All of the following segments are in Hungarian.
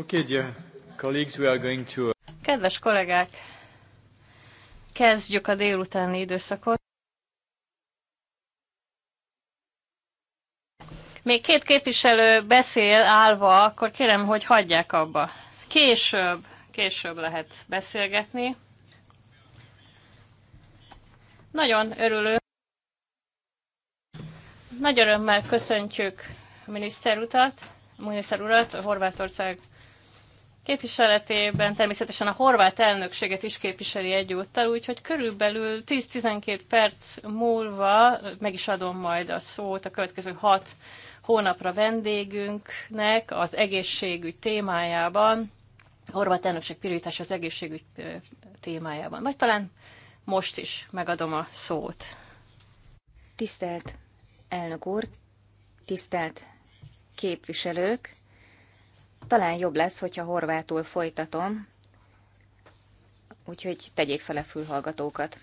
Okay, dear colleagues, we are going to... Uh, Kedves kollégák, kezdjük a délutáni időszakot. Még két képviselő beszél állva, akkor kérem, hogy hagyják abba. Később, később lehet beszélgetni. Nagyon örülő. Nagy örömmel köszöntjük a miniszter utat, a miniszter urat, a Horvátország Képviseletében természetesen a horvát elnökséget is képviseli egyúttal, úgyhogy körülbelül 10-12 perc múlva meg is adom majd a szót a következő hat hónapra vendégünknek az egészségügy témájában, a horvát elnökség pirítása az egészségügy témájában. Vagy talán most is megadom a szót. Tisztelt elnök úr, tisztelt képviselők, talán jobb lesz, hogyha horvátul folytatom, úgyhogy tegyék fel a fülhallgatókat.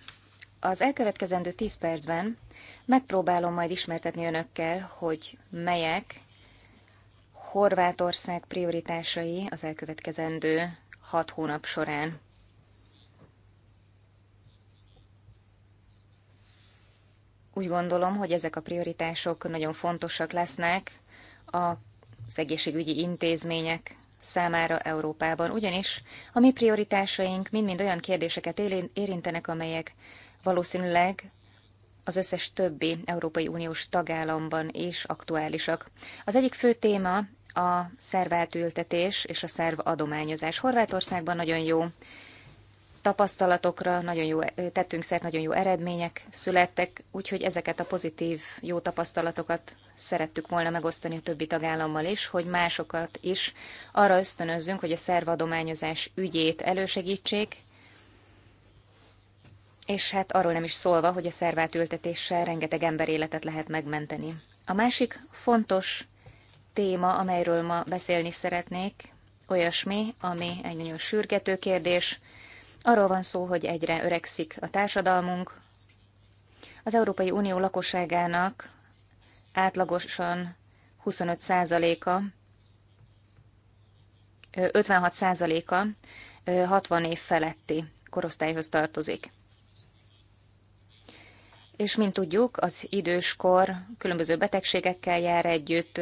Az elkövetkezendő 10 percben megpróbálom majd ismertetni önökkel, hogy melyek Horvátország prioritásai az elkövetkezendő 6 hónap során. Úgy gondolom, hogy ezek a prioritások nagyon fontosak lesznek a az egészségügyi intézmények számára Európában, ugyanis a mi prioritásaink mind-mind olyan kérdéseket érintenek, amelyek valószínűleg az összes többi Európai Uniós tagállamban is aktuálisak. Az egyik fő téma a szerváltültetés és a szerv adományozás. Horvátországban nagyon jó tapasztalatokra, nagyon jó, tettünk szert, nagyon jó eredmények születtek, úgyhogy ezeket a pozitív, jó tapasztalatokat szerettük volna megosztani a többi tagállammal is, hogy másokat is arra ösztönözzünk, hogy a szervadományozás ügyét elősegítsék, és hát arról nem is szólva, hogy a szervát ültetéssel rengeteg ember életet lehet megmenteni. A másik fontos téma, amelyről ma beszélni szeretnék, olyasmi, ami egy nagyon sürgető kérdés, Arról van szó, hogy egyre öregszik a társadalmunk. Az Európai Unió lakosságának átlagosan 25%-a, 56%-a 60 év feletti korosztályhoz tartozik és mint tudjuk, az időskor különböző betegségekkel jár együtt,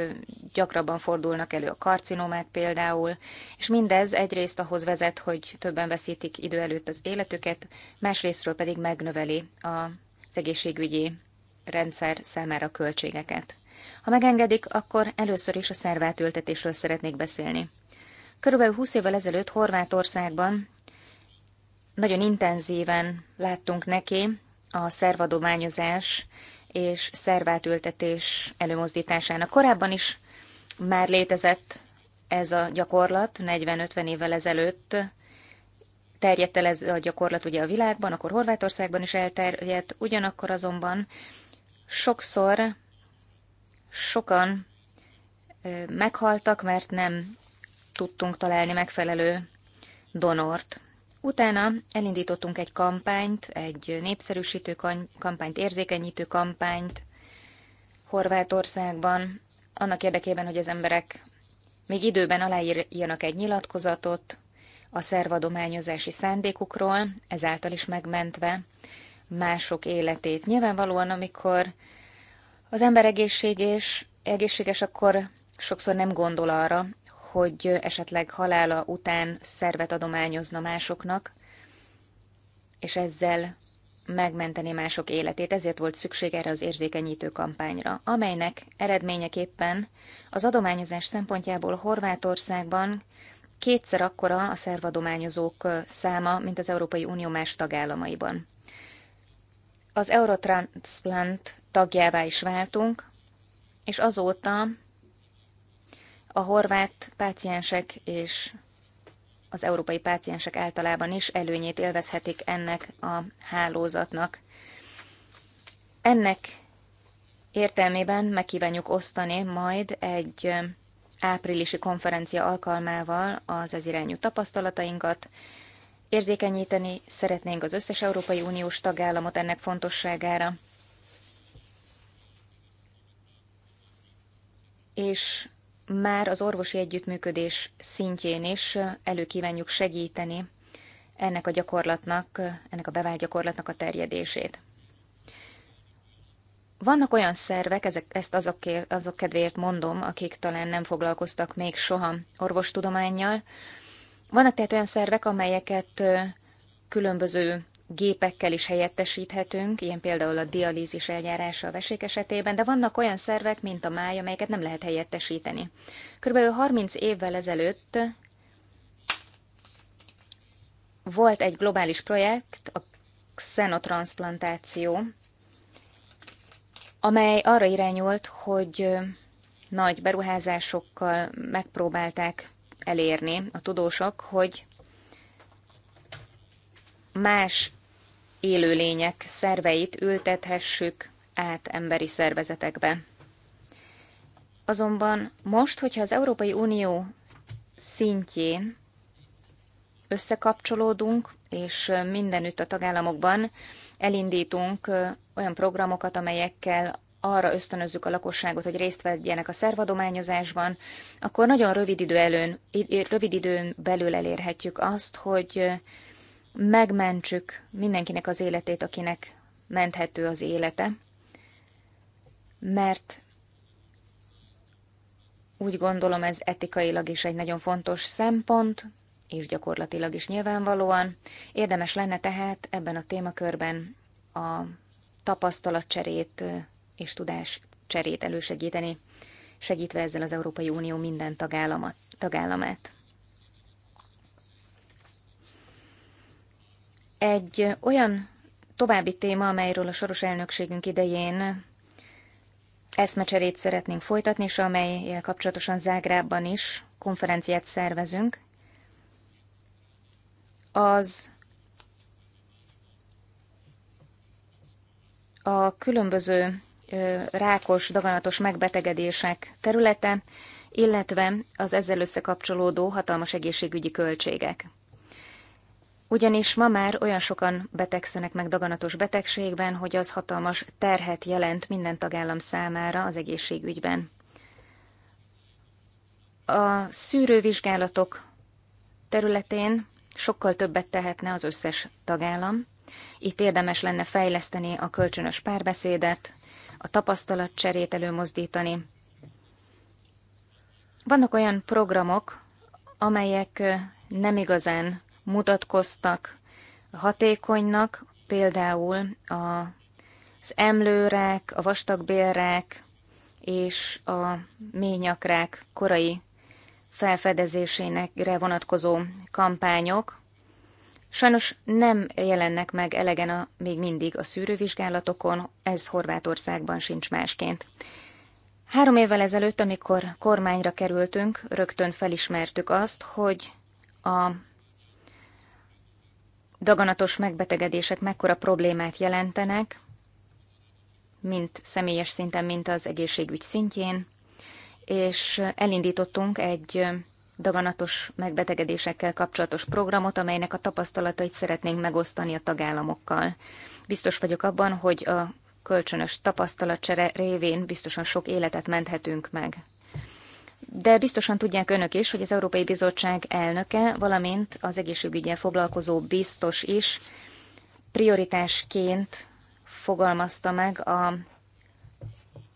gyakrabban fordulnak elő a karcinómák például, és mindez egyrészt ahhoz vezet, hogy többen veszítik idő előtt az életüket, másrésztről pedig megnöveli az egészségügyi rendszer számára költségeket. Ha megengedik, akkor először is a szervátültetésről szeretnék beszélni. Körülbelül 20 évvel ezelőtt Horvátországban nagyon intenzíven láttunk neki a szervadományozás és szervátültetés előmozdításának. Korábban is már létezett ez a gyakorlat, 40-50 évvel ezelőtt terjedt el ez a gyakorlat ugye a világban, akkor Horvátországban is elterjedt, ugyanakkor azonban sokszor sokan meghaltak, mert nem tudtunk találni megfelelő donort. Utána elindítottunk egy kampányt, egy népszerűsítő kampányt, érzékenyítő kampányt Horvátországban, annak érdekében, hogy az emberek még időben aláírjanak egy nyilatkozatot a szervadományozási szándékukról, ezáltal is megmentve mások életét. Nyilvánvalóan, amikor az ember egészséges, egészséges, akkor sokszor nem gondol arra, hogy esetleg halála után szervet adományozna másoknak, és ezzel megmenteni mások életét, ezért volt szükség erre az érzékenyítő kampányra, amelynek eredményeképpen az adományozás szempontjából Horvátországban kétszer akkora a szervadományozók száma, mint az Európai Unió más tagállamaiban. Az Eurotransplant tagjává is váltunk, és azóta a horvát páciensek és az európai páciensek általában is előnyét élvezhetik ennek a hálózatnak. Ennek értelmében megkívánjuk osztani majd egy áprilisi konferencia alkalmával az ez irányú tapasztalatainkat. Érzékenyíteni szeretnénk az összes Európai Uniós tagállamot ennek fontosságára. És már az orvosi együttműködés szintjén is előkívánjuk segíteni ennek a gyakorlatnak, ennek a bevált gyakorlatnak a terjedését. Vannak olyan szervek, ezek, ezt azokért, azok kedvéért mondom, akik talán nem foglalkoztak még soha orvostudományjal. Vannak tehát olyan szervek, amelyeket különböző gépekkel is helyettesíthetünk, ilyen például a dialízis eljárása a vesék esetében, de vannak olyan szervek, mint a máj, amelyeket nem lehet helyettesíteni. Körülbelül 30 évvel ezelőtt volt egy globális projekt, a xenotransplantáció, amely arra irányult, hogy nagy beruházásokkal megpróbálták elérni a tudósok, hogy más élőlények szerveit ültethessük át emberi szervezetekbe. Azonban most, hogyha az Európai Unió szintjén összekapcsolódunk, és mindenütt a tagállamokban elindítunk olyan programokat, amelyekkel arra ösztönözzük a lakosságot, hogy részt vegyenek a szervadományozásban, akkor nagyon rövid idő, előn, rövid időn belül elérhetjük azt, hogy megmentsük mindenkinek az életét, akinek menthető az élete, mert úgy gondolom ez etikailag is egy nagyon fontos szempont, és gyakorlatilag is nyilvánvalóan. Érdemes lenne tehát ebben a témakörben a tapasztalatcserét és tudáscserét elősegíteni, segítve ezzel az Európai Unió minden tagállamát. Egy olyan további téma, amelyről a soros elnökségünk idején eszmecserét szeretnénk folytatni, és amelyel kapcsolatosan Zágrában is konferenciát szervezünk, az a különböző rákos, daganatos megbetegedések területe, illetve az ezzel összekapcsolódó hatalmas egészségügyi költségek ugyanis ma már olyan sokan betegszenek meg daganatos betegségben, hogy az hatalmas terhet jelent minden tagállam számára az egészségügyben. A szűrővizsgálatok területén sokkal többet tehetne az összes tagállam. Itt érdemes lenne fejleszteni a kölcsönös párbeszédet, a tapasztalatcserét előmozdítani. Vannak olyan programok, amelyek nem igazán mutatkoztak hatékonynak, például az emlőrák, a vastagbélrák és a ményakrák korai felfedezésénekre vonatkozó kampányok. Sajnos nem jelennek meg elegen a, még mindig a szűrővizsgálatokon, ez Horvátországban sincs másként. Három évvel ezelőtt, amikor kormányra kerültünk, rögtön felismertük azt, hogy a daganatos megbetegedések mekkora problémát jelentenek, mint személyes szinten, mint az egészségügy szintjén, és elindítottunk egy daganatos megbetegedésekkel kapcsolatos programot, amelynek a tapasztalatait szeretnénk megosztani a tagállamokkal. Biztos vagyok abban, hogy a kölcsönös tapasztalatcsere révén biztosan sok életet menthetünk meg de biztosan tudják önök is, hogy az Európai Bizottság elnöke, valamint az egészségügyel foglalkozó biztos is prioritásként fogalmazta meg a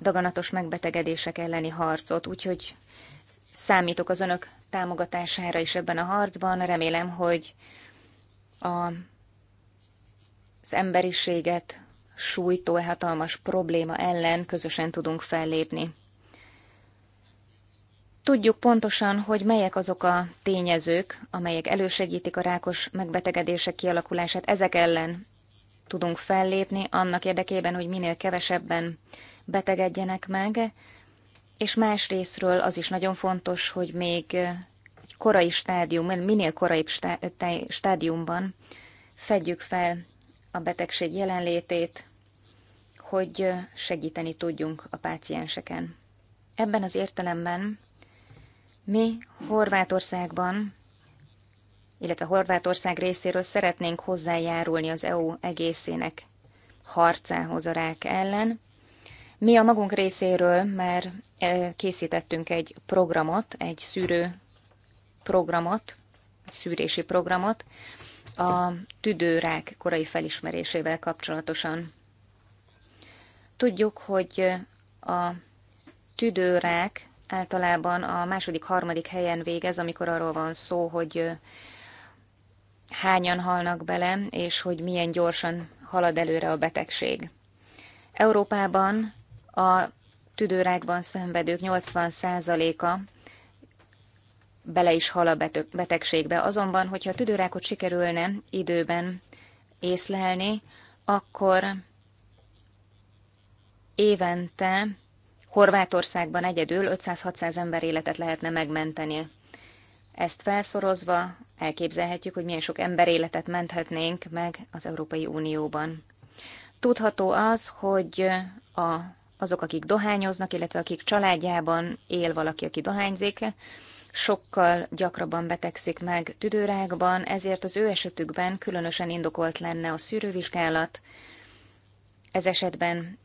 daganatos megbetegedések elleni harcot, úgyhogy számítok az önök támogatására is ebben a harcban. Remélem, hogy a, az emberiséget sújtó hatalmas probléma ellen közösen tudunk fellépni. Tudjuk pontosan, hogy melyek azok a tényezők, amelyek elősegítik a rákos megbetegedések kialakulását. Ezek ellen tudunk fellépni, annak érdekében, hogy minél kevesebben betegedjenek meg, és más részről az is nagyon fontos, hogy még egy korai stádium, minél koraibb stádiumban fedjük fel a betegség jelenlétét, hogy segíteni tudjunk a pácienseken. Ebben az értelemben mi Horvátországban, illetve Horvátország részéről szeretnénk hozzájárulni az EU egészének harcához a rák ellen. Mi a magunk részéről már e, készítettünk egy programot, egy szűrő programot, szűrési programot a tüdőrák korai felismerésével kapcsolatosan. Tudjuk, hogy a tüdőrák általában a második, harmadik helyen végez, amikor arról van szó, hogy hányan halnak bele, és hogy milyen gyorsan halad előre a betegség. Európában a tüdőrákban szenvedők 80%-a bele is hal a betegségbe. Azonban, hogyha a tüdőrákot sikerülne időben észlelni, akkor évente Horvátországban egyedül 500-600 ember életet lehetne megmenteni. Ezt felszorozva elképzelhetjük, hogy milyen sok ember életet menthetnénk meg az Európai Unióban. Tudható az, hogy a, azok, akik dohányoznak, illetve akik családjában él valaki, aki dohányzik, sokkal gyakrabban betegszik meg tüdőrákban, ezért az ő esetükben különösen indokolt lenne a szűrővizsgálat, ez esetben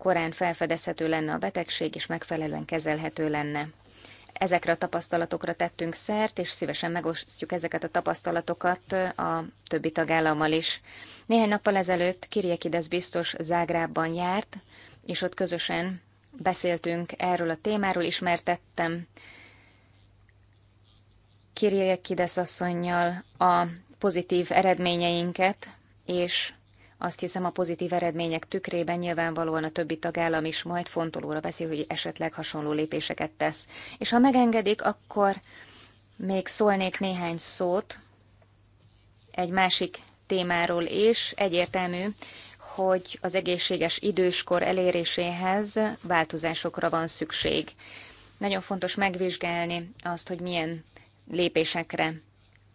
korán felfedezhető lenne a betegség, és megfelelően kezelhető lenne. Ezekre a tapasztalatokra tettünk szert, és szívesen megosztjuk ezeket a tapasztalatokat a többi tagállammal is. Néhány nappal ezelőtt Kiriekides biztos Zágrábban járt, és ott közösen beszéltünk erről a témáról, ismertettem Kiriekides asszonynal a pozitív eredményeinket, és azt hiszem, a pozitív eredmények tükrében nyilvánvalóan a többi tagállam is majd fontolóra veszi, hogy esetleg hasonló lépéseket tesz. És ha megengedik, akkor még szólnék néhány szót egy másik témáról is. Egyértelmű, hogy az egészséges időskor eléréséhez változásokra van szükség. Nagyon fontos megvizsgálni azt, hogy milyen lépésekre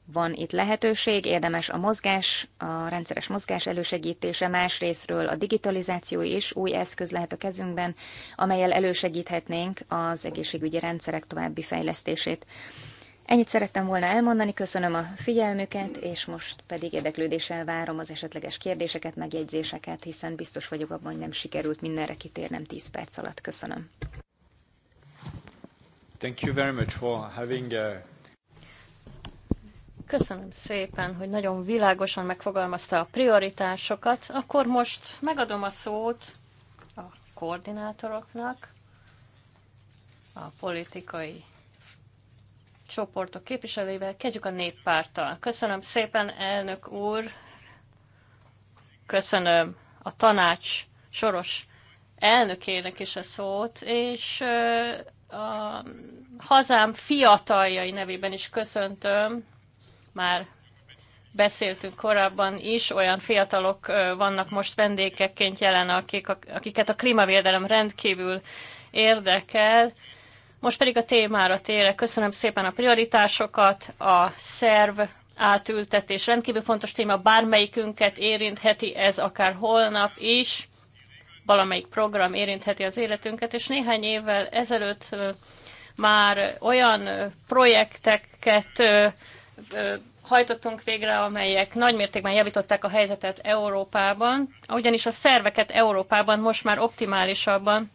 van itt lehetőség, érdemes a mozgás, a rendszeres mozgás elősegítése, másrésztről a digitalizáció is új eszköz lehet a kezünkben, amelyel elősegíthetnénk az egészségügyi rendszerek további fejlesztését. Ennyit szerettem volna elmondani, köszönöm a figyelmüket, és most pedig érdeklődéssel várom az esetleges kérdéseket, megjegyzéseket, hiszen biztos vagyok abban, hogy nem sikerült mindenre kitérnem 10 perc alatt. Köszönöm. Thank you very much for having uh, Köszönöm szépen, hogy nagyon világosan megfogalmazta a prioritásokat. Akkor most megadom a szót a koordinátoroknak, a politikai csoportok képviselőivel. Kezdjük a néppárttal. Köszönöm szépen, elnök úr. Köszönöm a tanács soros elnökének is a szót, és a hazám fiataljai nevében is köszöntöm már beszéltünk korábban is, olyan fiatalok vannak most vendégekként jelen, akik, akiket a klímavédelem rendkívül érdekel. Most pedig a témára térek. Köszönöm szépen a prioritásokat, a szerv átültetés rendkívül fontos téma, bármelyikünket érintheti ez akár holnap is, valamelyik program érintheti az életünket, és néhány évvel ezelőtt már olyan projekteket hajtottunk végre, amelyek nagymértékben javították a helyzetet Európában, ugyanis a szerveket Európában most már optimálisabban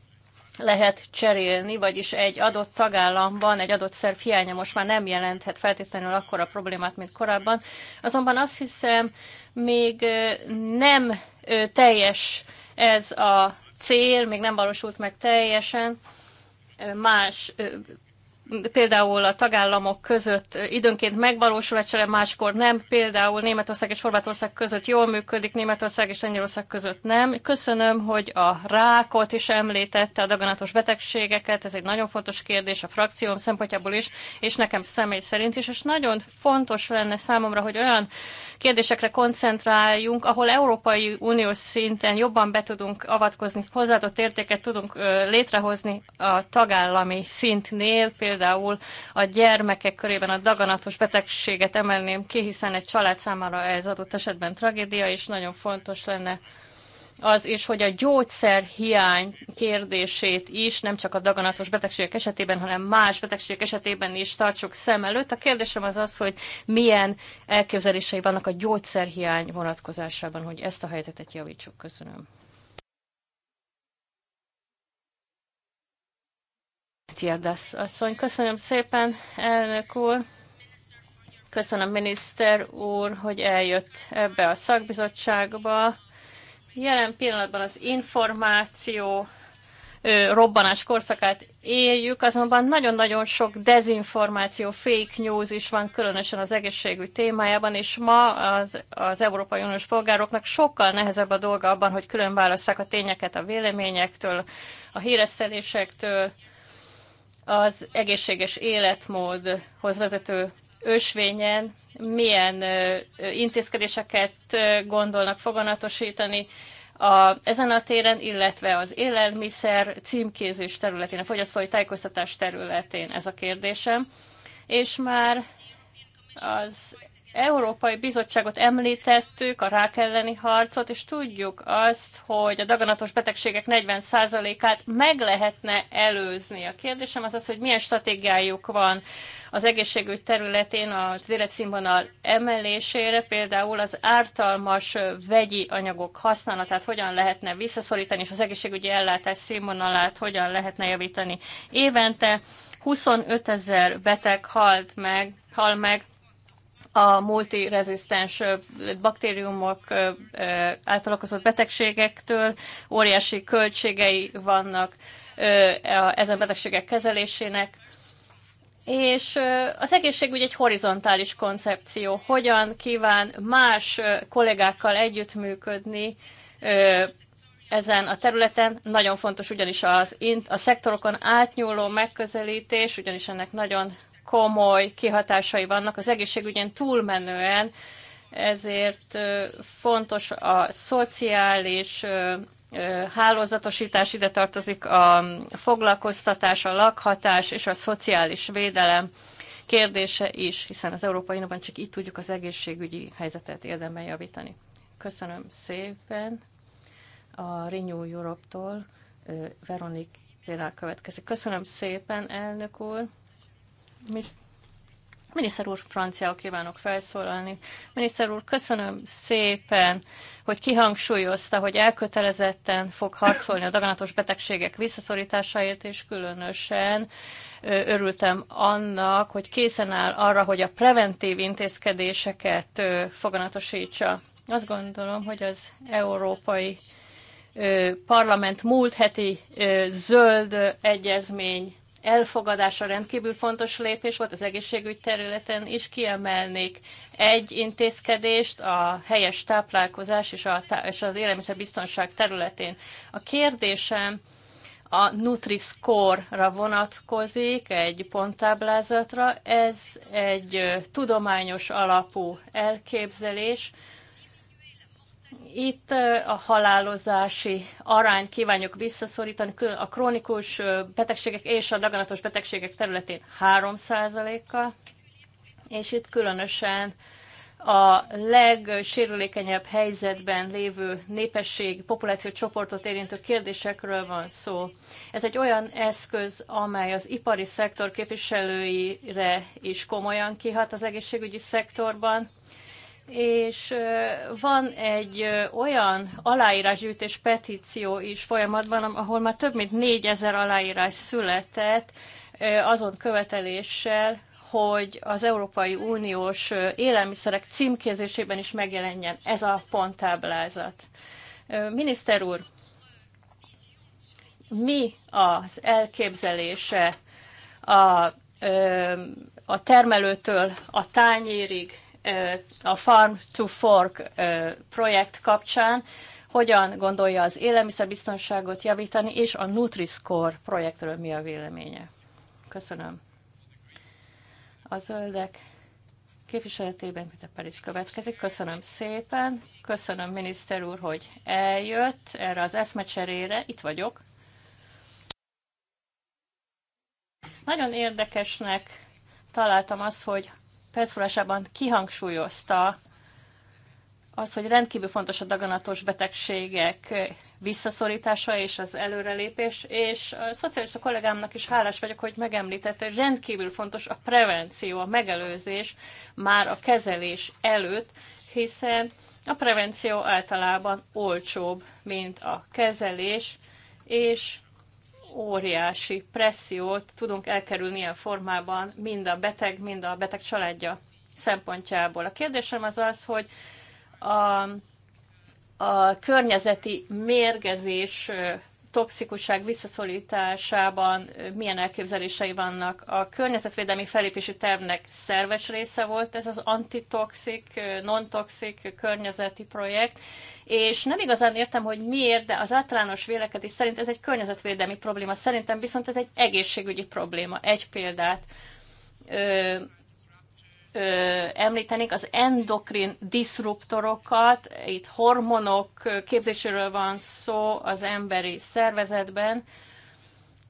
lehet cserélni, vagyis egy adott tagállamban egy adott szerv hiánya most már nem jelenthet feltétlenül akkora problémát, mint korábban. Azonban azt hiszem, még nem teljes ez a cél, még nem valósult meg teljesen. Más például a tagállamok között időnként megvalósul egy csere, máskor nem, például Németország és Horvátország között jól működik, Németország és Lengyelország között nem. Köszönöm, hogy a rákot is említette, a daganatos betegségeket, ez egy nagyon fontos kérdés a frakcióm szempontjából is, és nekem személy szerint is, és nagyon fontos lenne számomra, hogy olyan kérdésekre koncentráljunk, ahol Európai Uniós szinten jobban be tudunk avatkozni, hozzáadott értéket tudunk létrehozni a tagállami szintnél, például például a gyermekek körében a daganatos betegséget emelném ki, hiszen egy család számára ez adott esetben tragédia, és nagyon fontos lenne az is, hogy a gyógyszer hiány kérdését is, nem csak a daganatos betegségek esetében, hanem más betegségek esetében is tartsuk szem előtt. A kérdésem az az, hogy milyen elképzelései vannak a gyógyszerhiány vonatkozásában, hogy ezt a helyzetet javítsuk. Köszönöm. Tierdas asszony, köszönöm szépen, elnök úr. Köszönöm, miniszter úr, hogy eljött ebbe a szakbizottságba. Jelen pillanatban az információ robbanás korszakát éljük, azonban nagyon-nagyon sok dezinformáció, fake news is van, különösen az egészségügy témájában, és ma az, az Európai Uniós polgároknak sokkal nehezebb a dolga abban, hogy különválasszák a tényeket a véleményektől, a híresztelésektől, az egészséges életmódhoz vezető ösvényen milyen intézkedéseket gondolnak foganatosítani a, ezen a téren, illetve az élelmiszer címkézés területén, a fogyasztói tájékoztatás területén ez a kérdésem. És már az Európai Bizottságot említettük, a rák elleni harcot, és tudjuk azt, hogy a daganatos betegségek 40%-át meg lehetne előzni. A kérdésem az az, hogy milyen stratégiájuk van az egészségügy területén az életszínvonal emelésére, például az ártalmas vegyi anyagok használatát hogyan lehetne visszaszorítani, és az egészségügyi ellátás színvonalát hogyan lehetne javítani. Évente 25 ezer beteg halt meg, hal meg a multirezisztens baktériumok által okozott betegségektől, óriási költségei vannak ezen betegségek kezelésének, és az egészségügy egy horizontális koncepció. Hogyan kíván más kollégákkal együttműködni ezen a területen? Nagyon fontos ugyanis az, a szektorokon átnyúló megközelítés, ugyanis ennek nagyon komoly kihatásai vannak az egészségügyen túlmenően, ezért fontos a szociális hálózatosítás, ide tartozik a foglalkoztatás, a lakhatás és a szociális védelem kérdése is, hiszen az Európai Unióban csak így tudjuk az egészségügyi helyzetet érdemben javítani. Köszönöm szépen a Renew Europe-tól. Veronik Vérál következik. Köszönöm szépen, elnök úr! Miniszter úr, franciául kívánok felszólalni. Miniszter úr, köszönöm szépen, hogy kihangsúlyozta, hogy elkötelezetten fog harcolni a daganatos betegségek visszaszorításáért, és különösen örültem annak, hogy készen áll arra, hogy a preventív intézkedéseket foganatosítsa. Azt gondolom, hogy az európai parlament múlt heti zöld egyezmény elfogadása rendkívül fontos lépés volt az egészségügy területen is. Kiemelnék egy intézkedést a helyes táplálkozás és, a, és az élelmiszerbiztonság területén. A kérdésem a Nutri-Score-ra vonatkozik, egy ponttáblázatra. Ez egy tudományos alapú elképzelés, itt a halálozási arányt kívánjuk visszaszorítani, a krónikus betegségek és a daganatos betegségek területén 3%-kal, és itt különösen a legsérülékenyebb helyzetben lévő népesség, csoportot érintő kérdésekről van szó. Ez egy olyan eszköz, amely az ipari szektor képviselőire is komolyan kihat az egészségügyi szektorban, és van egy olyan aláírásgyűjtés petíció is folyamatban, ahol már több mint négyezer aláírás született azon követeléssel, hogy az Európai Uniós élelmiszerek címkézésében is megjelenjen ez a ponttáblázat. Miniszter úr, mi az elképzelése a, a termelőtől a tányérig a Farm to Fork projekt kapcsán, hogyan gondolja az élelmiszerbiztonságot javítani, és a Nutri-Score projektről mi a véleménye. Köszönöm. A zöldek képviseletében Peter Paris következik. Köszönöm szépen, köszönöm miniszter úr, hogy eljött erre az eszmecserére. Itt vagyok. Nagyon érdekesnek találtam azt, hogy felszólásában kihangsúlyozta az, hogy rendkívül fontos a daganatos betegségek visszaszorítása és az előrelépés, és a szocialista kollégámnak is hálás vagyok, hogy megemlítette, hogy rendkívül fontos a prevenció, a megelőzés már a kezelés előtt, hiszen a prevenció általában olcsóbb, mint a kezelés, és óriási pressziót tudunk elkerülni ilyen formában, mind a beteg, mind a beteg családja szempontjából. A kérdésem az az, hogy a, a környezeti mérgezés toxikusság visszaszorításában milyen elképzelései vannak. A környezetvédelmi felépési tervnek szerves része volt ez az antitoxik, non-toxik környezeti projekt, és nem igazán értem, hogy miért, de az általános vélekedés szerint ez egy környezetvédelmi probléma, szerintem viszont ez egy egészségügyi probléma. Egy példát ö, említenék, az endokrin diszruptorokat, itt hormonok képzéséről van szó az emberi szervezetben.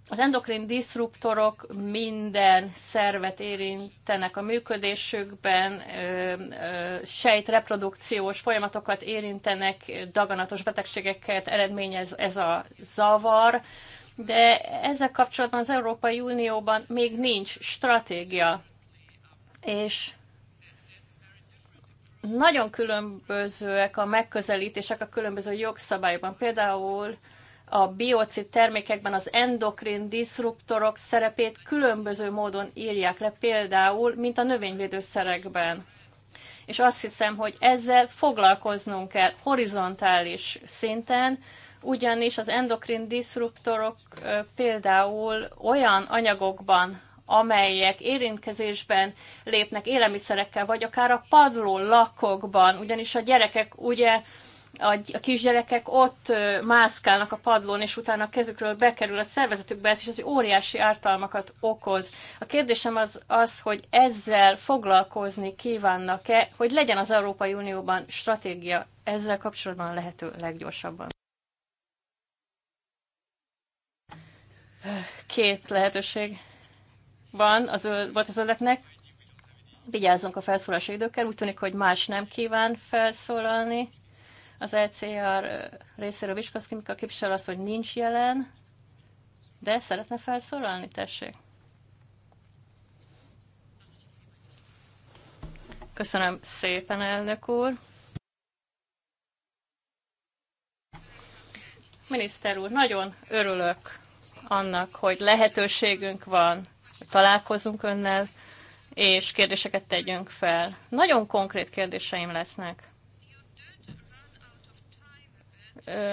Az endokrin diszruptorok minden szervet érintenek a működésükben, ö, ö, reprodukciós folyamatokat érintenek, daganatos betegségeket eredményez ez a zavar, de ezzel kapcsolatban az Európai Unióban még nincs stratégia és nagyon különbözőek a megközelítések a különböző jogszabályokban. Például a biocid termékekben az endokrin diszruptorok szerepét különböző módon írják le, például, mint a növényvédőszerekben. És azt hiszem, hogy ezzel foglalkoznunk kell horizontális szinten, ugyanis az endokrin diszruptorok például olyan anyagokban amelyek érintkezésben lépnek élelmiszerekkel, vagy akár a padló lakokban, ugyanis a gyerekek ugye a kisgyerekek ott mászkálnak a padlón, és utána a kezükről bekerül a szervezetükbe, és ez óriási ártalmakat okoz. A kérdésem az az, hogy ezzel foglalkozni kívánnak-e, hogy legyen az Európai Unióban stratégia ezzel kapcsolatban a lehető leggyorsabban. Két lehetőség van az volt az ölletnek. Vigyázzunk a felszólási időkkel, úgy tűnik, hogy más nem kíván felszólalni. Az ECR részéről Viskoszki a képvisel az, hogy nincs jelen, de szeretne felszólalni, tessék. Köszönöm szépen, elnök úr. Miniszter úr, nagyon örülök annak, hogy lehetőségünk van találkozunk önnel, és kérdéseket tegyünk fel. Nagyon konkrét kérdéseim lesznek.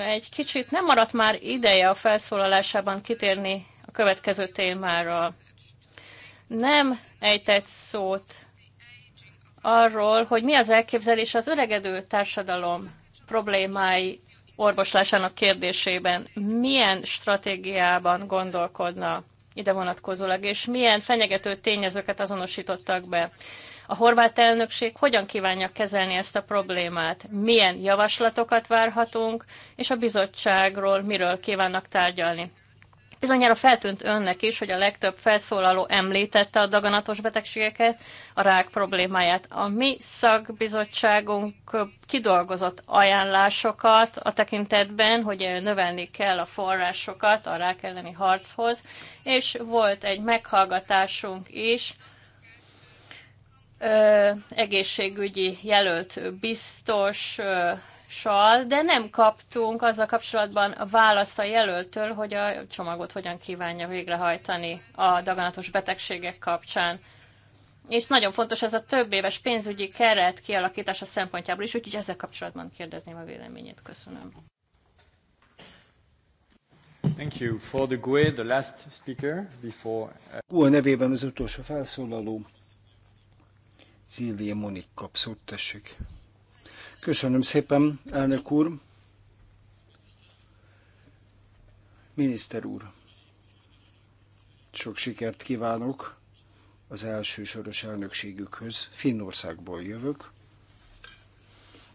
Egy kicsit nem maradt már ideje a felszólalásában kitérni a következő témára. Nem ejtett szót arról, hogy mi az elképzelés az öregedő társadalom problémái orvoslásának kérdésében milyen stratégiában gondolkodna ide vonatkozólag, és milyen fenyegető tényezőket azonosítottak be. A horvát elnökség hogyan kívánja kezelni ezt a problémát? Milyen javaslatokat várhatunk, és a bizottságról miről kívánnak tárgyalni? Bizonyára feltűnt önnek is, hogy a legtöbb felszólaló említette a daganatos betegségeket, a rák problémáját. A mi szakbizottságunk kidolgozott ajánlásokat a tekintetben, hogy növelni kell a forrásokat a rák elleni harchoz, és volt egy meghallgatásunk is, egészségügyi jelölt biztos sal, de nem kaptunk azzal kapcsolatban a választ a jelöltől, hogy a csomagot hogyan kívánja végrehajtani a daganatos betegségek kapcsán. És nagyon fontos ez a több éves pénzügyi keret kialakítása szempontjából is, úgyhogy ezzel kapcsolatban kérdezném a véleményét. Köszönöm. Thank you. For the GUE, the last speaker before... Uh, GUE nevében az utolsó felszólaló, Szilvia Monik kapszót, tessék. Köszönöm szépen, elnök úr. Miniszter úr, sok sikert kívánok az első soros elnökségükhöz. Finnországból jövök.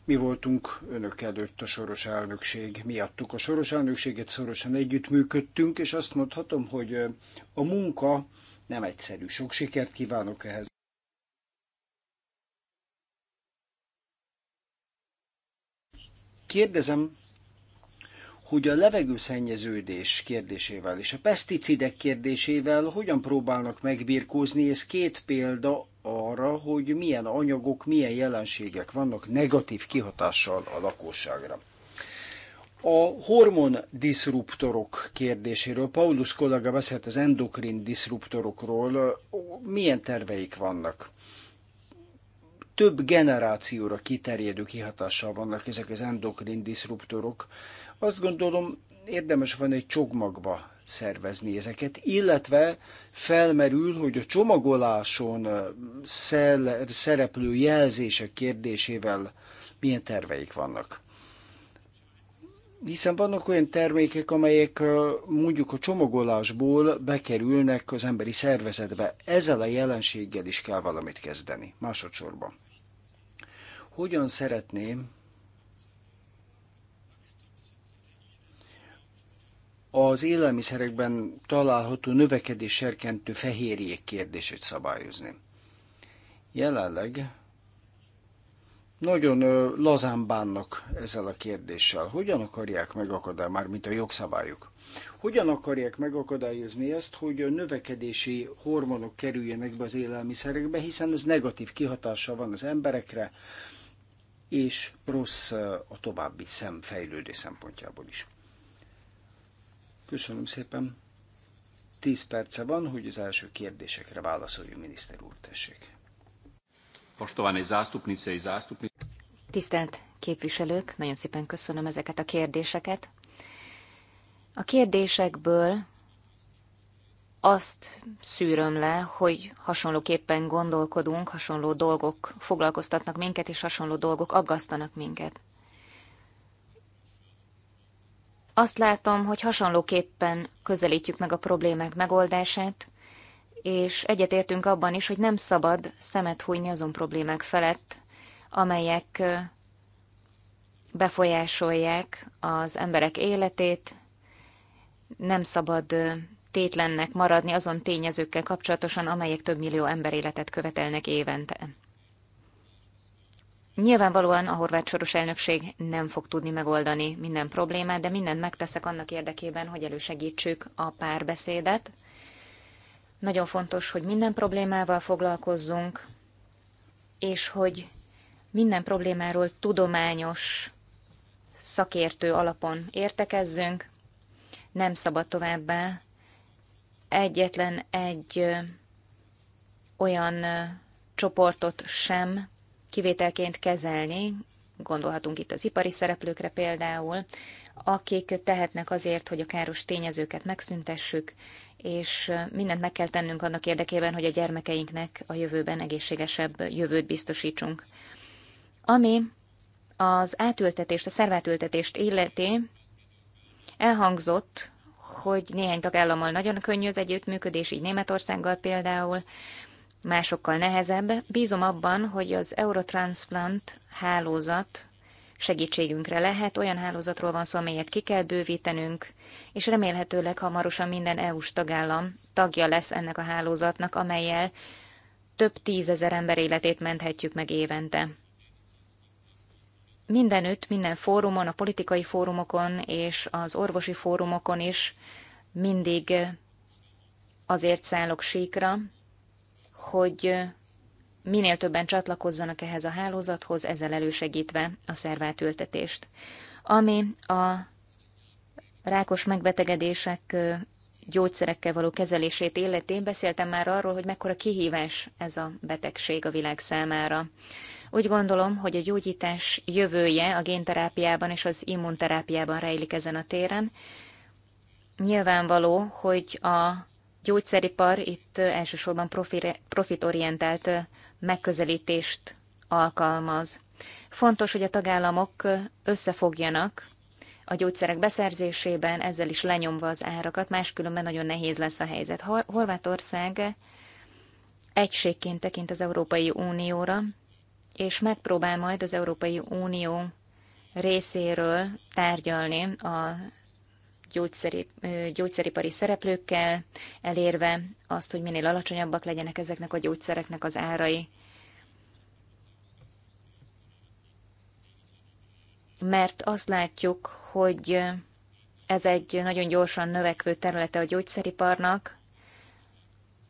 Mi voltunk önök előtt a soros elnökség, miattuk a soros elnökséget szorosan együttműködtünk, és azt mondhatom, hogy a munka nem egyszerű. Sok sikert kívánok ehhez. Kérdezem, hogy a levegőszennyeződés kérdésével és a peszticidek kérdésével hogyan próbálnak megbirkózni. Ez két példa arra, hogy milyen anyagok, milyen jelenségek vannak negatív kihatással a lakosságra. A hormon diszruptorok kérdéséről, Paulus kollega beszélt az endokrin diszruptorokról, milyen terveik vannak? több generációra kiterjedő kihatással vannak ezek az endokrin diszruptorok. Azt gondolom, érdemes van egy csomagba szervezni ezeket, illetve felmerül, hogy a csomagoláson szereplő jelzések kérdésével milyen terveik vannak. Hiszen vannak olyan termékek, amelyek mondjuk a csomagolásból bekerülnek az emberi szervezetbe. Ezzel a jelenséggel is kell valamit kezdeni másodszorban. Hogyan szeretném az élelmiszerekben található növekedés serkentő fehérjék kérdését szabályozni? Jelenleg nagyon lazán bánnak ezzel a kérdéssel. Hogyan akarják megakadályozni, már mint a jogszabályok, hogyan akarják megakadályozni ezt, hogy a növekedési hormonok kerüljenek be az élelmiszerekbe, hiszen ez negatív kihatással van az emberekre, és rossz a további szemfejlődés szempontjából is. Köszönöm szépen. Tíz perce van, hogy az első kérdésekre válaszoljon miniszter úr, tessék. egy zástupnice i zástupnice. Tisztelt képviselők, nagyon szépen köszönöm ezeket a kérdéseket. A kérdésekből azt szűröm le, hogy hasonlóképpen gondolkodunk, hasonló dolgok foglalkoztatnak minket, és hasonló dolgok aggasztanak minket. Azt látom, hogy hasonlóképpen közelítjük meg a problémák megoldását, és egyetértünk abban is, hogy nem szabad szemet hújni azon problémák felett, amelyek befolyásolják az emberek életét, nem szabad tétlennek maradni azon tényezőkkel kapcsolatosan, amelyek több millió ember életet követelnek évente. Nyilvánvalóan a horvát soros elnökség nem fog tudni megoldani minden problémát, de mindent megteszek annak érdekében, hogy elősegítsük a párbeszédet. Nagyon fontos, hogy minden problémával foglalkozzunk, és hogy minden problémáról tudományos, szakértő alapon értekezzünk. Nem szabad továbbá egyetlen egy olyan csoportot sem kivételként kezelni, gondolhatunk itt az ipari szereplőkre például, akik tehetnek azért, hogy a káros tényezőket megszüntessük, és mindent meg kell tennünk annak érdekében, hogy a gyermekeinknek a jövőben egészségesebb jövőt biztosítsunk. Ami az átültetést, a szervátültetést illeti, elhangzott hogy néhány tagállammal nagyon könnyű az együttműködés, így Németországgal például, másokkal nehezebb. Bízom abban, hogy az Eurotransplant hálózat segítségünkre lehet. Olyan hálózatról van szó, amelyet ki kell bővítenünk, és remélhetőleg hamarosan minden EU-s tagállam tagja lesz ennek a hálózatnak, amelyel több tízezer ember életét menthetjük meg évente mindenütt, minden fórumon, a politikai fórumokon és az orvosi fórumokon is mindig azért szállok síkra, hogy minél többen csatlakozzanak ehhez a hálózathoz, ezzel elősegítve a szervátültetést. Ami a rákos megbetegedések gyógyszerekkel való kezelését illetén beszéltem már arról, hogy mekkora kihívás ez a betegség a világ számára. Úgy gondolom, hogy a gyógyítás jövője a génterápiában és az immunterápiában rejlik ezen a téren. Nyilvánvaló, hogy a gyógyszeripar itt elsősorban profire, profitorientált megközelítést alkalmaz. Fontos, hogy a tagállamok összefogjanak a gyógyszerek beszerzésében, ezzel is lenyomva az árakat, máskülönben nagyon nehéz lesz a helyzet. Horvátország egységként tekint az Európai Unióra, és megpróbál majd az Európai Unió részéről tárgyalni a gyógyszeri, gyógyszeripari szereplőkkel, elérve azt, hogy minél alacsonyabbak legyenek ezeknek a gyógyszereknek az árai. Mert azt látjuk, hogy ez egy nagyon gyorsan növekvő területe a gyógyszeriparnak.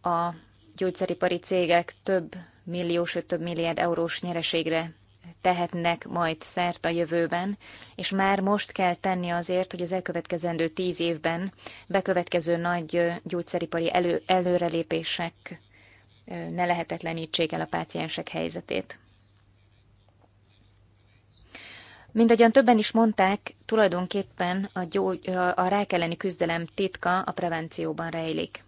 A gyógyszeripari cégek több millió, sőt több milliárd eurós nyereségre tehetnek majd szert a jövőben, és már most kell tenni azért, hogy az elkövetkezendő tíz évben bekövetkező nagy gyógyszeripari elő, előrelépések ne lehetetlenítsék el a páciensek helyzetét. Mint ahogyan többen is mondták, tulajdonképpen a, gyógy, a rák elleni küzdelem titka a prevencióban rejlik.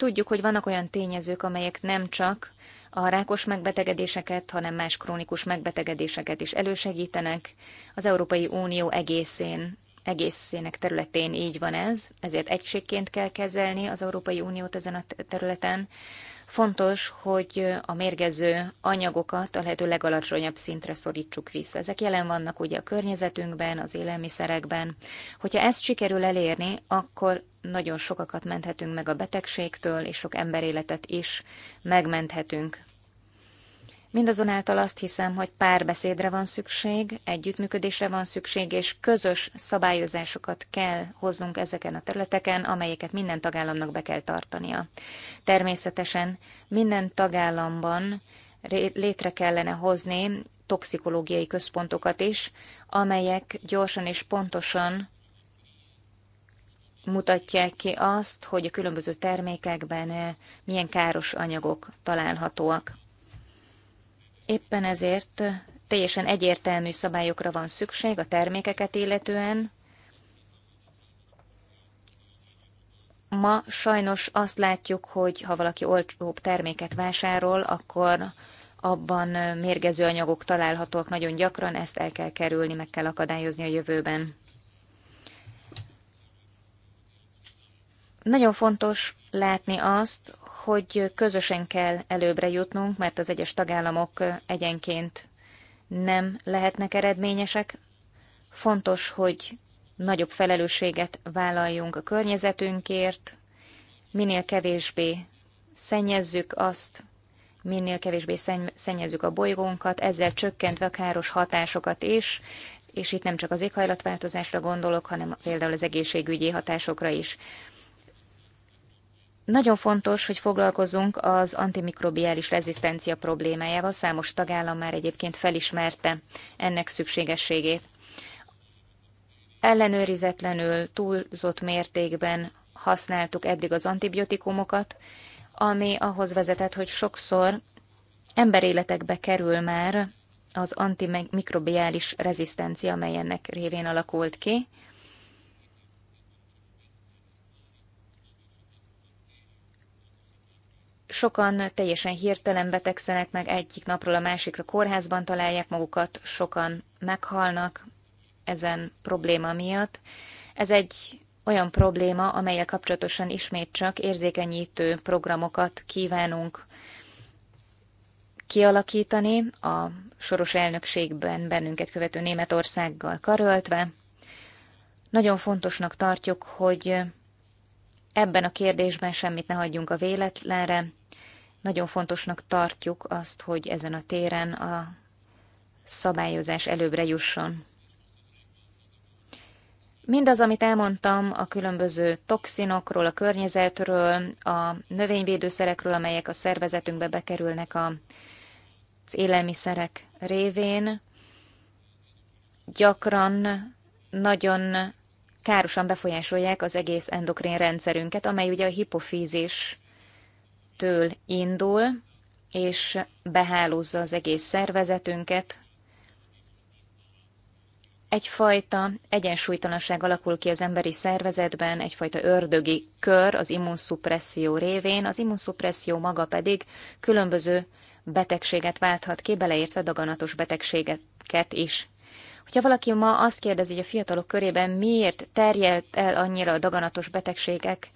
Tudjuk, hogy vannak olyan tényezők, amelyek nem csak a rákos megbetegedéseket, hanem más krónikus megbetegedéseket is elősegítenek. Az Európai Unió egészén, egészének területén így van ez, ezért egységként kell kezelni az Európai Uniót ezen a területen. Fontos, hogy a mérgező anyagokat a lehető legalacsonyabb szintre szorítsuk vissza. Ezek jelen vannak ugye a környezetünkben, az élelmiszerekben. Hogyha ezt sikerül elérni, akkor nagyon sokakat menthetünk meg a betegségtől, és sok emberéletet is megmenthetünk. Mindazonáltal azt hiszem, hogy párbeszédre van szükség, együttműködésre van szükség, és közös szabályozásokat kell hoznunk ezeken a területeken, amelyeket minden tagállamnak be kell tartania. Természetesen minden tagállamban létre kellene hozni toxikológiai központokat is, amelyek gyorsan és pontosan mutatják ki azt, hogy a különböző termékekben eh, milyen káros anyagok találhatóak. Éppen ezért eh, teljesen egyértelmű szabályokra van szükség a termékeket illetően. Ma sajnos azt látjuk, hogy ha valaki olcsóbb terméket vásárol, akkor abban eh, mérgező anyagok találhatók nagyon gyakran, ezt el kell kerülni, meg kell akadályozni a jövőben. Nagyon fontos látni azt, hogy közösen kell előbbre jutnunk, mert az egyes tagállamok egyenként nem lehetnek eredményesek. Fontos, hogy nagyobb felelősséget vállaljunk a környezetünkért, minél kevésbé szennyezzük azt, minél kevésbé szennyezzük a bolygónkat, ezzel csökkentve a káros hatásokat is, és itt nem csak az éghajlatváltozásra gondolok, hanem például az egészségügyi hatásokra is. Nagyon fontos, hogy foglalkozunk az antimikrobiális rezisztencia problémájával, számos tagállam már egyébként felismerte ennek szükségességét. Ellenőrizetlenül, túlzott mértékben használtuk eddig az antibiotikumokat, ami ahhoz vezetett, hogy sokszor emberéletekbe kerül már az antimikrobiális rezisztencia, amely ennek révén alakult ki. Sokan teljesen hirtelen betegszenek meg, egyik napról a másikra kórházban találják magukat, sokan meghalnak ezen probléma miatt. Ez egy olyan probléma, amelyel kapcsolatosan ismét csak érzékenyítő programokat kívánunk kialakítani a soros elnökségben bennünket követő Németországgal karöltve. Nagyon fontosnak tartjuk, hogy Ebben a kérdésben semmit ne hagyjunk a véletlenre. Nagyon fontosnak tartjuk azt, hogy ezen a téren a szabályozás előbbre jusson. Mindaz, amit elmondtam a különböző toxinokról, a környezetről, a növényvédőszerekről, amelyek a szervezetünkbe bekerülnek a, az élelmiszerek révén, gyakran nagyon károsan befolyásolják az egész endokrén rendszerünket, amely ugye a hipofízistől indul, és behálózza az egész szervezetünket. Egyfajta egyensúlytalanság alakul ki az emberi szervezetben, egyfajta ördögi kör az immunszupresszió révén, az immunszupresszió maga pedig különböző betegséget válthat ki, beleértve daganatos betegséget is. Hogyha valaki ma azt kérdezi, hogy a fiatalok körében miért terjedt el annyira a daganatos betegségek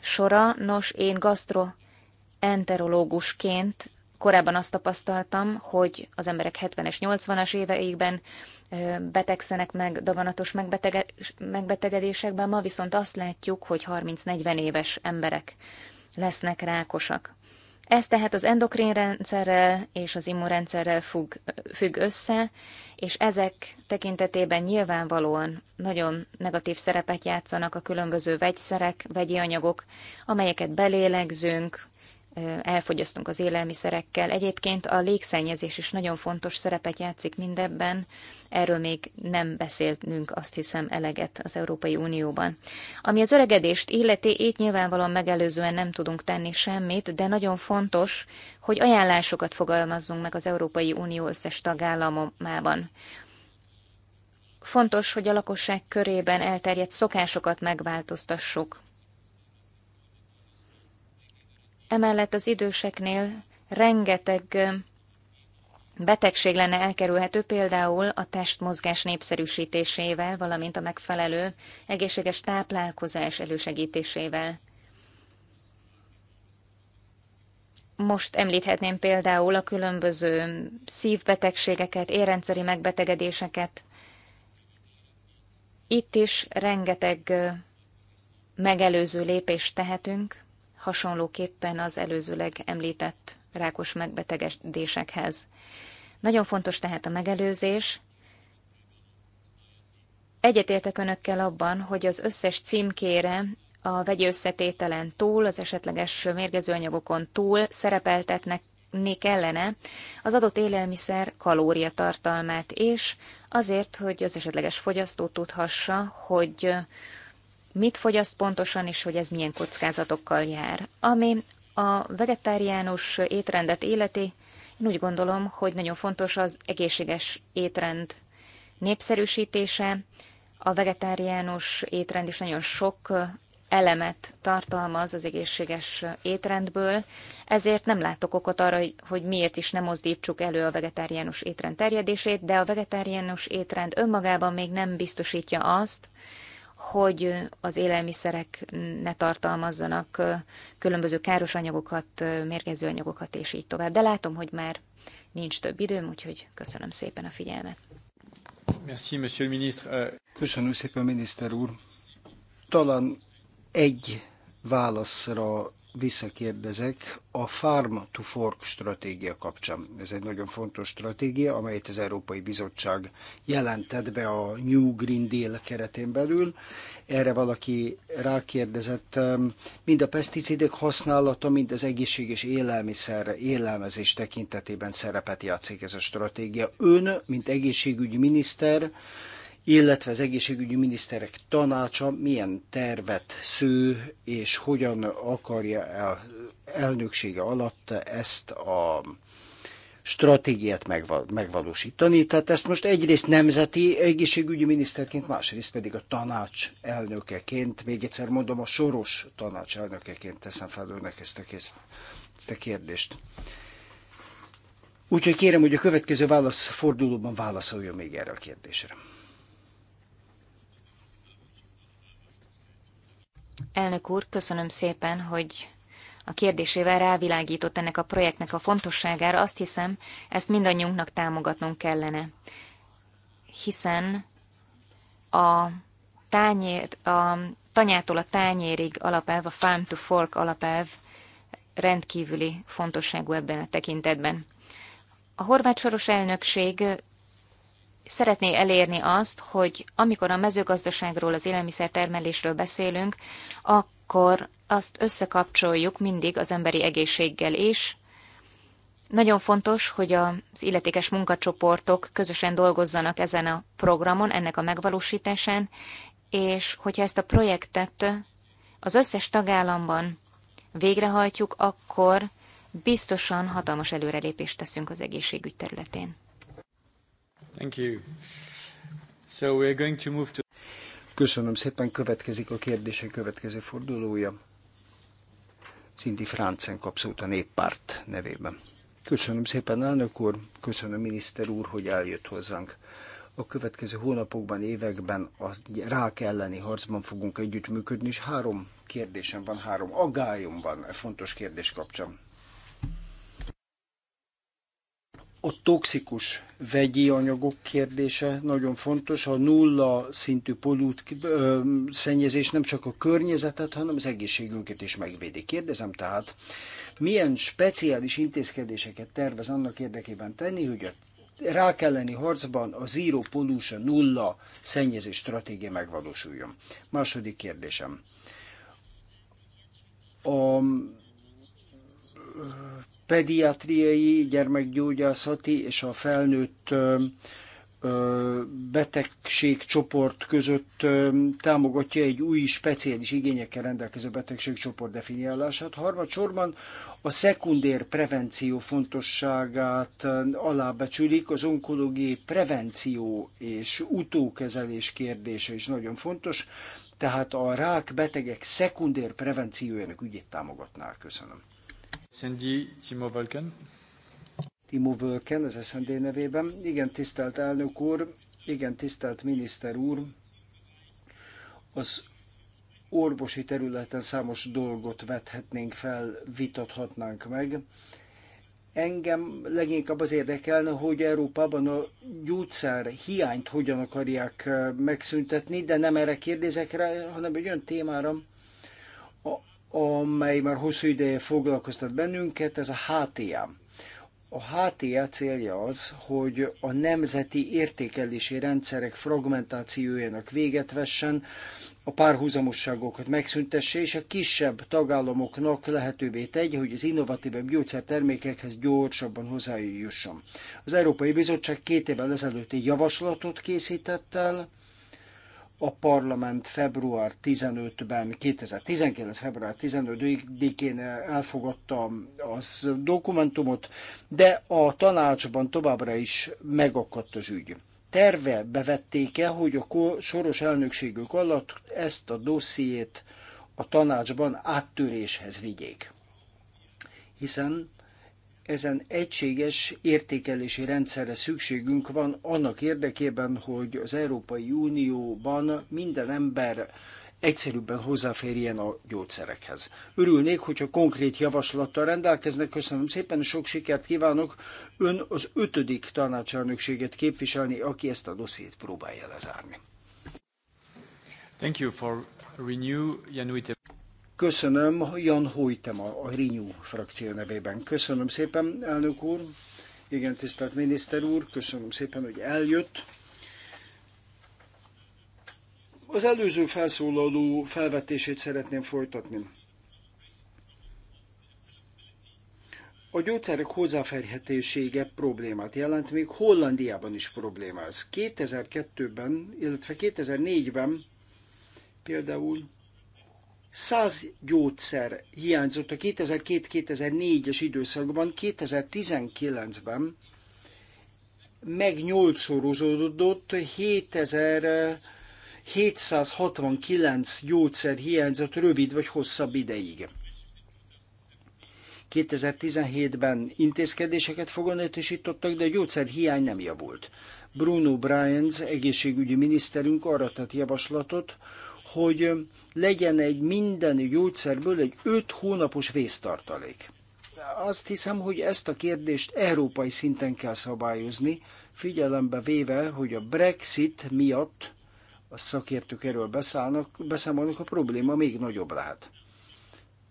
sora, nos, én gastroenterológusként korábban azt tapasztaltam, hogy az emberek 70-es, 80-as éveikben betegszenek meg daganatos megbetege, megbetegedésekben, ma viszont azt látjuk, hogy 30-40 éves emberek lesznek rákosak. Ez tehát az endokrén rendszerrel és az immunrendszerrel függ, függ össze, és ezek tekintetében nyilvánvalóan nagyon negatív szerepet játszanak a különböző vegyszerek, vegyi anyagok, amelyeket belélegzünk, elfogyasztunk az élelmiszerekkel. Egyébként a légszennyezés is nagyon fontos szerepet játszik mindebben, erről még nem beszéltünk azt hiszem eleget az Európai Unióban. Ami az öregedést illeti, itt nyilvánvalóan megelőzően nem tudunk tenni semmit, de nagyon fontos, hogy ajánlásokat fogalmazzunk meg az Európai Unió összes tagállamában. Fontos, hogy a lakosság körében elterjedt szokásokat megváltoztassuk. Emellett az időseknél rengeteg betegség lenne elkerülhető, például a testmozgás népszerűsítésével, valamint a megfelelő egészséges táplálkozás elősegítésével. Most említhetném például a különböző szívbetegségeket, érrendszeri megbetegedéseket. Itt is rengeteg megelőző lépést tehetünk, hasonlóképpen az előzőleg említett rákos megbetegedésekhez. Nagyon fontos tehát a megelőzés. Egyetértek önökkel abban, hogy az összes címkére a vegyi összetételen túl, az esetleges mérgező anyagokon túl szerepeltetnek ellene az adott élelmiszer kalóriatartalmát és azért, hogy az esetleges fogyasztó tudhassa, hogy mit fogyaszt pontosan, és hogy ez milyen kockázatokkal jár. Ami a vegetáriánus étrendet életi, én úgy gondolom, hogy nagyon fontos az egészséges étrend népszerűsítése. A vegetáriánus étrend is nagyon sok elemet tartalmaz az egészséges étrendből, ezért nem látok okot arra, hogy miért is nem mozdítsuk elő a vegetáriánus étrend terjedését, de a vegetáriánus étrend önmagában még nem biztosítja azt, hogy az élelmiszerek ne tartalmazzanak különböző káros anyagokat, mérgező anyagokat, és így tovább. De látom, hogy már nincs több időm, úgyhogy köszönöm szépen a figyelmet. Merci, monsieur le ministre. Euh, köszönöm szépen, miniszter úr. Talán egy válaszra visszakérdezek a Farm to Fork stratégia kapcsán. Ez egy nagyon fontos stratégia, amelyet az Európai Bizottság jelentett be a New Green Deal keretén belül. Erre valaki rákérdezett, ehm, mind a peszticidek használata, mind az egészséges élelmiszer, élelmezés tekintetében szerepet játszik ez a stratégia. Ön, mint egészségügyi miniszter, illetve az egészségügyi miniszterek tanácsa milyen tervet sző és hogyan akarja el, elnöksége alatt ezt a stratégiát megvalósítani. Tehát ezt most egyrészt nemzeti egészségügyi miniszterként, másrészt pedig a tanács elnökeként, még egyszer mondom, a soros tanács elnökeként teszem fel önnek ezt a, kész, ezt a kérdést. Úgyhogy kérem, hogy a következő válaszfordulóban válaszoljon még erre a kérdésre. Elnök úr, köszönöm szépen, hogy a kérdésével rávilágított ennek a projektnek a fontosságára. Azt hiszem, ezt mindannyiunknak támogatnunk kellene, hiszen a, tányér, a tanyától a tányérig alapelv, a farm to fork alapelv rendkívüli fontosságú ebben a tekintetben. A horvát soros elnökség szeretné elérni azt, hogy amikor a mezőgazdaságról, az élelmiszertermelésről beszélünk, akkor azt összekapcsoljuk mindig az emberi egészséggel is. Nagyon fontos, hogy az illetékes munkacsoportok közösen dolgozzanak ezen a programon, ennek a megvalósításán, és hogyha ezt a projektet az összes tagállamban végrehajtjuk, akkor biztosan hatalmas előrelépést teszünk az egészségügy területén. Thank you. So we're going to move to... Köszönöm szépen, következik a kérdések következő fordulója. Cindy Francen kapszult a néppárt nevében. Köszönöm szépen, elnök úr, köszönöm miniszter úr, hogy eljött hozzánk. A következő hónapokban, években a rák elleni harcban fogunk együttműködni, és három kérdésem van, három agályom van e fontos kérdés kapcsán. A toxikus vegyi anyagok kérdése nagyon fontos. A nulla szintű polút ö, szennyezés nem csak a környezetet, hanem az egészségünket is megvédi. Kérdezem tehát, milyen speciális intézkedéseket tervez annak érdekében tenni, hogy a rák elleni harcban a zero pollution, nulla szennyezés stratégia megvalósuljon. Második kérdésem. A pediatriai, gyermekgyógyászati és a felnőtt betegségcsoport között támogatja egy új speciális igényekkel rendelkező betegségcsoport definiálását. Harmadsorban a szekundér prevenció fontosságát alábecsülik, az onkológiai prevenció és utókezelés kérdése is nagyon fontos, tehát a rák betegek szekundér prevenciójának ügyét támogatnál. Köszönöm. Sandy Timo Völken. Timo Völken, az SND nevében. Igen, tisztelt elnök úr, igen, tisztelt miniszter úr. Az orvosi területen számos dolgot vethetnénk fel, vitathatnánk meg. Engem leginkább az érdekelne, hogy Európában a gyógyszer hiányt hogyan akarják eh, megszüntetni, de nem erre kérdezek rá, hanem egy olyan témára, amely már hosszú ideje foglalkoztat bennünket, ez a HTA. A HTA célja az, hogy a nemzeti értékelési rendszerek fragmentációjának véget vessen, a párhuzamosságokat megszüntesse, és a kisebb tagállamoknak lehetővé tegye, hogy az innovatívebb gyógyszertermékekhez gyorsabban hozzájusson. Az Európai Bizottság két évvel ezelőtt egy javaslatot készített el, a parlament február 15-ben, 2019. február 15-én elfogadta az dokumentumot, de a tanácsban továbbra is megakadt az ügy. Terve bevették-e, hogy a soros elnökségük alatt ezt a dossziét a tanácsban áttöréshez vigyék? Hiszen ezen egységes értékelési rendszerre szükségünk van annak érdekében, hogy az Európai Unióban minden ember egyszerűbben hozzáférjen a gyógyszerekhez. Örülnék, hogyha konkrét javaslattal rendelkeznek. Köszönöm szépen, sok sikert kívánok. Ön az ötödik tanácselnökséget képviselni, aki ezt a dossziét próbálja lezárni. Thank you for renew Köszönöm, Jan Hojtem a Rinyú frakció nevében. Köszönöm szépen, elnök úr. Igen, tisztelt miniszter úr, köszönöm szépen, hogy eljött. Az előző felszólaló felvetését szeretném folytatni. A gyógyszerek hozzáférhetősége problémát jelent, még Hollandiában is probléma 2002-ben, illetve 2004-ben például 100 gyógyszer hiányzott a 2002-2004-es időszakban, 2019-ben meg 8-szorozódott, 7769 gyógyszer hiányzott rövid vagy hosszabb ideig. 2017-ben intézkedéseket foganatosítottak, de a gyógyszer hiány nem javult. Bruno Bryans, egészségügyi miniszterünk arra tett javaslatot, hogy legyen egy minden gyógyszerből egy 5 hónapos vésztartalék. Azt hiszem, hogy ezt a kérdést európai szinten kell szabályozni, figyelembe véve, hogy a Brexit miatt a szakértők erről beszállnak, beszámolnak, a probléma még nagyobb lehet.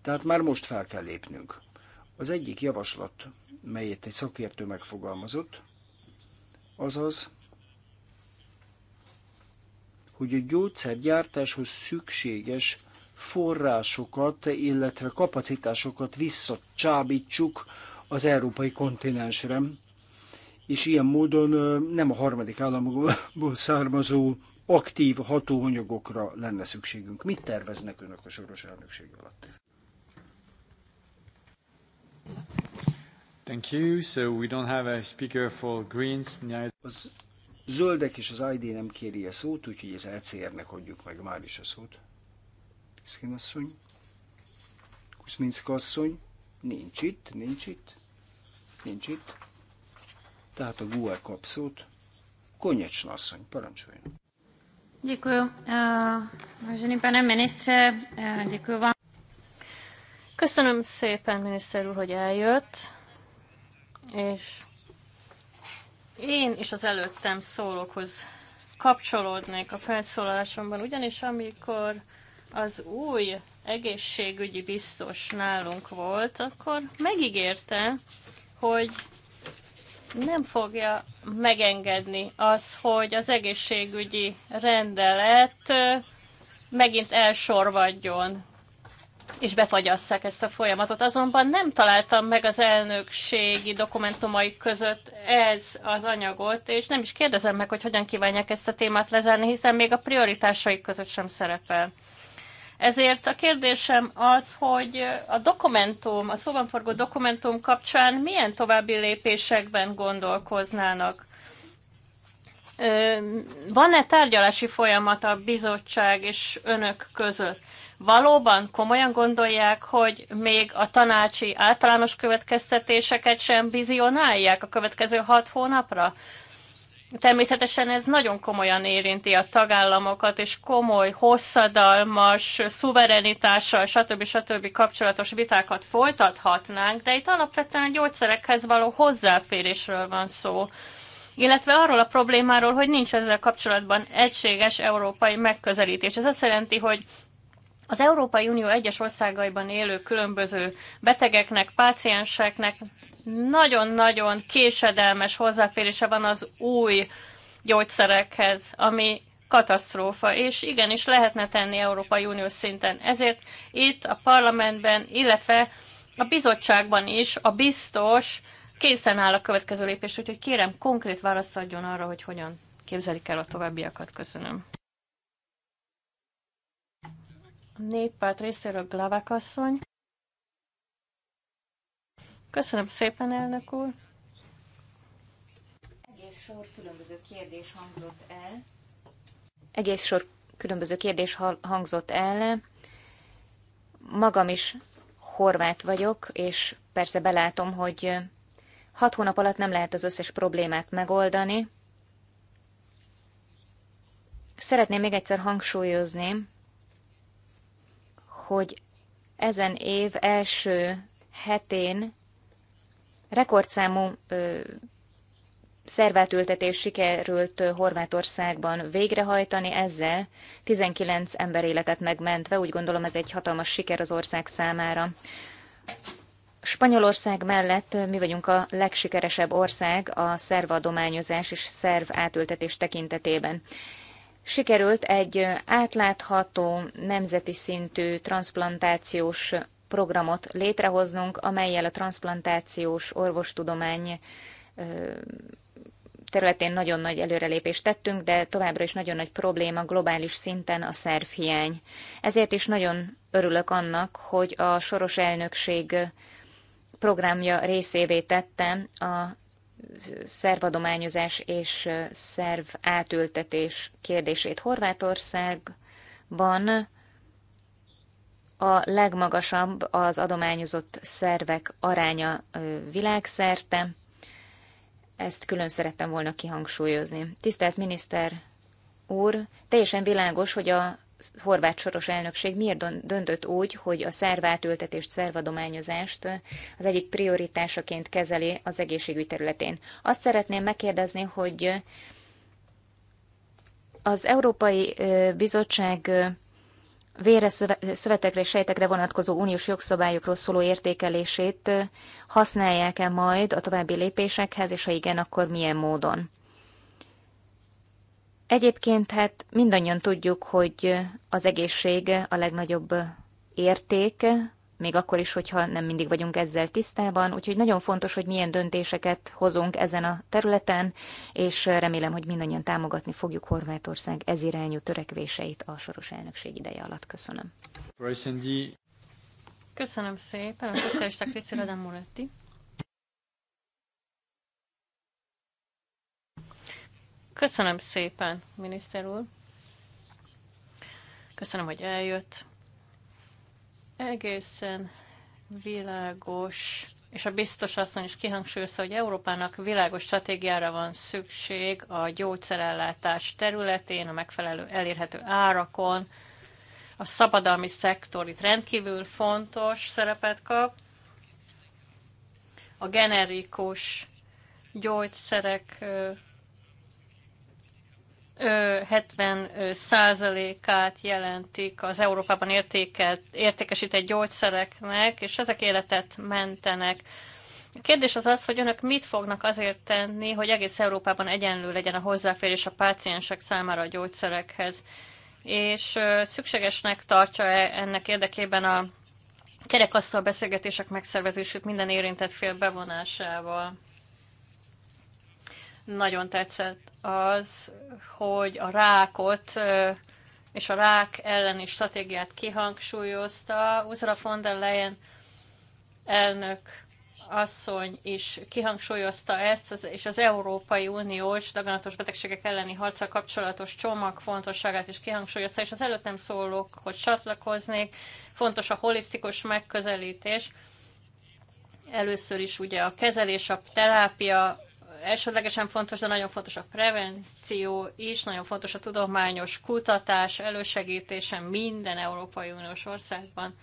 Tehát már most fel kell lépnünk. Az egyik javaslat, melyet egy szakértő megfogalmazott, azaz, hogy a gyógyszergyártáshoz szükséges forrásokat, illetve kapacitásokat visszacsábítsuk az európai kontinensre, és ilyen módon nem a harmadik államokból származó aktív hatóanyagokra lenne szükségünk. Mit terveznek önök a soros elnökség alatt? Thank you. So we don't have a speaker for Greens. Az zöldek és az ID nem kéri a szót, úgyhogy az LCR-nek e adjuk meg már is a szót. Szkin asszony. Kuszminszka asszony. Nincs itt, nincs itt, nincs itt. Tehát a Google kap szót. Konyecsna asszony, parancsoljon. Děkuji. Eh, vážený pane ministře, eh, děkuji vám. Köszönöm szépen, miniszter úr, hogy eljött, és én és az előttem szólókhoz kapcsolódnék a felszólalásomban, ugyanis amikor az új egészségügyi biztos nálunk volt, akkor megígérte, hogy nem fogja megengedni az, hogy az egészségügyi rendelet megint elsorvadjon és befagyasszák ezt a folyamatot. Azonban nem találtam meg az elnökségi dokumentumai között ez az anyagot, és nem is kérdezem meg, hogy hogyan kívánják ezt a témát lezárni, hiszen még a prioritásaik között sem szerepel. Ezért a kérdésem az, hogy a dokumentum, a szóban forgó dokumentum kapcsán milyen további lépésekben gondolkoznának? Van-e tárgyalási folyamat a bizottság és önök között? valóban komolyan gondolják, hogy még a tanácsi általános következtetéseket sem vizionálják a következő hat hónapra? Természetesen ez nagyon komolyan érinti a tagállamokat, és komoly, hosszadalmas, szuverenitással, stb. stb. kapcsolatos vitákat folytathatnánk, de itt alapvetően a gyógyszerekhez való hozzáférésről van szó illetve arról a problémáról, hogy nincs ezzel kapcsolatban egységes európai megközelítés. Ez azt jelenti, hogy az Európai Unió egyes országaiban élő különböző betegeknek, pácienseknek nagyon-nagyon késedelmes hozzáférése van az új gyógyszerekhez, ami katasztrófa, és igenis lehetne tenni Európai Unió szinten. Ezért itt a parlamentben, illetve a bizottságban is a biztos készen áll a következő lépés, úgyhogy kérem konkrét választ adjon arra, hogy hogyan képzelik el a továbbiakat. Köszönöm néppárt részéről Glavák asszony. Köszönöm szépen, elnök úr. Egész sor különböző kérdés hangzott el. Egész sor különböző kérdés hangzott el. Magam is horvát vagyok, és persze belátom, hogy hat hónap alatt nem lehet az összes problémát megoldani. Szeretném még egyszer hangsúlyozni, hogy ezen év első hetén rekordszámú ö, szervátültetés sikerült Horvátországban végrehajtani, ezzel 19 ember életet megmentve, úgy gondolom ez egy hatalmas siker az ország számára. Spanyolország mellett mi vagyunk a legsikeresebb ország a szervadományozás és szerv átültetés tekintetében sikerült egy átlátható, nemzeti szintű transplantációs programot létrehoznunk, amelyel a transplantációs orvostudomány területén nagyon nagy előrelépést tettünk, de továbbra is nagyon nagy probléma globális szinten a szervhiány. Ezért is nagyon örülök annak, hogy a soros elnökség programja részévé tette a szervadományozás és szerv átültetés kérdését Horvátországban a legmagasabb az adományozott szervek aránya világszerte. Ezt külön szerettem volna kihangsúlyozni. Tisztelt miniszter úr, teljesen világos, hogy a horvát soros elnökség miért döntött úgy, hogy a szervátültetést, szervadományozást az egyik prioritásaként kezeli az egészségügy területén. Azt szeretném megkérdezni, hogy az Európai Bizottság vére szövetekre és sejtekre vonatkozó uniós jogszabályokról szóló értékelését használják-e majd a további lépésekhez, és ha igen, akkor milyen módon? Egyébként hát mindannyian tudjuk, hogy az egészség a legnagyobb érték, még akkor is, hogyha nem mindig vagyunk ezzel tisztában, úgyhogy nagyon fontos, hogy milyen döntéseket hozunk ezen a területen, és remélem, hogy mindannyian támogatni fogjuk Horvátország ez irányú törekvéseit a soros elnökség ideje alatt. Köszönöm. Köszönöm szépen, a szocialista Krisztina Moretti. Köszönöm szépen, miniszter úr. Köszönöm, hogy eljött. Egészen világos, és a biztos asszony is kihangsúlyozta, hogy Európának világos stratégiára van szükség a gyógyszerellátás területén, a megfelelő elérhető árakon. A szabadalmi szektor itt rendkívül fontos szerepet kap. A generikus gyógyszerek 70%-át jelentik az Európában értékelt, értékesített gyógyszereknek, és ezek életet mentenek. A kérdés az az, hogy önök mit fognak azért tenni, hogy egész Európában egyenlő legyen a hozzáférés a páciensek számára a gyógyszerekhez. És szükségesnek tartja -e ennek érdekében a kerekasztal beszélgetések megszervezését minden érintett fél bevonásával? Nagyon tetszett az, hogy a rákot és a rák elleni stratégiát kihangsúlyozta. Ursula von der Leyen elnök asszony is kihangsúlyozta ezt, és az Európai Uniós daganatos betegségek elleni harccal kapcsolatos csomag fontosságát is kihangsúlyozta, és az előttem szólok, hogy csatlakoznék, fontos a holisztikus megközelítés. Először is ugye a kezelés, a terápia elsődlegesen fontos, de nagyon fontos a prevenció is, nagyon fontos a tudományos kutatás elősegítése minden Európai Uniós országban.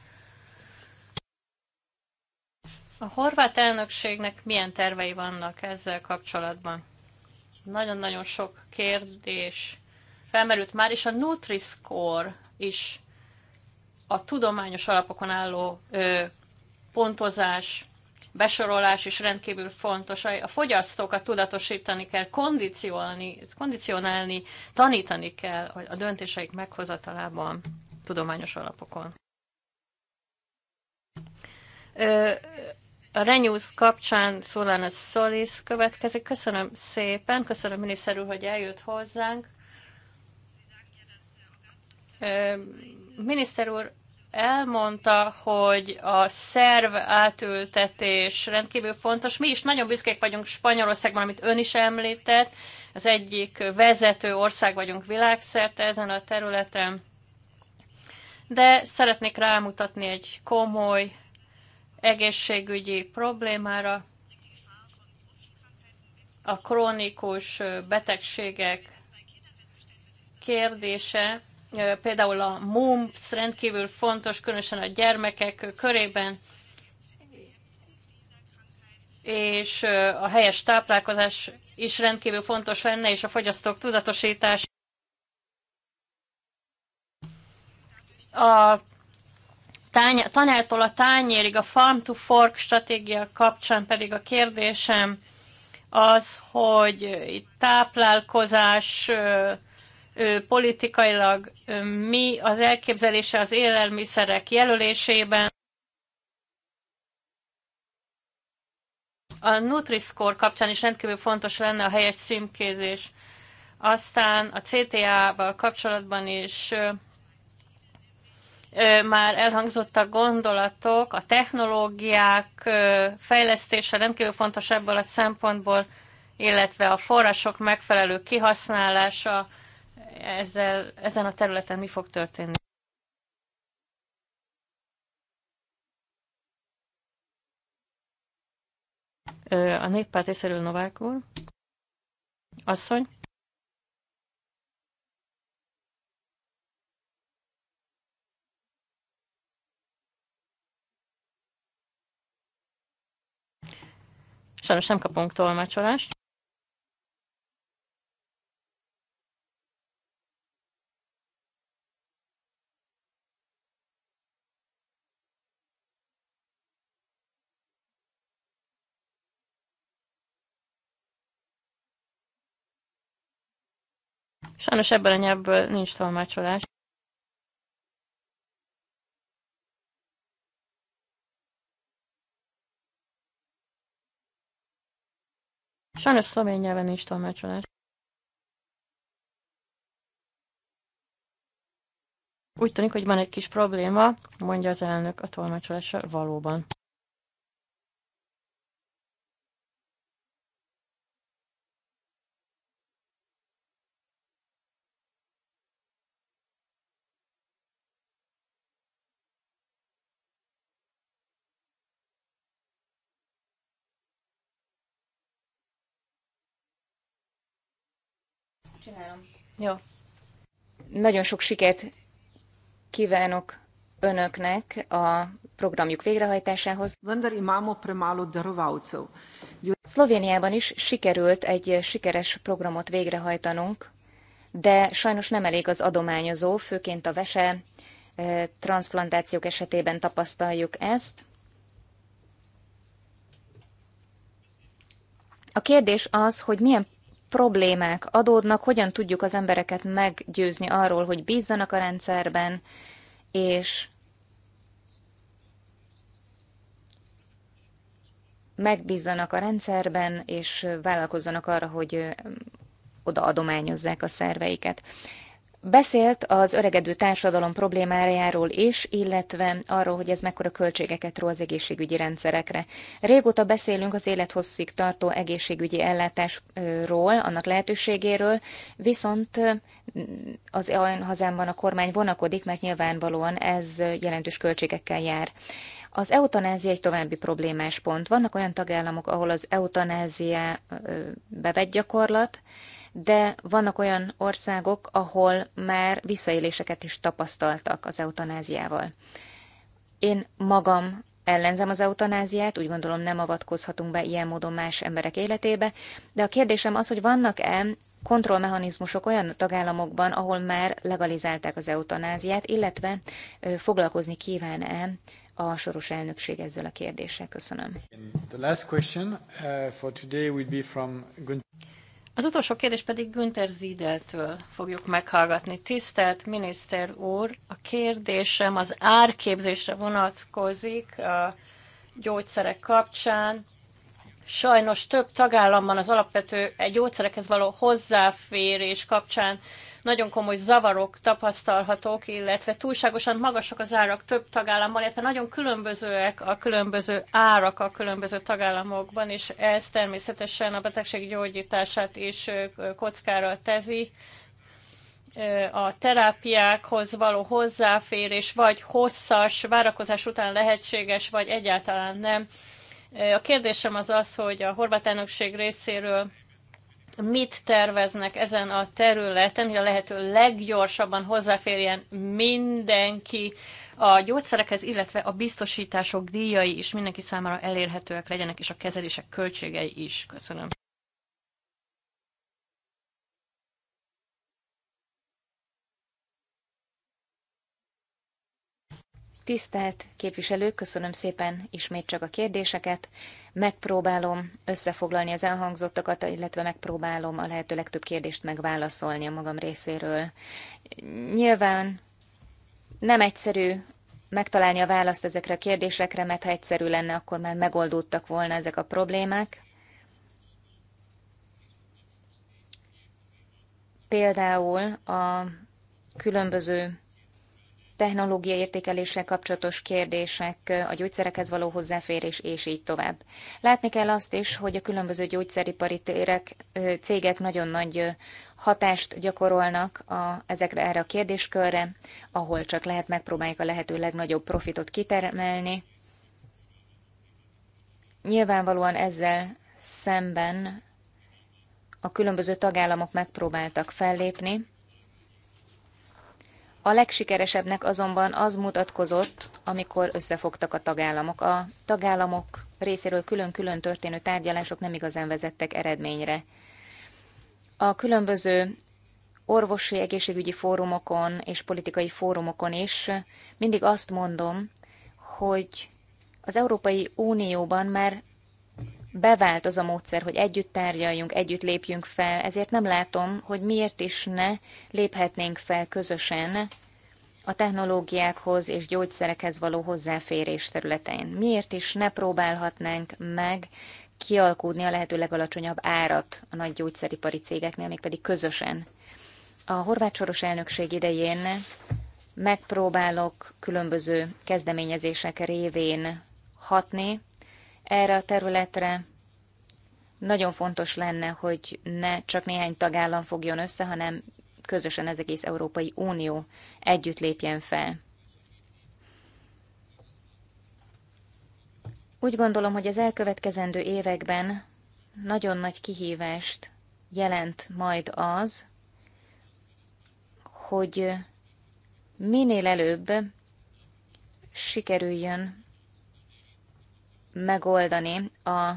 A horvát elnökségnek milyen tervei vannak ezzel kapcsolatban? Nagyon-nagyon sok kérdés felmerült már, és a Nutri-Score is a tudományos alapokon álló ö, pontozás besorolás is rendkívül fontos. A fogyasztókat tudatosítani kell, kondicionálni, kondicionálni tanítani kell a döntéseik meghozatalában tudományos alapokon. A Renews kapcsán Szolana Solis következik. Köszönöm szépen, köszönöm miniszter úr, hogy eljött hozzánk. Miniszter úr, elmondta, hogy a szerv átültetés rendkívül fontos. Mi is nagyon büszkék vagyunk Spanyolországban, amit ön is említett. Az egyik vezető ország vagyunk világszerte ezen a területen. De szeretnék rámutatni egy komoly egészségügyi problémára, a krónikus betegségek kérdése, például a MUMPS rendkívül fontos, különösen a gyermekek körében, és a helyes táplálkozás is rendkívül fontos lenne, és a fogyasztók tudatosítás. A tány, tanártól a tányérig, a farm to fork stratégia kapcsán pedig a kérdésem az, hogy táplálkozás politikailag mi az elképzelése az élelmiszerek jelölésében. A Nutri-Score kapcsán is rendkívül fontos lenne a helyes címkézés. Aztán a CTA-val kapcsolatban is már elhangzottak gondolatok, a technológiák fejlesztése rendkívül fontos ebből a szempontból, illetve a források megfelelő kihasználása, ezzel, ezen a területen mi fog történni. A néppárt észerül Novák úr. Asszony. Sajnos nem kapunk tolmácsolást. Sajnos ebben a nyelvből nincs tolmácsolás. Sajnos szlovén nyelven nincs tolmácsolás. Úgy tűnik, hogy van egy kis probléma, mondja az elnök a tolmácsolással valóban. Csinálom. Jó. Nagyon sok sikert kívánok önöknek a programjuk végrehajtásához. Szlovéniában is sikerült egy sikeres programot végrehajtanunk, de sajnos nem elég az adományozó, főként a vese eh, transplantációk esetében tapasztaljuk ezt. A kérdés az, hogy milyen problémák adódnak, hogyan tudjuk az embereket meggyőzni arról, hogy bízzanak a rendszerben, és megbízzanak a rendszerben, és vállalkozzanak arra, hogy oda adományozzák a szerveiket. Beszélt az öregedő társadalom problémájáról is, illetve arról, hogy ez mekkora költségeket ró az egészségügyi rendszerekre. Régóta beszélünk az élethosszig tartó egészségügyi ellátásról, annak lehetőségéről, viszont mm, az olyan hazámban a kormány vonakodik, mert nyilvánvalóan ez jelentős költségekkel jár. Az eutanázia egy további problémás pont. Vannak olyan tagállamok, ahol az eutanázia bevett gyakorlat, de vannak olyan országok, ahol már visszaéléseket is tapasztaltak az eutanáziával. Én magam ellenzem az eutanáziát, úgy gondolom nem avatkozhatunk be ilyen módon más emberek életébe, de a kérdésem az, hogy vannak-e kontrollmechanizmusok olyan tagállamokban, ahol már legalizálták az eutanáziát, illetve foglalkozni kíván-e a soros elnökség ezzel a kérdéssel. Köszönöm. The last question uh, for today will be from az utolsó kérdés pedig Günther Zideltől fogjuk meghallgatni. Tisztelt miniszter úr, a kérdésem az árképzésre vonatkozik a gyógyszerek kapcsán. Sajnos több tagállamban az alapvető egy gyógyszerekhez való hozzáférés kapcsán nagyon komoly zavarok tapasztalhatók, illetve túlságosan magasak az árak több tagállammal, illetve nagyon különbözőek a különböző árak a különböző tagállamokban, és ez természetesen a betegség gyógyítását is kockára tezi a terápiákhoz való hozzáférés, vagy hosszas várakozás után lehetséges, vagy egyáltalán nem. A kérdésem az az, hogy a horvát elnökség részéről mit terveznek ezen a területen, hogy a lehető leggyorsabban hozzáférjen mindenki a gyógyszerekhez, illetve a biztosítások díjai is mindenki számára elérhetőek legyenek, és a kezelések költségei is. Köszönöm. Tisztelt képviselők, köszönöm szépen ismét csak a kérdéseket. Megpróbálom összefoglalni az elhangzottakat, illetve megpróbálom a lehető legtöbb kérdést megválaszolni a magam részéről. Nyilván nem egyszerű megtalálni a választ ezekre a kérdésekre, mert ha egyszerű lenne, akkor már megoldódtak volna ezek a problémák. Például a különböző technológiai értékeléssel kapcsolatos kérdések, a gyógyszerekhez való hozzáférés, és így tovább. Látni kell azt is, hogy a különböző gyógyszeripari térek, cégek nagyon nagy hatást gyakorolnak a, ezekre erre a kérdéskörre, ahol csak lehet megpróbálják a lehető legnagyobb profitot kitermelni. Nyilvánvalóan ezzel szemben a különböző tagállamok megpróbáltak fellépni, a legsikeresebbnek azonban az mutatkozott, amikor összefogtak a tagállamok. A tagállamok részéről külön-külön történő tárgyalások nem igazán vezettek eredményre. A különböző orvosi egészségügyi fórumokon és politikai fórumokon is mindig azt mondom, hogy az Európai Unióban már bevált az a módszer, hogy együtt tárgyaljunk, együtt lépjünk fel, ezért nem látom, hogy miért is ne léphetnénk fel közösen a technológiákhoz és gyógyszerekhez való hozzáférés területein. Miért is ne próbálhatnánk meg kialkódni a lehető legalacsonyabb árat a nagy gyógyszeripari cégeknél, mégpedig közösen. A horvát soros elnökség idején megpróbálok különböző kezdeményezések révén hatni erre a területre. Nagyon fontos lenne, hogy ne csak néhány tagállam fogjon össze, hanem közösen az egész Európai Unió együtt lépjen fel. Úgy gondolom, hogy az elkövetkezendő években nagyon nagy kihívást jelent majd az, hogy minél előbb sikerüljön megoldani a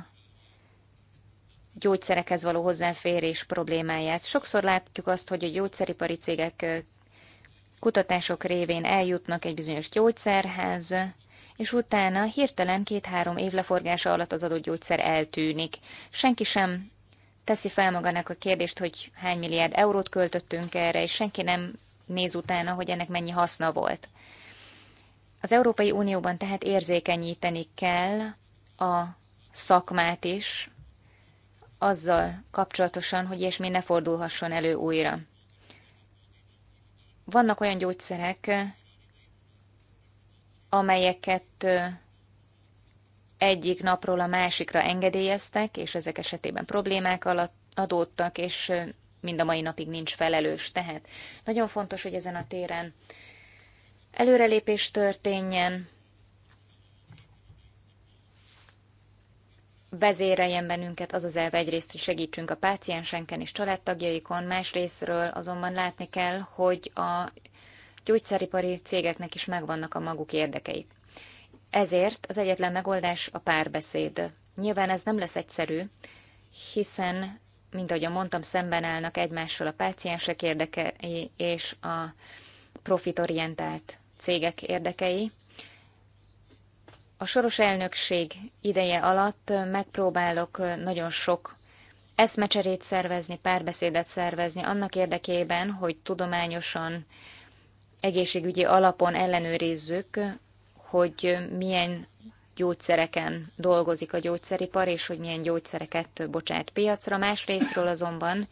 gyógyszerekhez való hozzáférés problémáját. Sokszor látjuk azt, hogy a gyógyszeripari cégek kutatások révén eljutnak egy bizonyos gyógyszerhez, és utána hirtelen két-három év leforgása alatt az adott gyógyszer eltűnik. Senki sem teszi fel magának a kérdést, hogy hány milliárd eurót költöttünk erre, és senki nem néz utána, hogy ennek mennyi haszna volt. Az Európai Unióban tehát érzékenyíteni kell a szakmát is, azzal kapcsolatosan, hogy ilyesmi ne fordulhasson elő újra. Vannak olyan gyógyszerek, amelyeket egyik napról a másikra engedélyeztek, és ezek esetében problémák alatt adódtak, és mind a mai napig nincs felelős. Tehát nagyon fontos, hogy ezen a téren előrelépés történjen, vezéreljen bennünket az az elve egyrészt, hogy segítsünk a páciensenken és családtagjaikon, másrésztről azonban látni kell, hogy a gyógyszeripari cégeknek is megvannak a maguk érdekeit. Ezért az egyetlen megoldás a párbeszéd. Nyilván ez nem lesz egyszerű, hiszen, mint ahogy mondtam, szemben állnak egymással a páciensek érdekei és a profitorientált cégek érdekei, a soros elnökség ideje alatt megpróbálok nagyon sok eszmecserét szervezni, párbeszédet szervezni annak érdekében, hogy tudományosan, egészségügyi alapon ellenőrizzük, hogy milyen gyógyszereken dolgozik a gyógyszeripar, és hogy milyen gyógyszereket bocsát piacra. Másrésztről azonban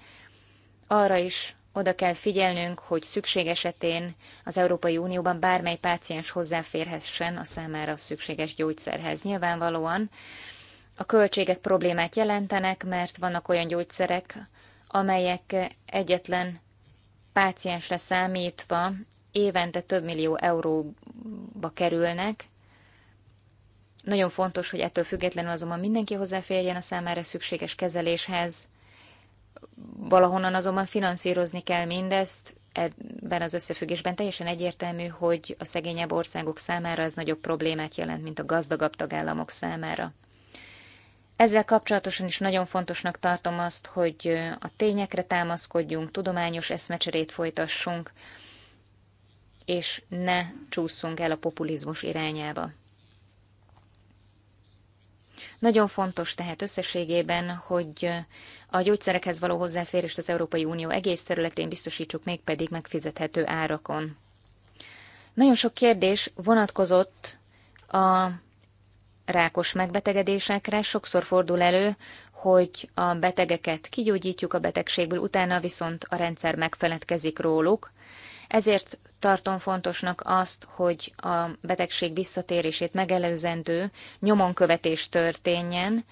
arra is oda kell figyelnünk, hogy szükség esetén az Európai Unióban bármely páciens hozzáférhessen a számára szükséges gyógyszerhez. Nyilvánvalóan a költségek problémát jelentenek, mert vannak olyan gyógyszerek, amelyek egyetlen páciensre számítva évente több millió euróba kerülnek. Nagyon fontos, hogy ettől függetlenül azonban mindenki hozzáférjen a számára szükséges kezeléshez, valahonnan azonban finanszírozni kell mindezt, ebben az összefüggésben teljesen egyértelmű, hogy a szegényebb országok számára ez nagyobb problémát jelent, mint a gazdagabb tagállamok számára. Ezzel kapcsolatosan is nagyon fontosnak tartom azt, hogy a tényekre támaszkodjunk, tudományos eszmecserét folytassunk, és ne csúszunk el a populizmus irányába. Nagyon fontos tehát összességében, hogy a gyógyszerekhez való hozzáférést az Európai Unió egész területén biztosítsuk mégpedig megfizethető árakon. Nagyon sok kérdés vonatkozott a rákos megbetegedésekre. Sokszor fordul elő, hogy a betegeket kigyógyítjuk a betegségből, utána viszont a rendszer megfeledkezik róluk, ezért tartom fontosnak azt, hogy a betegség visszatérését megelőzendő nyomonkövetés történjen,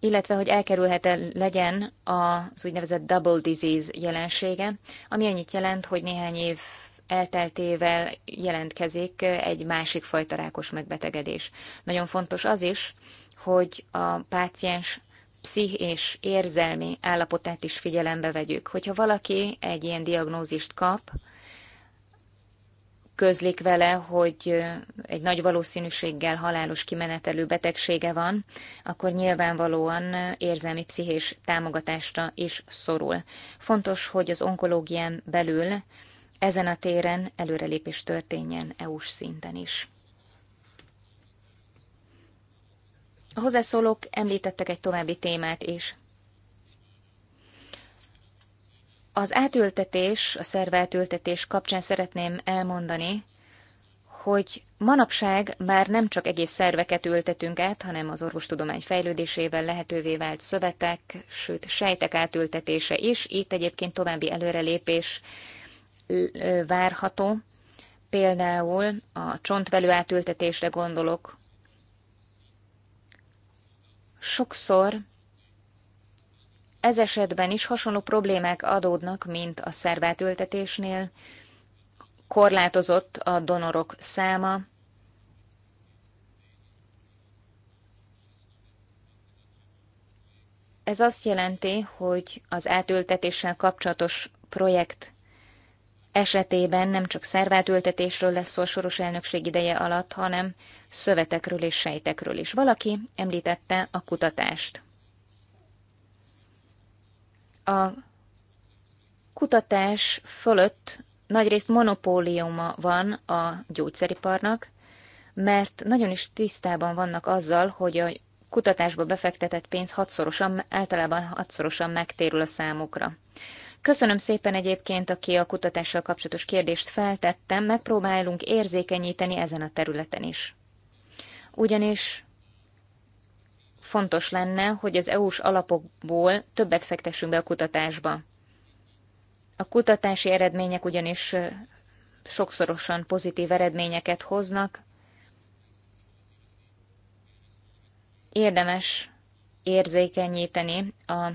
illetve hogy elkerülhető legyen az úgynevezett double disease jelensége, ami annyit jelent, hogy néhány év elteltével jelentkezik egy másik fajta rákos megbetegedés. Nagyon fontos az is, hogy a páciens pszich és érzelmi állapotát is figyelembe vegyük. Hogyha valaki egy ilyen diagnózist kap, közlik vele, hogy egy nagy valószínűséggel halálos kimenetelő betegsége van, akkor nyilvánvalóan érzelmi pszichés támogatásra is szorul. Fontos, hogy az onkológián belül ezen a téren előrelépés történjen EU-s szinten is. A hozzászólók említettek egy további témát is. Az átültetés, a átültetés kapcsán szeretném elmondani, hogy manapság már nem csak egész szerveket ültetünk át, hanem az orvostudomány fejlődésével lehetővé vált szövetek, sőt sejtek átültetése is. Itt egyébként további előrelépés várható. Például a csontvelő átültetésre gondolok. Sokszor ez esetben is hasonló problémák adódnak, mint a szervátültetésnél. Korlátozott a donorok száma, Ez azt jelenti, hogy az átültetéssel kapcsolatos projekt esetében nem csak szervátültetésről lesz szó a soros elnökség ideje alatt, hanem szövetekről és sejtekről is. Valaki említette a kutatást a kutatás fölött nagyrészt monopóliuma van a gyógyszeriparnak, mert nagyon is tisztában vannak azzal, hogy a kutatásba befektetett pénz hatszorosan, általában hatszorosan megtérül a számukra. Köszönöm szépen egyébként, aki a kutatással kapcsolatos kérdést feltettem, megpróbálunk érzékenyíteni ezen a területen is. Ugyanis fontos lenne, hogy az EU-s alapokból többet fektessünk be a kutatásba. A kutatási eredmények ugyanis sokszorosan pozitív eredményeket hoznak. Érdemes érzékenyíteni a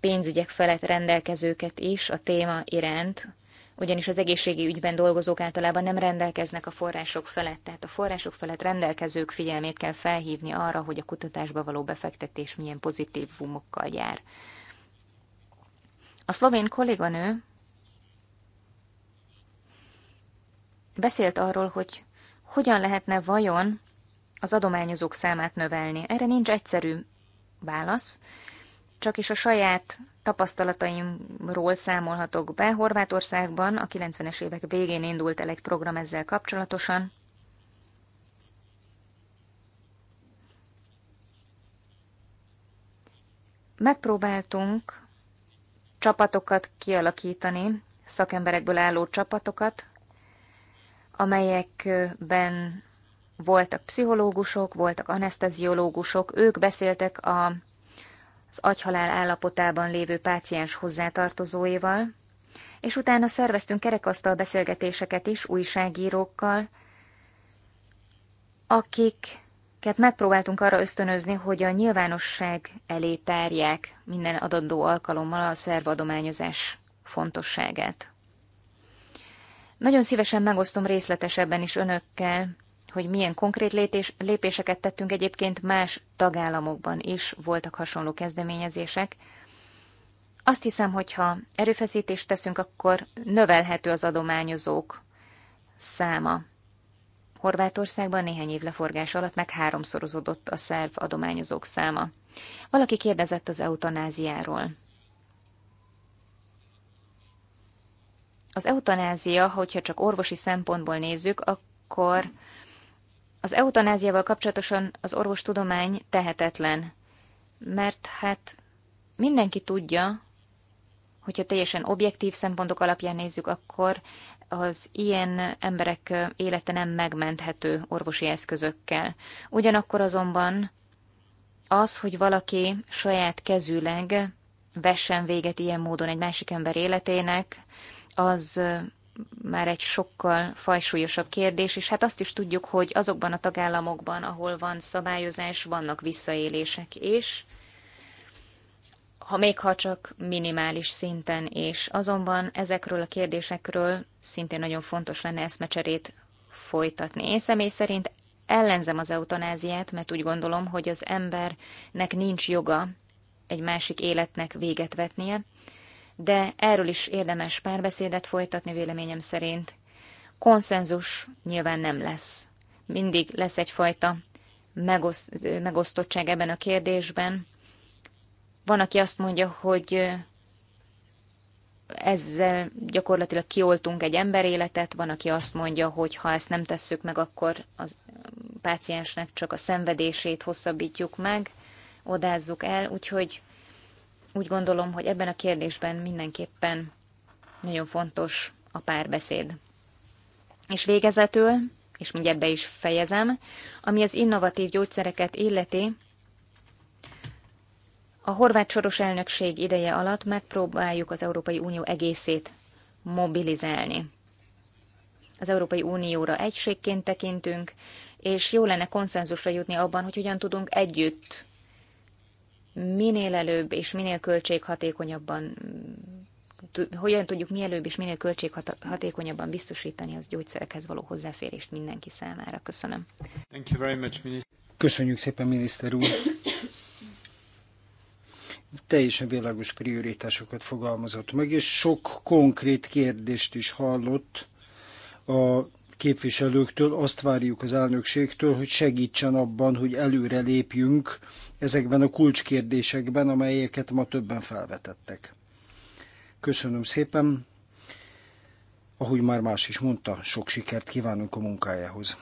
pénzügyek felett rendelkezőket is a téma iránt, ugyanis az egészségi ügyben dolgozók általában nem rendelkeznek a források felett, tehát a források felett rendelkezők figyelmét kell felhívni arra, hogy a kutatásba való befektetés milyen pozitív vumokkal jár. A szlovén kolléganő beszélt arról, hogy hogyan lehetne vajon az adományozók számát növelni. Erre nincs egyszerű válasz, csak is a saját tapasztalataimról számolhatok be. Horvátországban a 90-es évek végén indult el egy program ezzel kapcsolatosan. Megpróbáltunk csapatokat kialakítani, szakemberekből álló csapatokat, amelyekben voltak pszichológusok, voltak anesteziológusok, ők beszéltek a az agyhalál állapotában lévő páciens hozzátartozóival, és utána szerveztünk kerekasztal beszélgetéseket is újságírókkal, akiket megpróbáltunk arra ösztönözni, hogy a nyilvánosság elé tárják minden adandó alkalommal a szervadományozás fontosságát. Nagyon szívesen megosztom részletesebben is önökkel hogy milyen konkrét lépés, lépéseket tettünk egyébként más tagállamokban is voltak hasonló kezdeményezések. Azt hiszem, hogy ha erőfeszítést teszünk, akkor növelhető az adományozók száma. Horvátországban néhány év leforgás alatt meg háromszorozódott a szerv adományozók száma. Valaki kérdezett az eutanáziáról. Az eutanázia, hogyha csak orvosi szempontból nézzük, akkor az eutanáziával kapcsolatosan az orvostudomány tehetetlen, mert hát mindenki tudja, hogyha teljesen objektív szempontok alapján nézzük, akkor az ilyen emberek élete nem megmenthető orvosi eszközökkel. Ugyanakkor azonban az, hogy valaki saját kezűleg vessen véget ilyen módon egy másik ember életének, az már egy sokkal fajsúlyosabb kérdés, és hát azt is tudjuk, hogy azokban a tagállamokban, ahol van szabályozás, vannak visszaélések is, ha még ha csak minimális szinten, és azonban ezekről a kérdésekről szintén nagyon fontos lenne eszmecserét folytatni. Én személy szerint ellenzem az eutanáziát, mert úgy gondolom, hogy az embernek nincs joga egy másik életnek véget vetnie, de erről is érdemes párbeszédet folytatni véleményem szerint. Konszenzus nyilván nem lesz. Mindig lesz egyfajta megoszt, megosztottság ebben a kérdésben. Van, aki azt mondja, hogy ezzel gyakorlatilag kioltunk egy emberéletet, van, aki azt mondja, hogy ha ezt nem tesszük meg, akkor a páciensnek csak a szenvedését hosszabbítjuk meg, odázzuk el, úgyhogy úgy gondolom, hogy ebben a kérdésben mindenképpen nagyon fontos a párbeszéd. És végezetül, és mindjárt be is fejezem, ami az innovatív gyógyszereket illeti, a horvát soros elnökség ideje alatt megpróbáljuk az Európai Unió egészét mobilizálni. Az Európai Unióra egységként tekintünk, és jó lenne konszenzusra jutni abban, hogy hogyan tudunk együtt minél előbb és minél költséghatékonyabban, mm, hogyan tudjuk mielőbb és minél költséghatékonyabban biztosítani az gyógyszerekhez való hozzáférést mindenki számára. Köszönöm. Thank you very much, Köszönjük szépen, miniszter úr. Teljesen világos prioritásokat fogalmazott meg, és sok konkrét kérdést is hallott a képviselőktől azt várjuk az elnökségtől, hogy segítsen abban, hogy előre lépjünk ezekben a kulcskérdésekben, amelyeket ma többen felvetettek. Köszönöm szépen, ahogy már más is mondta, sok sikert kívánunk a munkájához.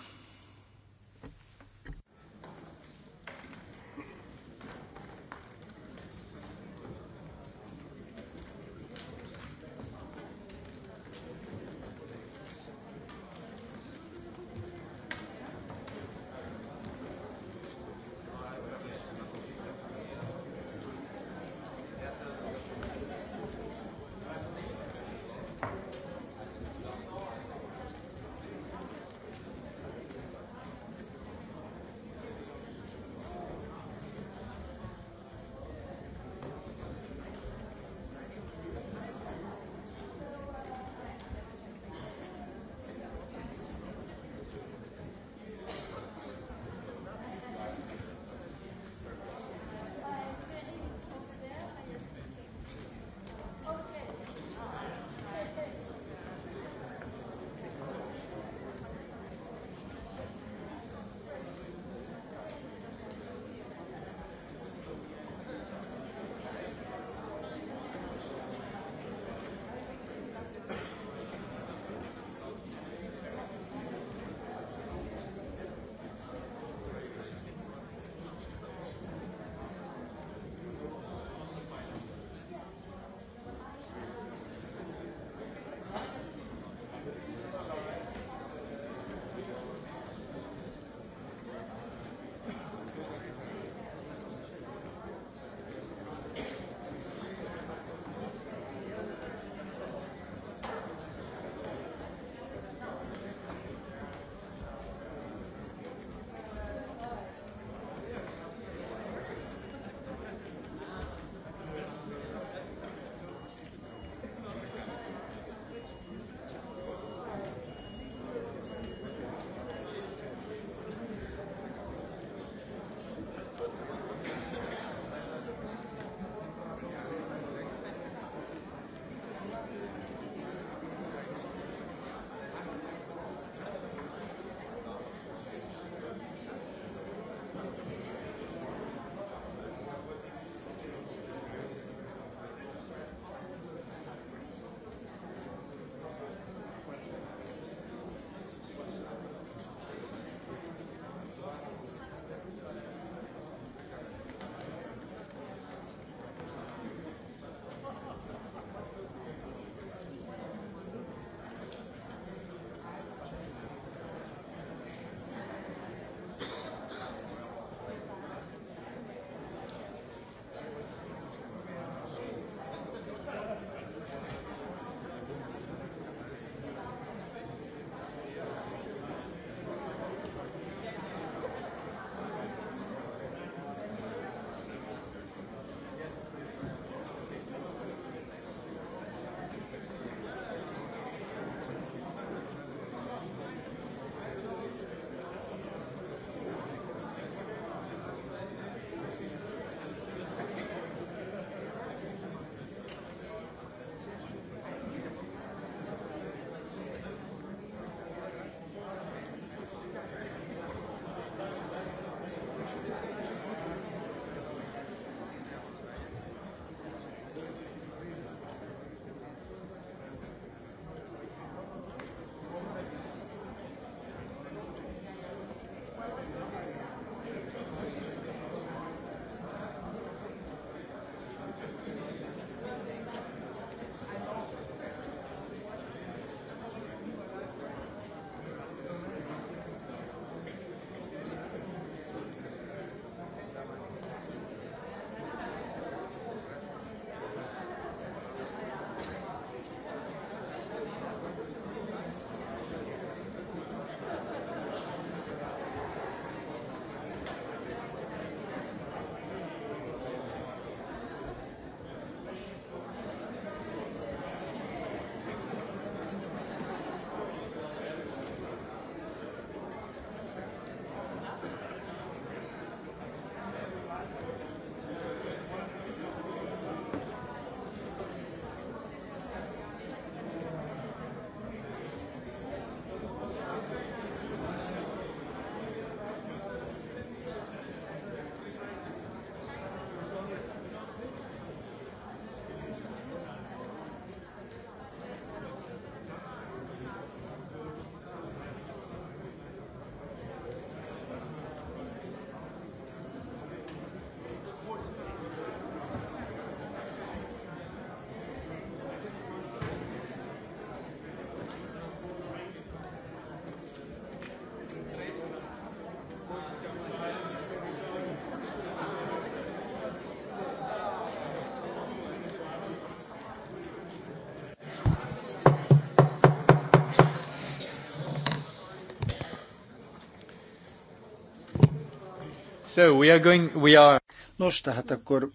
So we are going, we are... Nos, tehát akkor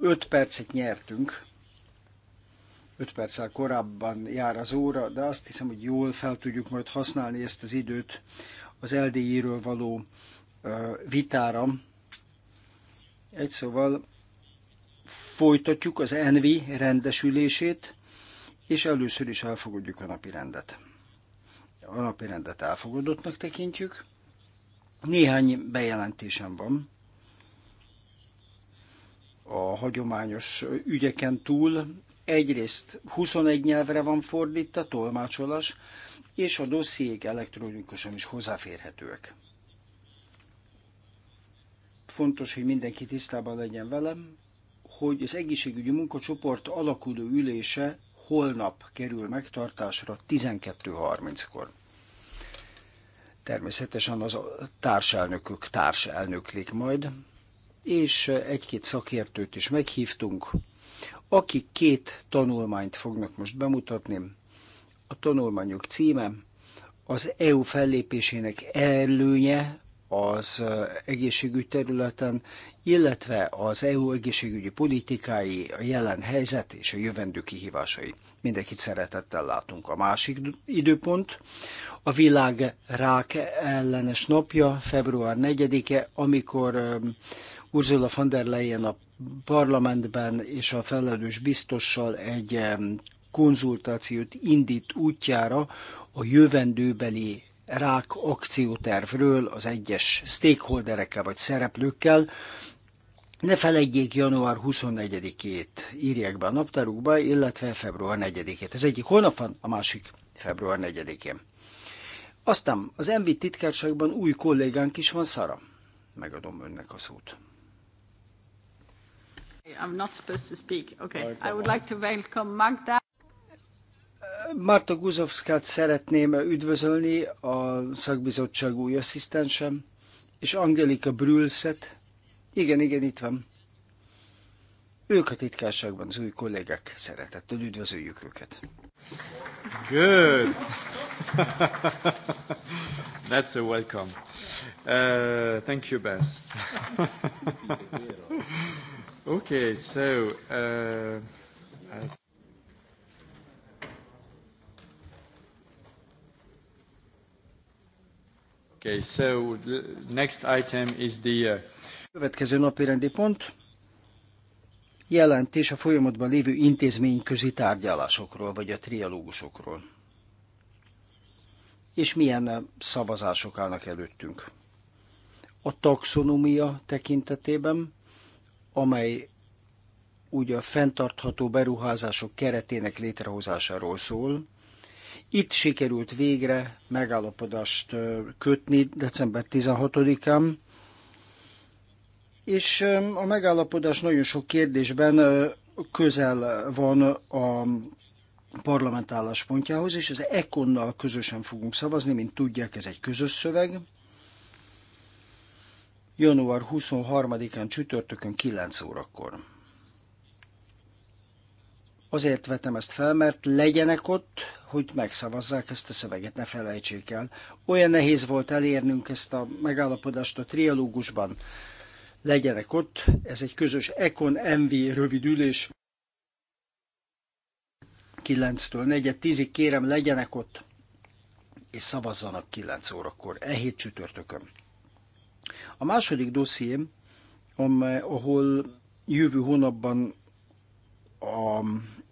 5 percet nyertünk. 5 perccel korábban jár az óra, de azt hiszem, hogy jól fel tudjuk majd használni ezt az időt az LDI-ről való uh, vitára. Egy szóval folytatjuk az Envi rendesülését, és először is elfogadjuk a napi rendet. A napi rendet elfogadottnak tekintjük. Néhány bejelentésem van. A hagyományos ügyeken túl egyrészt 21 nyelvre van fordítva, tolmácsolás, és a dossziék elektronikusan is hozzáférhetőek. Fontos, hogy mindenki tisztában legyen velem, hogy az egészségügyi munkacsoport alakuló ülése holnap kerül megtartásra 12.30-kor. Természetesen az társelnökök társelnöklik majd, és egy-két szakértőt is meghívtunk, akik két tanulmányt fognak most bemutatni. A tanulmányok címe az EU fellépésének előnye az egészségügy területen, illetve az EU egészségügyi politikái, a jelen helyzet és a jövendő kihívásai. Mindenkit szeretettel látunk. A másik időpont a világ rák ellenes napja, február 4-e, amikor Ursula von der Leyen a parlamentben és a felelős biztossal egy konzultációt indít útjára a jövendőbeli rák akciótervről az egyes stakeholderekkel vagy szereplőkkel, ne felejtjék január 24-ét, írják be a naptárukba, illetve február 4-ét. Ez egyik hónap van, a másik február 4-én. Aztán az MV titkárságban új kollégánk is van, Szara. Megadom önnek a szót. I'm not supposed to speak. Okay. I would like to welcome Magda. Marta Guzovskát szeretném üdvözölni, a szakbizottság új asszisztensem, és Angelika Brülszet, igen, igen, itt van. Ők a titkárságban, az új kollégák. Szeretettel üdvözöljük őket. Good. That's a welcome. Uh, thank you, Bess. okay, so... Uh, uh, Okay, so the next item is the uh, Következő napi rendi pont jelentés a folyamatban lévő intézményközi tárgyalásokról, vagy a trialógusokról. És milyen szavazások állnak előttünk. A taxonomia tekintetében, amely ugye a fenntartható beruházások keretének létrehozásáról szól, itt sikerült végre megállapodást kötni december 16-án, és a megállapodás nagyon sok kérdésben közel van a parlament álláspontjához, és az Ekonnal közösen fogunk szavazni, mint tudják, ez egy közös szöveg. Január 23-án csütörtökön 9 órakor. Azért vetem ezt fel, mert legyenek ott, hogy megszavazzák ezt a szöveget, ne felejtsék el. Olyan nehéz volt elérnünk ezt a megállapodást a trialógusban, legyenek ott. Ez egy közös Econ MV rövidülés 9-től 4-10-ig kérem legyenek ott, és szavazzanak 9 órakor, e hét csütörtökön. A második dossziém, ahol jövő hónapban a,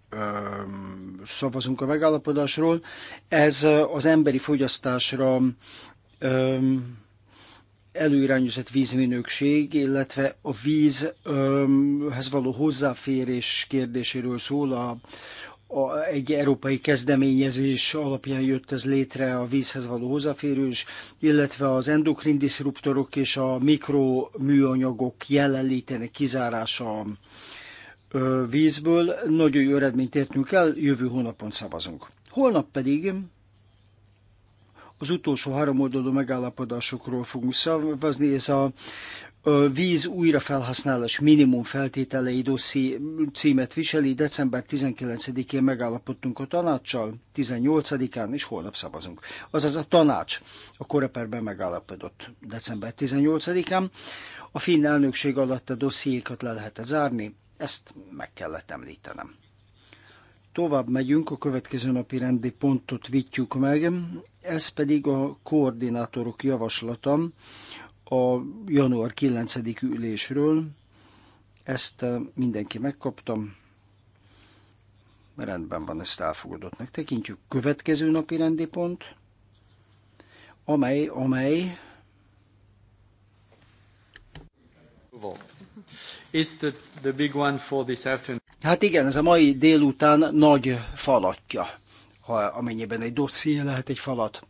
ö, szavazunk a megállapodásról, ez az emberi fogyasztásra ö, előirányozott vízminőség, illetve a vízhez való hozzáférés kérdéséről szól. A, a, egy európai kezdeményezés alapján jött ez létre a vízhez való hozzáférés, illetve az endokrin diszruptorok és a mikroműanyagok jelenlétének kizárása a vízből. Nagyon jó eredményt értünk el, jövő hónapon szavazunk. Holnap pedig az utolsó háromoldalú megállapodásokról fogunk szavazni, ez a víz újrafelhasználás minimum feltételei dosszi címet viseli. December 19-én megállapodtunk a tanácssal, 18-án, és holnap szavazunk. Azaz a tanács a koreperben megállapodott december 18-án. A finn elnökség alatt a dossziékat le lehetett zárni, ezt meg kellett említenem. Tovább megyünk, a következő napi rendi pontot vitjük meg. Ez pedig a koordinátorok javaslata a január 9. ülésről. Ezt eh, mindenki megkaptam. Rendben van, ezt elfogadottnak tekintjük. Következő napi rendi pont, amely, amely... It's the, the big one for this afternoon. Hát igen, ez a mai délután nagy falatja ha amennyiben egy dosszié lehet egy falat.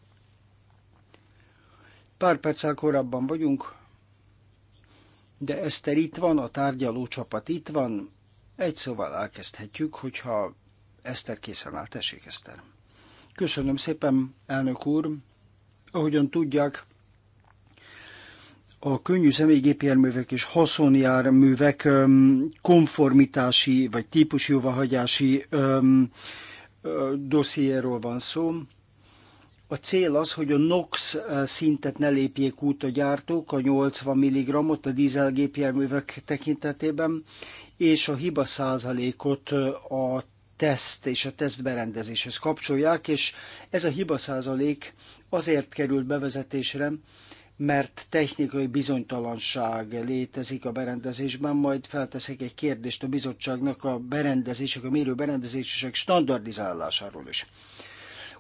Pár perccel korábban vagyunk, de Eszter itt van, a tárgyaló csapat itt van, egy szóval elkezdhetjük, hogyha Eszter készen áll. Tessék, Eszter. Köszönöm szépen, elnök úr. Ahogyan tudják, a könnyű személygépjárművek és haszonjárművek konformitási vagy típusjóváhagyási dossziéről van szó. A cél az, hogy a NOx szintet ne lépjék út a gyártók, a 80 mg-ot a dízelgépjárművek tekintetében, és a hiba százalékot a teszt és a tesztberendezéshez kapcsolják, és ez a hiba százalék azért került bevezetésre, mert technikai bizonytalanság létezik a berendezésben, majd felteszek egy kérdést a bizottságnak a berendezések, a mérő berendezések standardizálásáról is.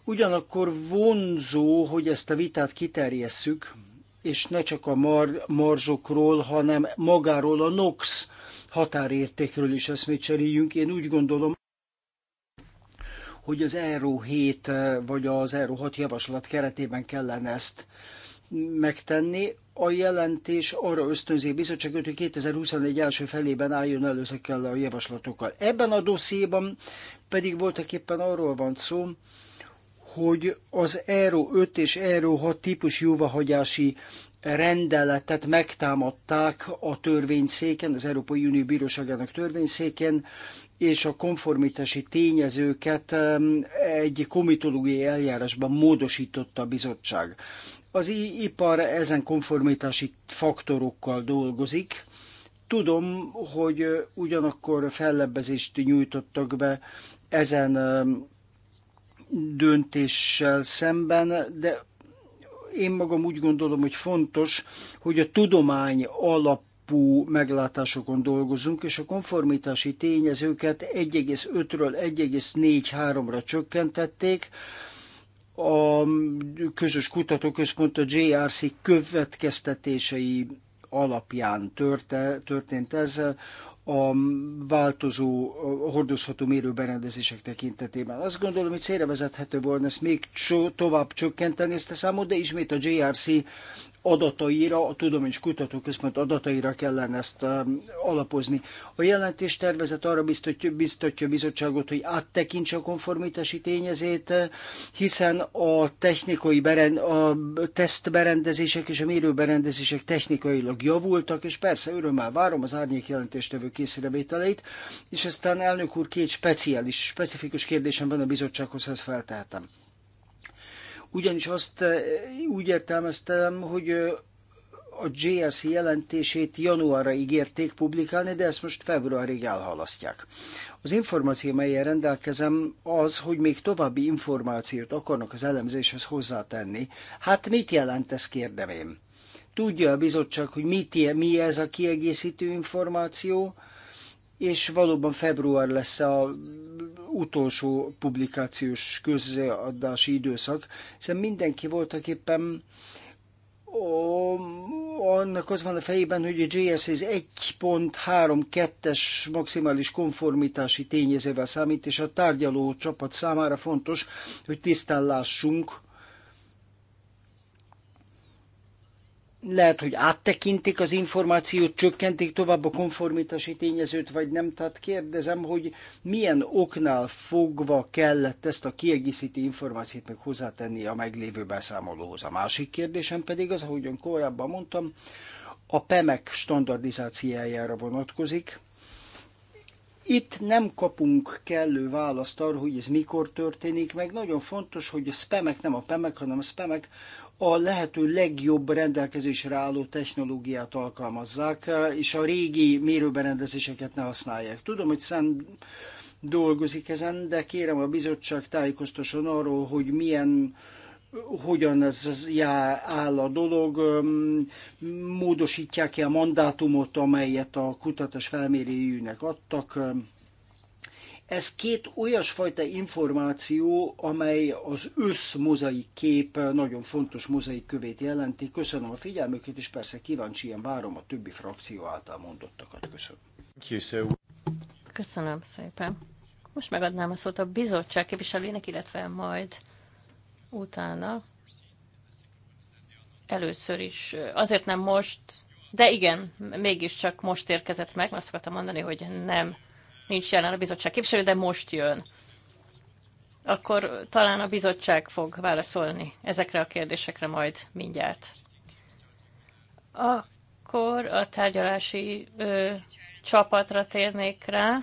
Ugyanakkor vonzó, hogy ezt a vitát kiterjesszük, és ne csak a mar- marzsokról, hanem magáról a NOx határértékről is eszmét cseréljünk. Én úgy gondolom, hogy az Euro 7 vagy az Euro 6 javaslat keretében kellene ezt megtenni. A jelentés arra ösztönzi a bizottságot, hogy 2021 első felében álljon elő ezekkel a javaslatokkal. Ebben a dossziéban pedig voltak éppen arról van szó, hogy az Euro 5 és Euro 6 típus jóvahagyási rendeletet megtámadták a törvényszéken, az Európai Unió Bíróságának törvényszéken, és a konformitási tényezőket egy komitológiai eljárásban módosította a bizottság. Az ipar ezen konformitási faktorokkal dolgozik. Tudom, hogy ugyanakkor fellebbezést nyújtottak be ezen döntéssel szemben, de én magam úgy gondolom, hogy fontos, hogy a tudomány alap meglátásokon dolgozunk, és a konformitási tényezőket 1,5-ről 1,43-ra csökkentették, a közös kutatóközpont a JRC következtetései alapján törte, történt ez a változó, a hordozható mérőberendezések tekintetében. Azt gondolom, hogy célra vezethető volna ezt még tovább csökkenteni ezt a számot, de ismét a JRC adataira, a Tudományos Kutatóközpont adataira kellene ezt alapozni. A jelentés tervezet arra biztatja, biztatja a bizottságot, hogy áttekintse a konformitási tényezét, hiszen a technikai berend, a tesztberendezések és a mérőberendezések technikailag javultak, és persze örömmel várom az árnyék jelentéstevő készrevételeit, és aztán elnök úr két speciális, specifikus kérdésem van a bizottsághoz, ezt feltehetem. Ugyanis azt eh, úgy értelmeztem, hogy eh, a JRC jelentését januárra ígérték publikálni, de ezt most februárig elhalasztják. Az információ, melyen rendelkezem, az, hogy még további információt akarnak az elemzéshez hozzátenni. Hát mit jelent ez, kérdem én? Tudja a bizottság, hogy mit, mi ez a kiegészítő információ, és valóban február lesz a utolsó publikációs közadási időszak, hiszen mindenki voltak éppen ó, annak az van a fejében, hogy a JS ez 1.3.2-es maximális konformitási tényezővel számít, és a tárgyaló csapat számára fontos, hogy tisztán lássunk, lehet, hogy áttekintik az információt, csökkentik tovább a konformitási tényezőt, vagy nem. Tehát kérdezem, hogy milyen oknál fogva kellett ezt a kiegészítő információt meg hozzátenni a meglévő beszámolóhoz. A másik kérdésem pedig az, ahogyan korábban mondtam, a PEMEK standardizációjára vonatkozik. Itt nem kapunk kellő választ arra, hogy ez mikor történik, meg nagyon fontos, hogy a spemek nem a pemek, hanem a spemek, a lehető legjobb rendelkezésre álló technológiát alkalmazzák, és a régi mérőberendezéseket ne használják. Tudom, hogy szent dolgozik ezen, de kérem a bizottság tájékoztasson arról, hogy milyen hogyan ez já, áll a dolog, módosítják-e a mandátumot, amelyet a kutatás felmérőjűnek adtak, ez két olyasfajta információ, amely az összmozaik kép nagyon fontos mozaik kövét jelenti. Köszönöm a figyelmüket, és persze ilyen várom a többi frakció által mondottakat. Köszönöm. Köszönöm szépen. Most megadnám a szót a bizottság képviselőjének, illetve majd utána. Először is, azért nem most, de igen, mégiscsak most érkezett meg, azt akartam mondani, hogy nem nincs jelen a bizottság képviselő, de most jön. Akkor talán a bizottság fog válaszolni ezekre a kérdésekre majd mindjárt. Akkor a tárgyalási ö, csapatra térnék rá.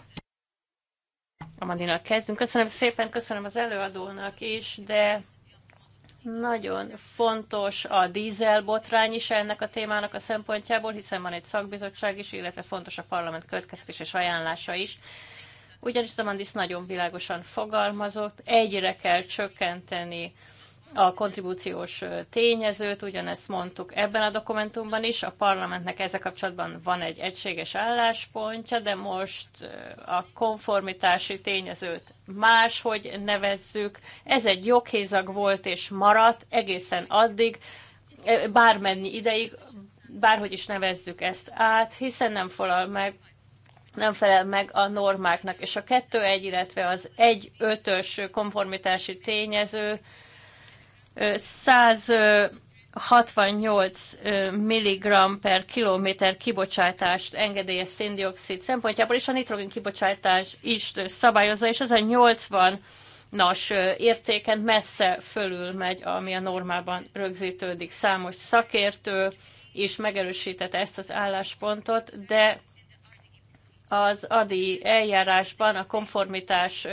Amandinal kezdünk. Köszönöm szépen, köszönöm az előadónak is, de nagyon fontos a dízelbotrány is ennek a témának a szempontjából, hiszen van egy szakbizottság is, illetve fontos a parlament következtetés és ajánlása is. Ugyanis Zamandis nagyon világosan fogalmazott, egyre kell csökkenteni a kontribúciós tényezőt, ugyanezt mondtuk ebben a dokumentumban is, a parlamentnek ezzel kapcsolatban van egy egységes álláspontja, de most a konformitási tényezőt máshogy nevezzük. Ez egy joghézag volt és maradt egészen addig, bármennyi ideig, bárhogy is nevezzük ezt át, hiszen nem felel meg nem felel meg a normáknak, és a 2-1, illetve az 1-5-ös konformitási tényező 100 68 mg per kilométer kibocsátást engedélyez széndiokszid szempontjából, és a nitrogén kibocsátás is szabályozza, és ez a 80 nas értéken messze fölül megy, ami a normában rögzítődik. Számos szakértő is megerősítette ezt az álláspontot, de az adi eljárásban a konformitás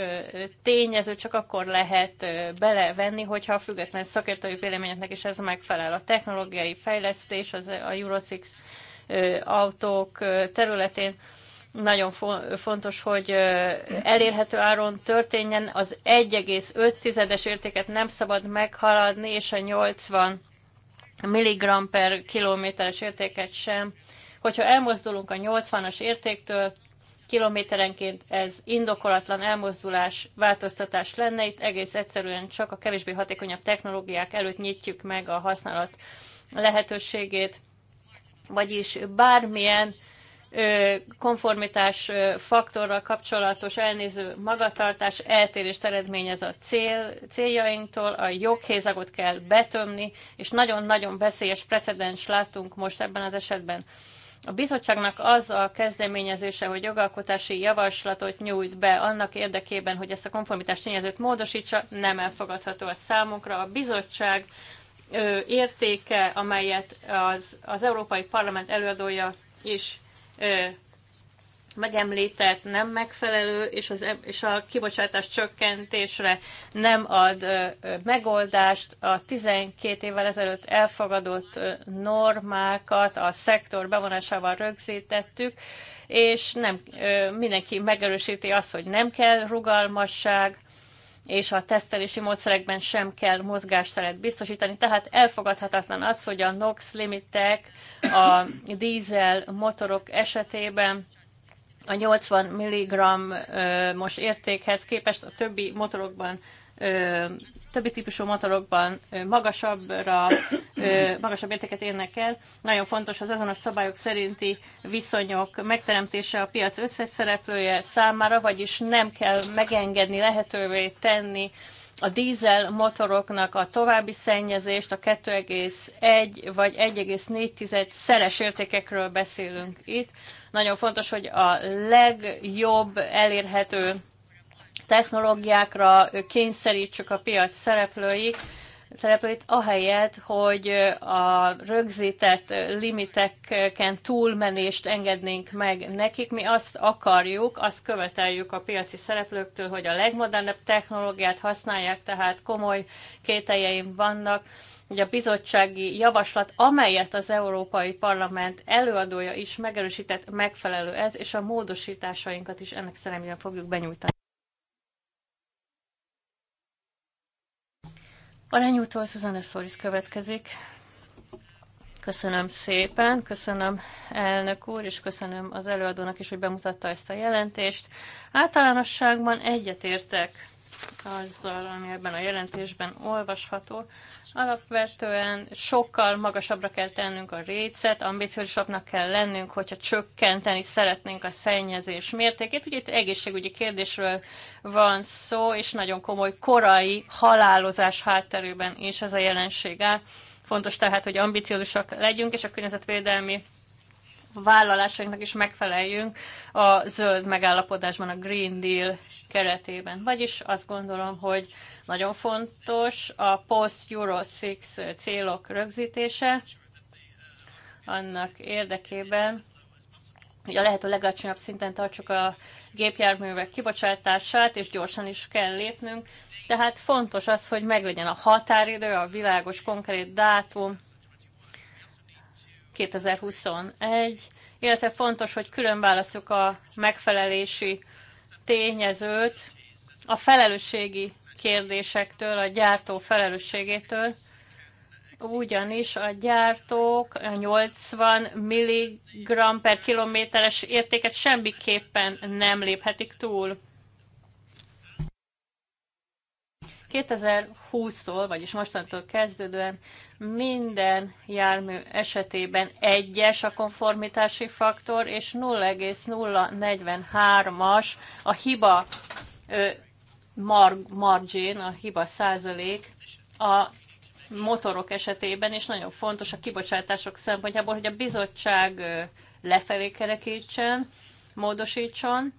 tényező csak akkor lehet belevenni, hogyha a független szakértői véleményeknek is ez megfelel. A technológiai fejlesztés, az a Euro 6 autók területén nagyon fontos, hogy elérhető áron történjen, az 1,5-es értéket nem szabad meghaladni, és a 80 mg per kilométeres értéket sem hogyha elmozdulunk a 80-as értéktől, kilométerenként ez indokolatlan elmozdulás, változtatás lenne. Itt egész egyszerűen csak a kevésbé hatékonyabb technológiák előtt nyitjuk meg a használat lehetőségét, vagyis bármilyen konformitás faktorral kapcsolatos elnéző magatartás eltérést eredményez a cél, céljainktól, a joghézagot kell betömni, és nagyon-nagyon veszélyes precedens látunk most ebben az esetben. A bizottságnak az a kezdeményezése, hogy jogalkotási javaslatot nyújt be annak érdekében, hogy ezt a konformitás tényezőt módosítsa, nem elfogadható a számunkra. A bizottság ö, értéke, amelyet az, az Európai Parlament előadója is ö, megemlített, nem megfelelő, és, az, és a kibocsátás csökkentésre nem ad ö, megoldást. A 12 évvel ezelőtt elfogadott normákat a szektor bevonásával rögzítettük, és nem, ö, mindenki megerősíti azt, hogy nem kell rugalmasság, és a tesztelési módszerekben sem kell mozgásteret biztosítani, tehát elfogadhatatlan az, hogy a NOx limitek a dízel motorok esetében a 80 mg most értékhez képest a többi motorokban többi típusú motorokban magasabbra, magasabb értéket érnek el. Nagyon fontos az azonos szabályok szerinti viszonyok megteremtése a piac összes szereplője számára, vagyis nem kell megengedni, lehetővé tenni a dízel motoroknak a további szennyezést, a 2,1 vagy 1,4 szeres értékekről beszélünk itt. Nagyon fontos, hogy a legjobb elérhető technológiákra kényszerítsük a piac szereplőit, szereplőit ahelyett, hogy a rögzített limiteken túlmenést engednénk meg nekik. Mi azt akarjuk, azt követeljük a piaci szereplőktől, hogy a legmodernebb technológiát használják, tehát komoly kételjeim vannak hogy a bizottsági javaslat, amelyet az Európai Parlament előadója is megerősített, megfelelő ez, és a módosításainkat is ennek szellemében fogjuk benyújtani. A lenyújtól Szuzanne Szóris következik. Köszönöm szépen, köszönöm elnök úr, és köszönöm az előadónak is, hogy bemutatta ezt a jelentést. Általánosságban egyetértek azzal, ami ebben a jelentésben olvasható. Alapvetően sokkal magasabbra kell tennünk a récet, ambiciózusabbnak kell lennünk, hogyha csökkenteni szeretnénk a szennyezés mértékét. Ugye itt egészségügyi kérdésről van szó, és nagyon komoly korai halálozás hátterében is ez a jelenség áll. Fontos tehát, hogy ambiciózusak legyünk, és a környezetvédelmi vállalásainknak is megfeleljünk a zöld megállapodásban, a Green Deal keretében. Vagyis azt gondolom, hogy nagyon fontos a post-Euro 6 célok rögzítése annak érdekében, hogy a lehető legalacsonyabb szinten tartsuk a gépjárművek kibocsátását, és gyorsan is kell lépnünk. Tehát fontos az, hogy meglegyen a határidő, a világos, konkrét dátum, 2021, illetve fontos, hogy külön a megfelelési tényezőt a felelősségi kérdésektől, a gyártó felelősségétől, ugyanis a gyártók 80 mg per kilométeres értéket semmiképpen nem léphetik túl. 2020-tól, vagyis mostantól kezdődően minden jármű esetében egyes a konformitási faktor, és 0,043-as a hiba mar, margin, a hiba százalék a motorok esetében, és nagyon fontos a kibocsátások szempontjából, hogy a bizottság lefelé kerekítsen, módosítson,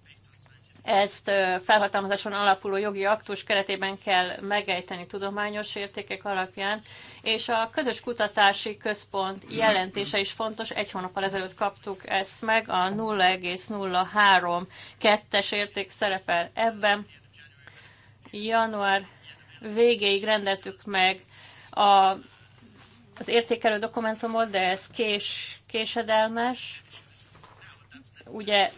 ezt felhatalmazáson alapuló jogi aktus keretében kell megejteni tudományos értékek alapján, és a közös kutatási központ jelentése is fontos. Egy hónappal ezelőtt kaptuk ezt meg, a 0,032-es érték szerepel ebben. Január végéig rendeltük meg a, az értékelő dokumentumot, de ez kés, késedelmes. Ugye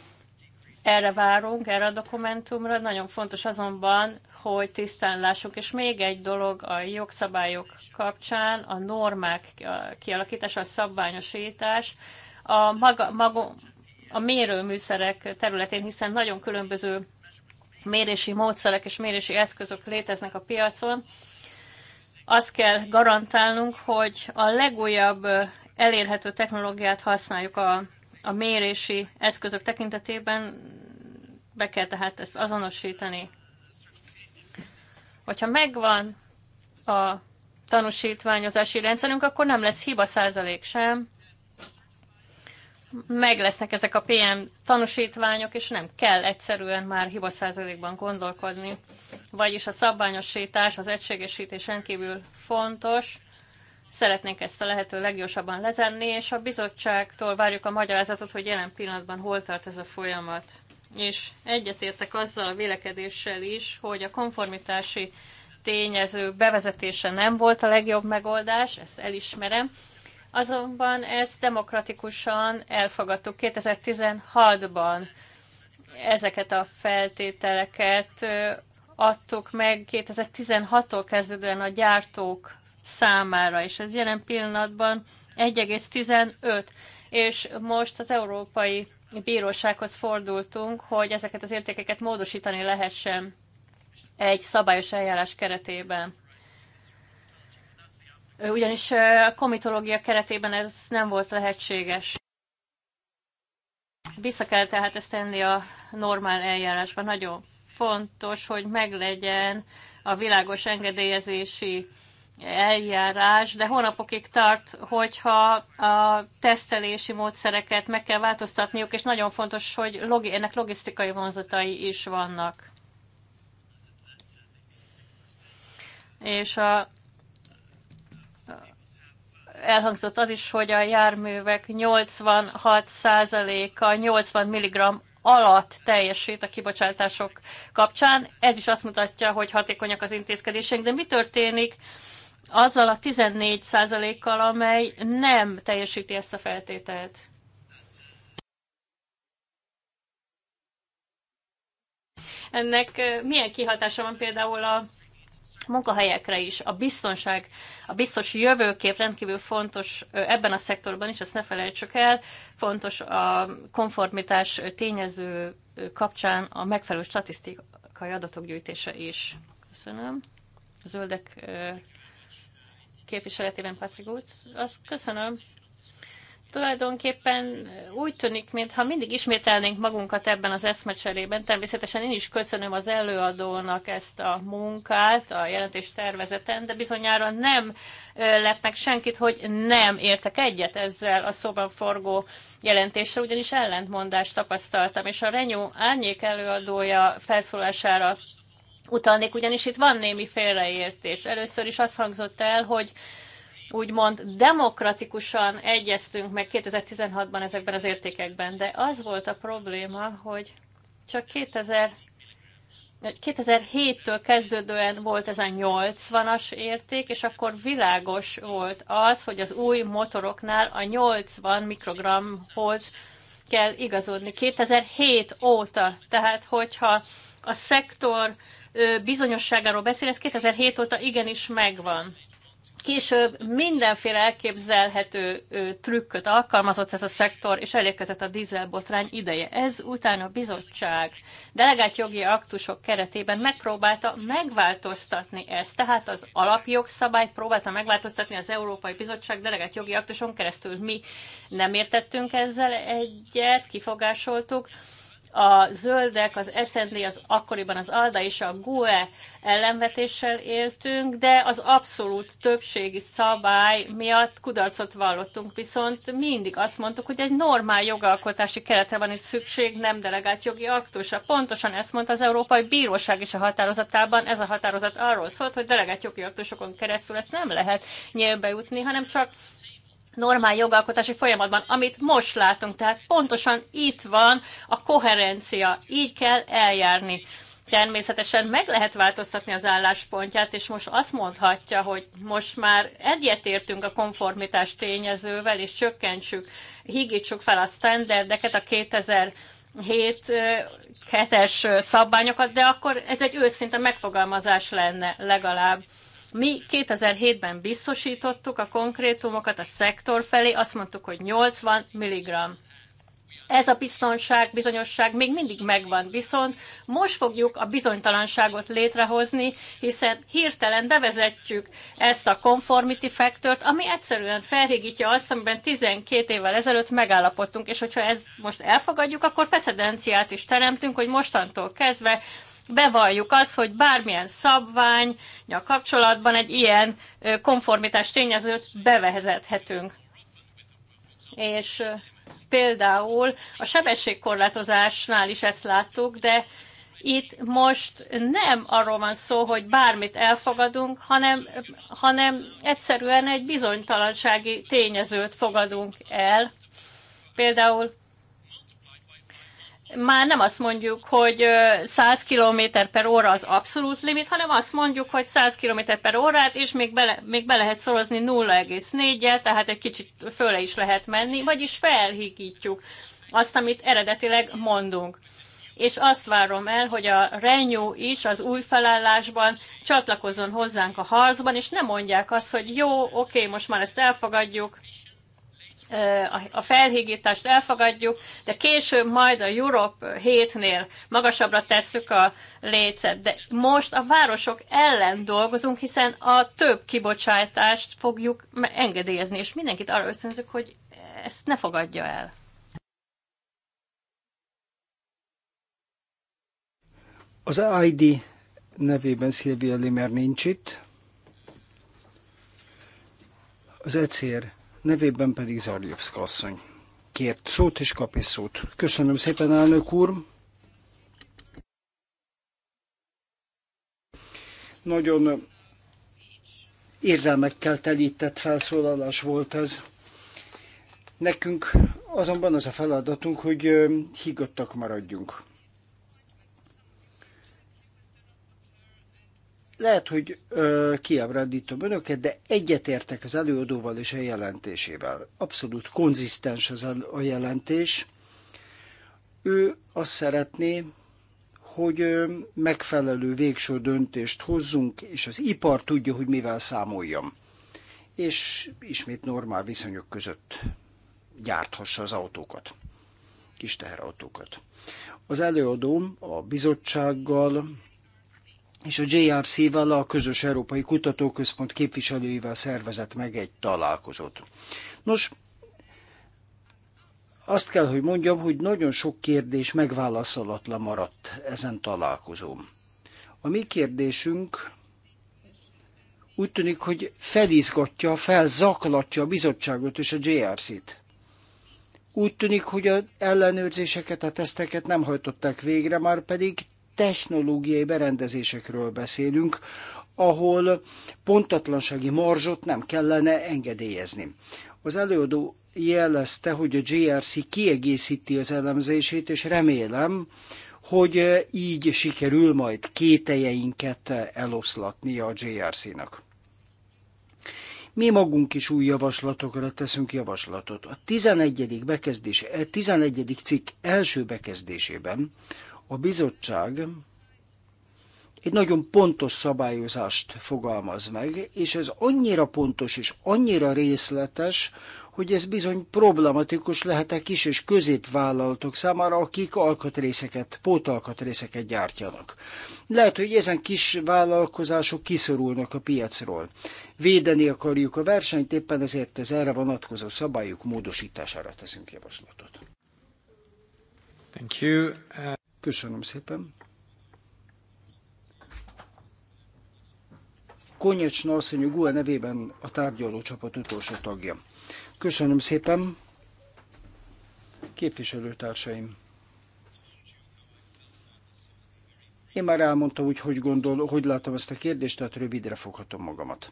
erre várunk, erre a dokumentumra. Nagyon fontos azonban, hogy tisztán lássuk. És még egy dolog a jogszabályok kapcsán, a normák kialakítása, a szabványosítás, a, maga, maga, a mérőműszerek területén, hiszen nagyon különböző mérési módszerek és mérési eszközök léteznek a piacon. Azt kell garantálnunk, hogy a legújabb elérhető technológiát használjuk a a mérési eszközök tekintetében be kell tehát ezt azonosítani. Hogyha megvan a tanúsítványozási rendszerünk, akkor nem lesz hiba százalék sem. Meg lesznek ezek a PM tanúsítványok, és nem kell egyszerűen már hiba százalékban gondolkodni. Vagyis a szabványosítás, az egységesítés rendkívül fontos, Szeretnénk ezt a lehető leggyorsabban lezenni, és a bizottságtól várjuk a magyarázatot, hogy jelen pillanatban hol tart ez a folyamat. És egyetértek azzal a vélekedéssel is, hogy a konformitási tényező bevezetése nem volt a legjobb megoldás, ezt elismerem, azonban ezt demokratikusan elfogadtuk 2016-ban. Ezeket a feltételeket adtuk meg 2016-tól kezdődően a gyártók számára, és ez jelen pillanatban 1,15. És most az Európai Bírósághoz fordultunk, hogy ezeket az értékeket módosítani lehessen egy szabályos eljárás keretében. Ugyanis a komitológia keretében ez nem volt lehetséges. Vissza kell tehát ezt tenni a normál eljárásban. Nagyon fontos, hogy meglegyen a világos engedélyezési eljárás, de hónapokig tart, hogyha a tesztelési módszereket meg kell változtatniuk, és nagyon fontos, hogy logi- ennek logisztikai vonzatai is vannak. És a, elhangzott az is, hogy a járművek 86%-a 80 mg alatt teljesít a kibocsátások kapcsán. Ez is azt mutatja, hogy hatékonyak az intézkedések, de mi történik, azzal a 14 kal amely nem teljesíti ezt a feltételt. Ennek milyen kihatása van például a munkahelyekre is. A biztonság, a biztos jövőkép rendkívül fontos ebben a szektorban is, ezt ne felejtsük el, fontos a konformitás tényező kapcsán a megfelelő statisztikai adatok gyűjtése is. Köszönöm. A zöldek képviseletében, Pacig úr, azt köszönöm. Tulajdonképpen úgy tűnik, mintha mindig ismételnénk magunkat ebben az eszmecserében. Természetesen én is köszönöm az előadónak ezt a munkát, a jelentés tervezeten, de bizonyára nem lep meg senkit, hogy nem értek egyet ezzel a szóban forgó jelentéssel, ugyanis ellentmondást tapasztaltam, és a Renyó árnyék előadója felszólására utalnék, ugyanis itt van némi félreértés. Először is azt hangzott el, hogy úgymond demokratikusan egyeztünk meg 2016-ban ezekben az értékekben, de az volt a probléma, hogy csak 2000 2007-től kezdődően volt ez a 80-as érték, és akkor világos volt az, hogy az új motoroknál a 80 mikrogramhoz kell igazodni. 2007 óta, tehát hogyha a szektor bizonyosságáról beszél, ez 2007 óta igenis megvan. Később mindenféle elképzelhető ö, trükköt alkalmazott ez a szektor, és elérkezett a dízelbotrány ideje. Ez után a bizottság delegált jogi aktusok keretében megpróbálta megváltoztatni ezt. Tehát az alapjogszabályt próbálta megváltoztatni az Európai Bizottság delegált jogi aktuson keresztül. Mi nem értettünk ezzel egyet, kifogásoltuk a zöldek, az SND, az akkoriban az ALDA és a GUE ellenvetéssel éltünk, de az abszolút többségi szabály miatt kudarcot vallottunk, viszont mindig azt mondtuk, hogy egy normál jogalkotási keretre van itt szükség, nem delegált jogi aktusra. Pontosan ezt mondta az Európai Bíróság is a határozatában. Ez a határozat arról szólt, hogy delegált jogi aktusokon keresztül ezt nem lehet nyílbe jutni, hanem csak normál jogalkotási folyamatban, amit most látunk. Tehát pontosan itt van a koherencia, így kell eljárni. Természetesen meg lehet változtatni az álláspontját, és most azt mondhatja, hogy most már egyetértünk a konformitás tényezővel, és csökkentsük, higítsuk fel a standardeket, a 2000 hét kettes szabványokat, de akkor ez egy őszinte megfogalmazás lenne legalább. Mi 2007-ben biztosítottuk a konkrétumokat a szektor felé, azt mondtuk, hogy 80 mg. Ez a biztonság, bizonyosság még mindig megvan, viszont most fogjuk a bizonytalanságot létrehozni, hiszen hirtelen bevezetjük ezt a conformity factort, ami egyszerűen felhígítja azt, amiben 12 évvel ezelőtt megállapodtunk, és hogyha ezt most elfogadjuk, akkor precedenciát is teremtünk, hogy mostantól kezdve bevalljuk azt, hogy bármilyen szabvány a kapcsolatban egy ilyen konformitás tényezőt bevezethetünk. És például a sebességkorlátozásnál is ezt láttuk, de itt most nem arról van szó, hogy bármit elfogadunk, hanem, hanem egyszerűen egy bizonytalansági tényezőt fogadunk el. Például már nem azt mondjuk, hogy 100 km per óra az abszolút limit, hanem azt mondjuk, hogy 100 km per órát, és még bele, még be lehet szorozni 0,4-jel, tehát egy kicsit föle is lehet menni, vagyis felhigítjuk azt, amit eredetileg mondunk. És azt várom el, hogy a Renew is az új felállásban csatlakozzon hozzánk a harcban, és nem mondják azt, hogy jó, oké, most már ezt elfogadjuk, a felhígítást elfogadjuk, de később majd a Europe hétnél magasabbra tesszük a lécet. De most a városok ellen dolgozunk, hiszen a több kibocsátást fogjuk engedélyezni, és mindenkit arra ösztönzök, hogy ezt ne fogadja el. Az ID nevében Szilvia Limer nincs itt. Az ECR nevében pedig Zardjövszka asszony. Kért szót és kap is szót. Köszönöm szépen, elnök úr! Nagyon érzelmekkel telített felszólalás volt ez. Nekünk azonban az a feladatunk, hogy higgadtak maradjunk. lehet, hogy ö, kiábrándítom önöket, de egyetértek az előadóval és a jelentésével. Abszolút konzisztens az a jelentés. Ő azt szeretné, hogy ö, megfelelő végső döntést hozzunk, és az ipar tudja, hogy mivel számoljam. És ismét normál viszonyok között gyárthassa az autókat, kis teherautókat. Az előadóm a bizottsággal, és a jrc val a Közös Európai Kutatóközpont képviselőivel szervezett meg egy találkozót. Nos, azt kell, hogy mondjam, hogy nagyon sok kérdés megválaszolatlan maradt ezen találkozón. A mi kérdésünk úgy tűnik, hogy felizgatja, felzaklatja a bizottságot és a JRC-t. Úgy tűnik, hogy az ellenőrzéseket, a teszteket nem hajtották végre, már pedig technológiai berendezésekről beszélünk, ahol pontatlansági marzsot nem kellene engedélyezni. Az előadó jelezte, hogy a GRC kiegészíti az elemzését, és remélem, hogy így sikerül majd kételjeinket eloszlatni a GRC-nak. Mi magunk is új javaslatokra teszünk javaslatot. A 11. bekezdés, 11. Eh, cikk első bekezdésében a bizottság egy nagyon pontos szabályozást fogalmaz meg, és ez annyira pontos és annyira részletes, hogy ez bizony problematikus lehet a kis és középvállalatok számára, akik alkatrészeket, pótalkatrészeket gyártjanak. Lehet, hogy ezen kis vállalkozások kiszorulnak a piacról. Védeni akarjuk a versenyt, éppen ezért az erre vonatkozó szabályok módosítására teszünk javaslatot. Thank you. Köszönöm szépen. Konyecs asszony a GUE nevében a tárgyaló csapat utolsó tagja. Köszönöm szépen, képviselőtársaim! Én már elmondtam, hogy hogy, gondol, hogy látom ezt a kérdést, tehát rövidre foghatom magamat.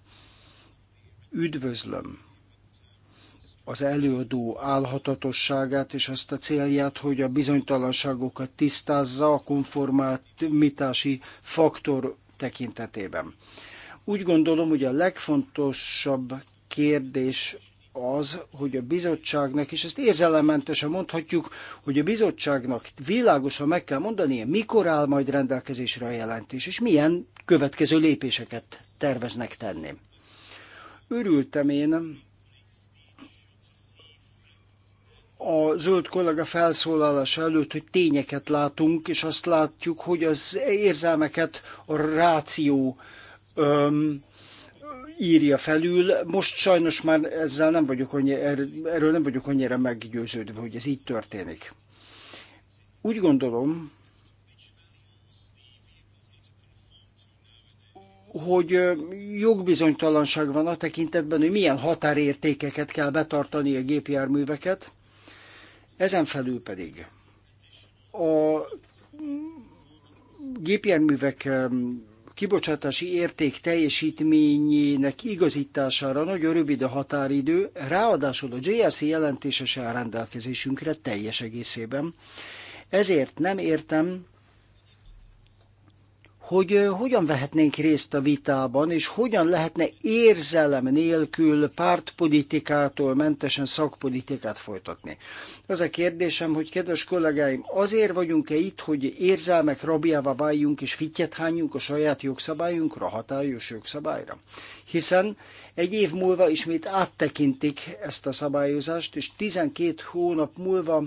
Üdvözlöm az előadó álhatatosságát és azt a célját, hogy a bizonytalanságokat tisztázza a konformátumitási faktor tekintetében. Úgy gondolom, hogy a legfontosabb kérdés az, hogy a bizottságnak, és ezt érzelementesen mondhatjuk, hogy a bizottságnak világosan meg kell mondani, mikor áll majd rendelkezésre a jelentés, és milyen következő lépéseket terveznek tenni. Örültem én, a zöld kollega felszólalása előtt, hogy tényeket látunk, és azt látjuk, hogy az érzelmeket a ráció öm, írja felül. Most sajnos már ezzel nem vagyok annyira, er-, erről nem vagyok annyira meggyőződve, hogy ez így történik. Úgy gondolom, hogy jogbizonytalanság van a tekintetben, hogy milyen határértékeket kell betartani a gépjárműveket, ezen felül pedig a gépjárművek kibocsátási érték teljesítményének igazítására nagyon rövid a határidő, ráadásul a JRC jelentése se áll rendelkezésünkre teljes egészében. Ezért nem értem, hogy hogyan vehetnénk részt a vitában, és hogyan lehetne érzelem nélkül pártpolitikától mentesen szakpolitikát folytatni. Az a kérdésem, hogy kedves kollégáim, azért vagyunk-e itt, hogy érzelmek rabjává váljunk és fittyet a saját jogszabályunkra, hatályos jogszabályra? Hiszen egy év múlva ismét áttekintik ezt a szabályozást, és 12 hónap múlva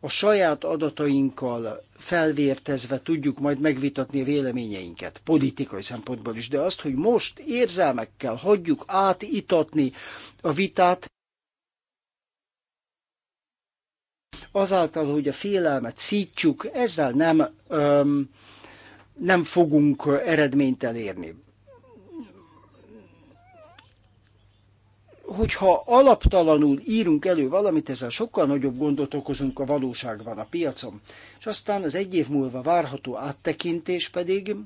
a saját adatainkkal felvértezve tudjuk majd megvitatni a véleményeinket, politikai szempontból is, de azt, hogy most érzelmekkel hagyjuk átitatni a vitát, azáltal, hogy a félelmet szítjuk, ezzel nem, öm, nem fogunk eredményt elérni. hogyha alaptalanul írunk elő valamit, ezzel sokkal nagyobb gondot okozunk a valóságban, a piacon. És aztán az egy év múlva várható áttekintés pedig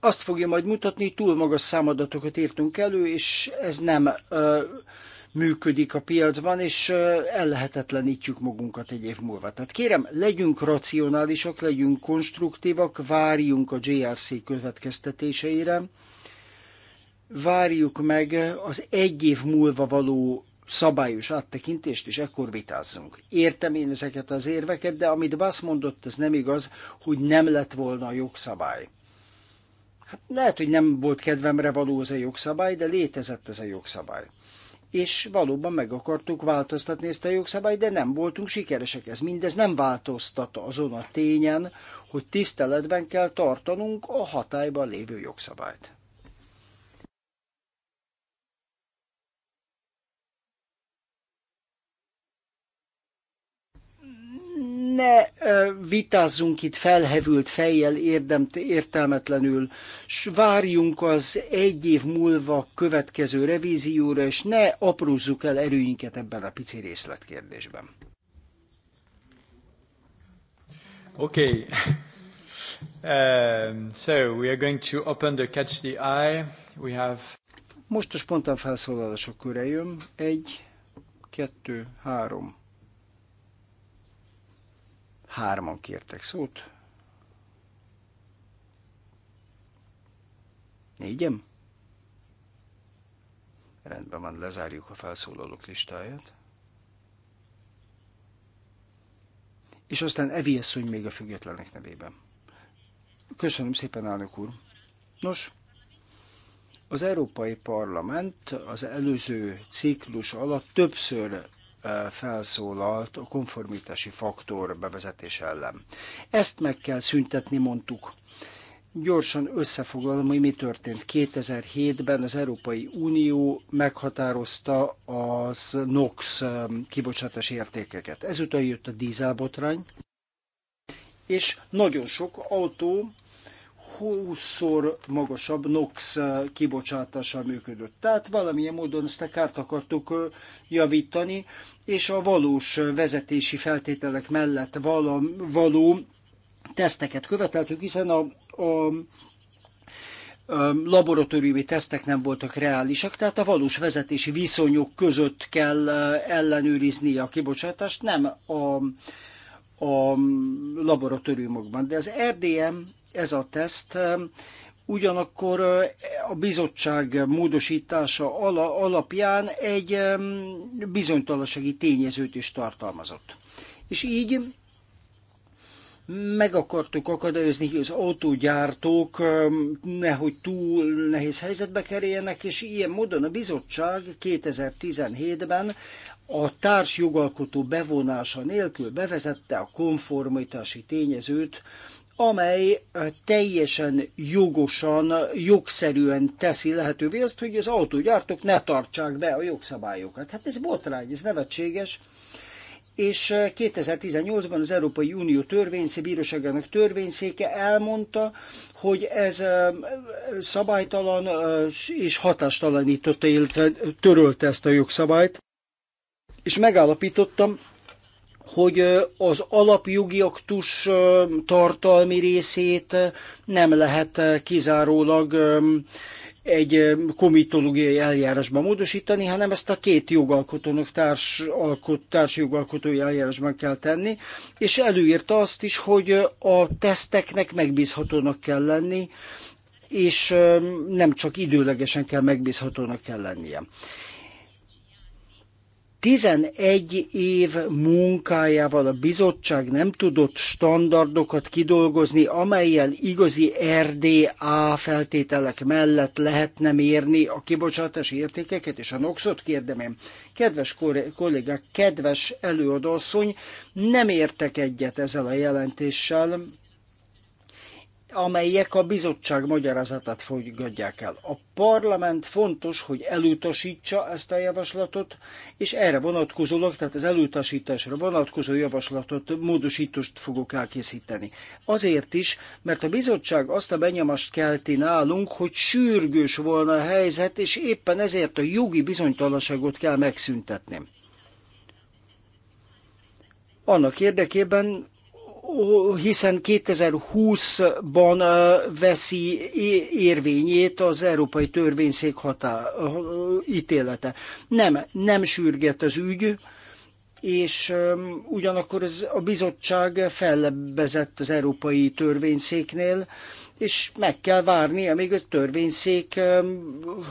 azt fogja majd mutatni, túl magas számadatokat írtunk elő, és ez nem működik a piacban, és ellehetetlenítjük magunkat egy év múlva. Tehát kérem, legyünk racionálisak, legyünk konstruktívak, várjunk a JRC következtetéseire, várjuk meg az egy év múlva való szabályos áttekintést, és ekkor vitázzunk. Értem én ezeket az érveket, de amit Bass mondott, ez nem igaz, hogy nem lett volna a jogszabály. Hát lehet, hogy nem volt kedvemre való ez a jogszabály, de létezett ez a jogszabály és valóban meg akartuk változtatni ezt a jogszabályt, de nem voltunk sikeresek. Ez mindez nem változtat azon a tényen, hogy tiszteletben kell tartanunk a hatályban lévő jogszabályt. ne vitázzunk itt felhevült fejjel érdemt, értelmetlenül, s várjunk az egy év múlva következő revízióra, és ne aprózzuk el erőinket ebben a pici részletkérdésben. Okay. Um, so we are going to open the catch the eye. We have most a spontán felszólalások köre jön. Egy, kettő, három, Hárman kértek szót. Négyem. Rendben van, lezárjuk a felszólalók listáját. És aztán Evi hogy még a függetlenek nevében. Köszönöm szépen, elnök úr. Nos, az Európai Parlament az előző ciklus alatt többször felszólalt a konformitási faktor bevezetése ellen. Ezt meg kell szüntetni, mondtuk. Gyorsan összefoglalom, hogy mi történt. 2007-ben az Európai Unió meghatározta az NOx um, kibocsátás értékeket. Ezután jött a dízelbotrány, és nagyon sok autó 20-szor magasabb NOx eh, kibocsátással működött. Tehát valamilyen módon ezt a kárt akartuk eh, javítani, és a valós vezetési feltételek mellett valam való teszteket követeltük, hiszen a, a laboratóriumi tesztek nem voltak reálisak, tehát a valós vezetési viszonyok között kell eh, ellenőrizni a kibocsátást, nem a, a laboratóriumokban. De az RDM ez a teszt. Ugyanakkor a bizottság módosítása alapján egy bizonytalansági tényezőt is tartalmazott. És így meg akartuk akadályozni, hogy az autógyártók nehogy túl nehéz helyzetbe kerüljenek, és ilyen módon a bizottság 2017-ben a társjogalkotó bevonása nélkül bevezette a konformitási tényezőt amely teljesen jogosan, jogszerűen teszi lehetővé azt, hogy az autógyártók ne tartsák be a jogszabályokat. Hát ez botrány, ez nevetséges. És 2018-ban az Európai Unió törvényszé, bíróságának törvényszéke elmondta, hogy ez szabálytalan és hatástalanította, illetve törölte ezt a jogszabályt. És megállapítottam, hogy az alapjogi aktus tartalmi részét nem lehet kizárólag egy komitológiai eljárásban módosítani, hanem ezt a két jogalkotónak társ, alkot, társ jogalkotói eljárásban kell tenni, és előírta azt is, hogy a teszteknek megbízhatónak kell lenni, és nem csak időlegesen kell megbízhatónak kell lennie. 11 év munkájával a bizottság nem tudott standardokat kidolgozni, amelyel igazi RDA feltételek mellett lehetne mérni a kibocsátási értékeket és a NOx-ot? Kérdem én. Kedves kollégák, kedves előadószony, nem értek egyet ezzel a jelentéssel, amelyek a bizottság magyarázatát fogadják el. A parlament fontos, hogy elutasítsa ezt a javaslatot, és erre vonatkozólag, tehát az elutasításra vonatkozó javaslatot, módosítást fogok elkészíteni. Azért is, mert a bizottság azt a benyomást kelti nálunk, hogy sürgős volna a helyzet, és éppen ezért a jogi bizonytalanságot kell megszüntetni. Annak érdekében, hiszen 2020-ban veszi érvényét az Európai Törvényszék hatá, ítélete. Nem, nem sürget az ügy, és ugyanakkor ez a bizottság fellebbezett az Európai Törvényszéknél, és meg kell várni, amíg a törvényszék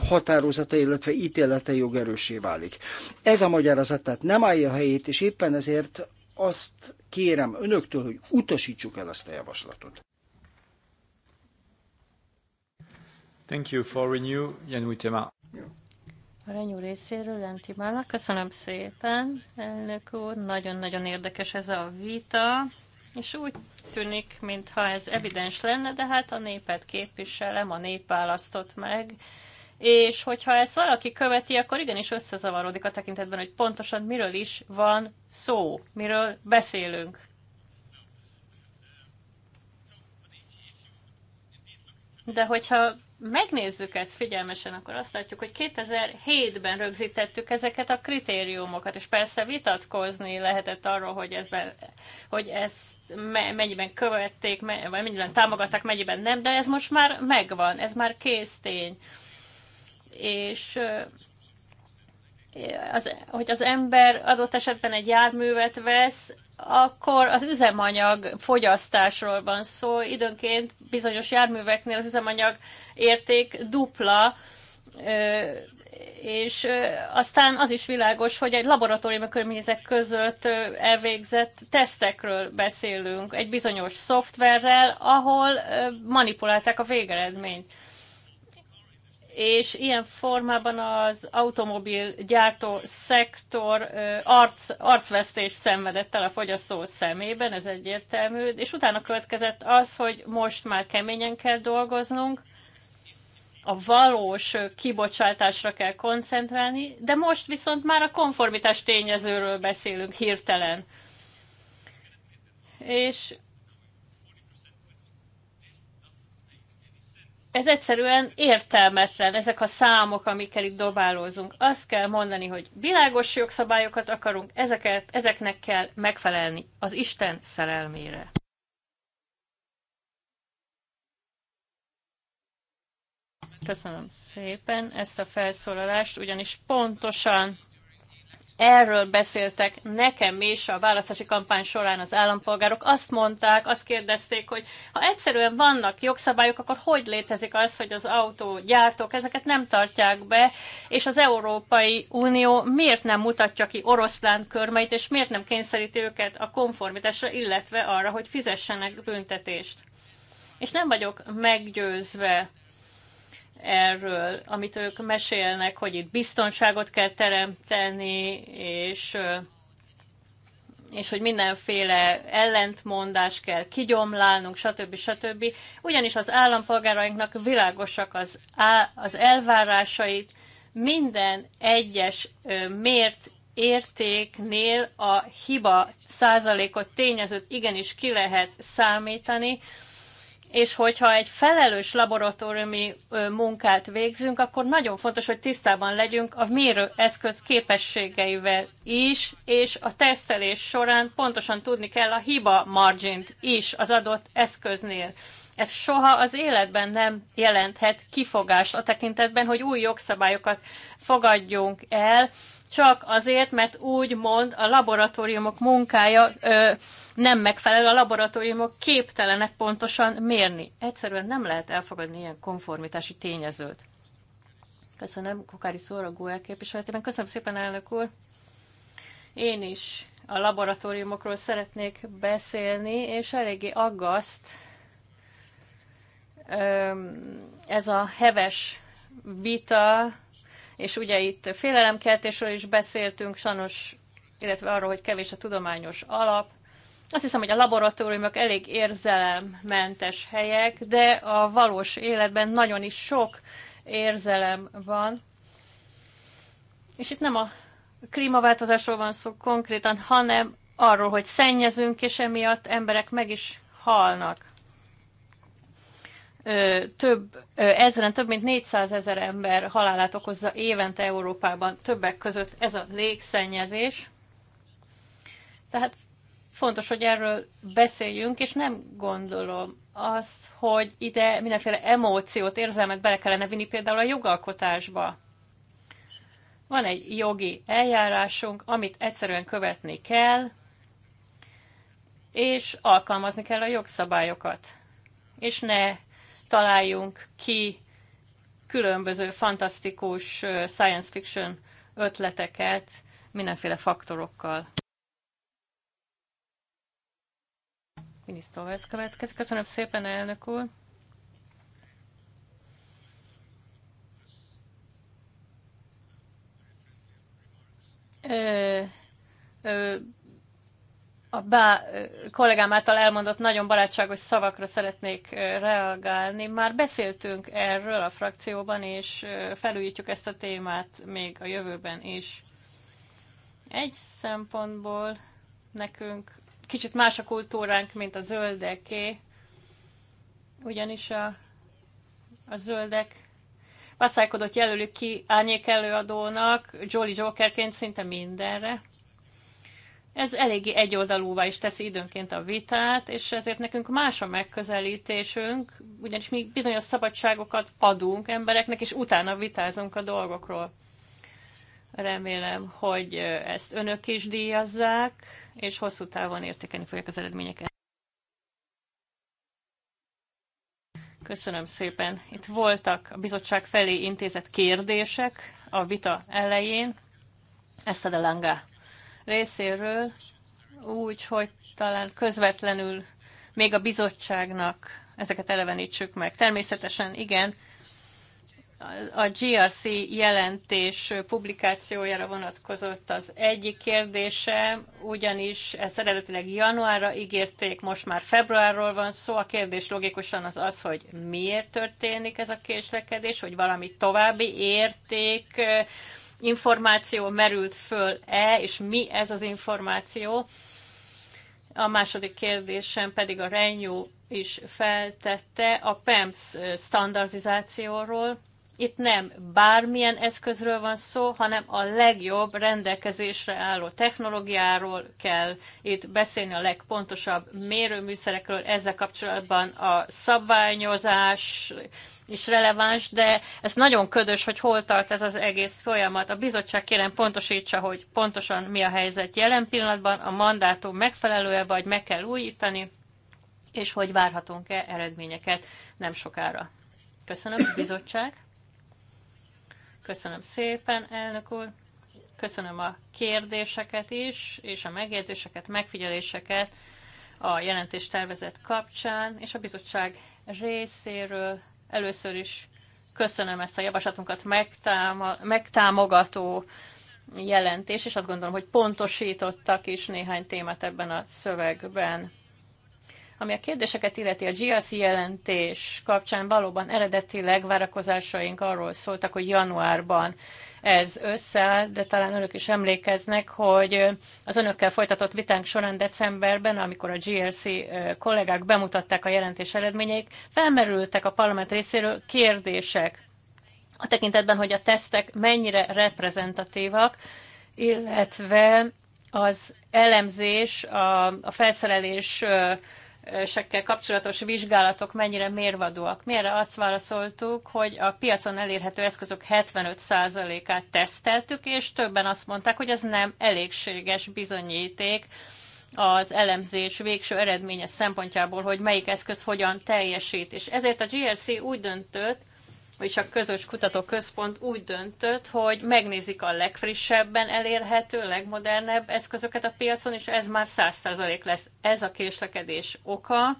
határozata, illetve ítélete jogerősé válik. Ez a magyarázat tehát nem állja a helyét, és éppen ezért azt kérem önöktől, hogy utasítsuk el ezt a javaslatot. Thank you for renew, Jan A Renyú részéről Lentimának. Köszönöm szépen, elnök úr. Nagyon-nagyon érdekes ez a vita, és úgy tűnik, mintha ez evidens lenne, de hát a népet képviselem, a nép választott meg, és hogyha ezt valaki követi, akkor igenis összezavarodik a tekintetben, hogy pontosan miről is van szó, miről beszélünk. De hogyha megnézzük ezt figyelmesen, akkor azt látjuk, hogy 2007-ben rögzítettük ezeket a kritériumokat, és persze vitatkozni lehetett arról, hogy, ez be, hogy ezt mennyiben követték, mennyiben támogatták, mennyiben nem, de ez most már megvan, ez már kész tény és az, hogy az ember adott esetben egy járművet vesz, akkor az üzemanyag fogyasztásról van szó. Időnként bizonyos járműveknél az üzemanyag érték dupla, és aztán az is világos, hogy egy laboratóriumi körülmények között elvégzett tesztekről beszélünk, egy bizonyos szoftverrel, ahol manipulálták a végeredményt és ilyen formában az automobil gyártó szektor arc, arcvesztés szenvedett el a fogyasztó szemében, ez egyértelmű, és utána következett az, hogy most már keményen kell dolgoznunk, a valós kibocsátásra kell koncentrálni, de most viszont már a konformitás tényezőről beszélünk hirtelen. És ez egyszerűen értelmetlen, ezek a számok, amikkel itt dobálózunk. Azt kell mondani, hogy világos jogszabályokat akarunk, ezeket, ezeknek kell megfelelni az Isten szerelmére. Köszönöm szépen ezt a felszólalást, ugyanis pontosan Erről beszéltek nekem is a választási kampány során az állampolgárok. Azt mondták, azt kérdezték, hogy ha egyszerűen vannak jogszabályok, akkor hogy létezik az, hogy az autógyártók ezeket nem tartják be, és az Európai Unió miért nem mutatja ki oroszlán körmeit, és miért nem kényszeríti őket a konformitásra, illetve arra, hogy fizessenek büntetést. És nem vagyok meggyőzve erről, amit ők mesélnek, hogy itt biztonságot kell teremteni, és, és hogy mindenféle ellentmondás kell kigyomlálnunk, stb. stb. Ugyanis az állampolgárainknak világosak az, az elvárásait, minden egyes mért értéknél a hiba százalékot, tényezőt igenis ki lehet számítani, és hogyha egy felelős laboratóriumi munkát végzünk, akkor nagyon fontos, hogy tisztában legyünk a mérőeszköz képességeivel is, és a tesztelés során pontosan tudni kell a hiba margint is az adott eszköznél. Ez soha az életben nem jelenthet kifogást a tekintetben, hogy új jogszabályokat fogadjunk el, csak azért, mert úgy mond, a laboratóriumok munkája ö, nem megfelel a laboratóriumok képtelenek pontosan mérni. Egyszerűen nem lehet elfogadni ilyen konformitási tényezőt. Köszönöm Kokári Szóra Góel képviseletében. Köszönöm szépen, elnök úr. Én is a laboratóriumokról szeretnék beszélni, és eléggé aggaszt ez a heves vita és ugye itt félelemkeltésről is beszéltünk, sajnos, illetve arról, hogy kevés a tudományos alap. Azt hiszem, hogy a laboratóriumok elég érzelemmentes helyek, de a valós életben nagyon is sok érzelem van. És itt nem a klímaváltozásról van szó konkrétan, hanem arról, hogy szennyezünk, és emiatt emberek meg is halnak több ezeren, több mint 400 ezer ember halálát okozza évente Európában, többek között ez a légszennyezés. Tehát fontos, hogy erről beszéljünk, és nem gondolom azt, hogy ide mindenféle emóciót, érzelmet bele kellene vinni például a jogalkotásba. Van egy jogi eljárásunk, amit egyszerűen követni kell, és alkalmazni kell a jogszabályokat. És ne találjunk ki különböző fantasztikus science fiction ötleteket mindenféle faktorokkal. ez következik. Köszönöm szépen, elnök úr. Ö, ö, a bá, kollégám által elmondott nagyon barátságos szavakra szeretnék reagálni. Már beszéltünk erről a frakcióban, és felújítjuk ezt a témát még a jövőben is. Egy szempontból nekünk kicsit más a kultúránk, mint a zöldeké, ugyanis a, a zöldek vaszálykodott jelölük ki árnyék előadónak, Jolly Jokerként szinte mindenre, ez eléggé egyoldalúvá is teszi időnként a vitát, és ezért nekünk más a megközelítésünk, ugyanis mi bizonyos szabadságokat adunk embereknek, és utána vitázunk a dolgokról. Remélem, hogy ezt önök is díjazzák, és hosszú távon értékeni fogják az eredményeket. Köszönöm szépen. Itt voltak a bizottság felé intézett kérdések a vita elején. Ezt a Langa részéről, úgy, hogy talán közvetlenül még a bizottságnak ezeket elevenítsük meg. Természetesen igen, a GRC jelentés publikációjára vonatkozott az egyik kérdése, ugyanis ezt eredetileg januárra ígérték, most már februárról van szó. A kérdés logikusan az az, hogy miért történik ez a késlekedés, hogy valami további érték információ merült föl-e, és mi ez az információ. A második kérdésem pedig a Renew is feltette a PEMS standardizációról, itt nem bármilyen eszközről van szó, hanem a legjobb rendelkezésre álló technológiáról kell itt beszélni a legpontosabb mérőműszerekről. Ezzel kapcsolatban a szabványozás is releváns, de ez nagyon ködös, hogy hol tart ez az egész folyamat. A bizottság kérem pontosítsa, hogy pontosan mi a helyzet jelen pillanatban, a mandátum megfelelő-e, vagy meg kell újítani, és hogy várhatunk-e eredményeket nem sokára. Köszönöm, bizottság. Köszönöm szépen, elnök úr. Köszönöm a kérdéseket is, és a megjegyzéseket, megfigyeléseket a jelentés tervezet kapcsán, és a bizottság részéről először is köszönöm ezt a javaslatunkat megtáma, megtámogató jelentés, és azt gondolom, hogy pontosítottak is néhány témát ebben a szövegben. Ami a kérdéseket illeti, a GRC jelentés kapcsán valóban eredetileg várakozásaink arról szóltak, hogy januárban ez összeáll, de talán önök is emlékeznek, hogy az önökkel folytatott vitánk során decemberben, amikor a GRC kollégák bemutatták a jelentés eredményeik, felmerültek a parlament részéről kérdések a tekintetben, hogy a tesztek mennyire reprezentatívak, illetve az elemzés, a, a felszerelés sekkel kapcsolatos vizsgálatok mennyire mérvadóak. Mire azt válaszoltuk, hogy a piacon elérhető eszközök 75%-át teszteltük, és többen azt mondták, hogy ez nem elégséges bizonyíték az elemzés végső eredménye szempontjából, hogy melyik eszköz hogyan teljesít. És ezért a GRC úgy döntött, vagyis a közös kutatóközpont úgy döntött, hogy megnézik a legfrissebben elérhető, legmodernebb eszközöket a piacon, és ez már 100% lesz. Ez a késlekedés oka,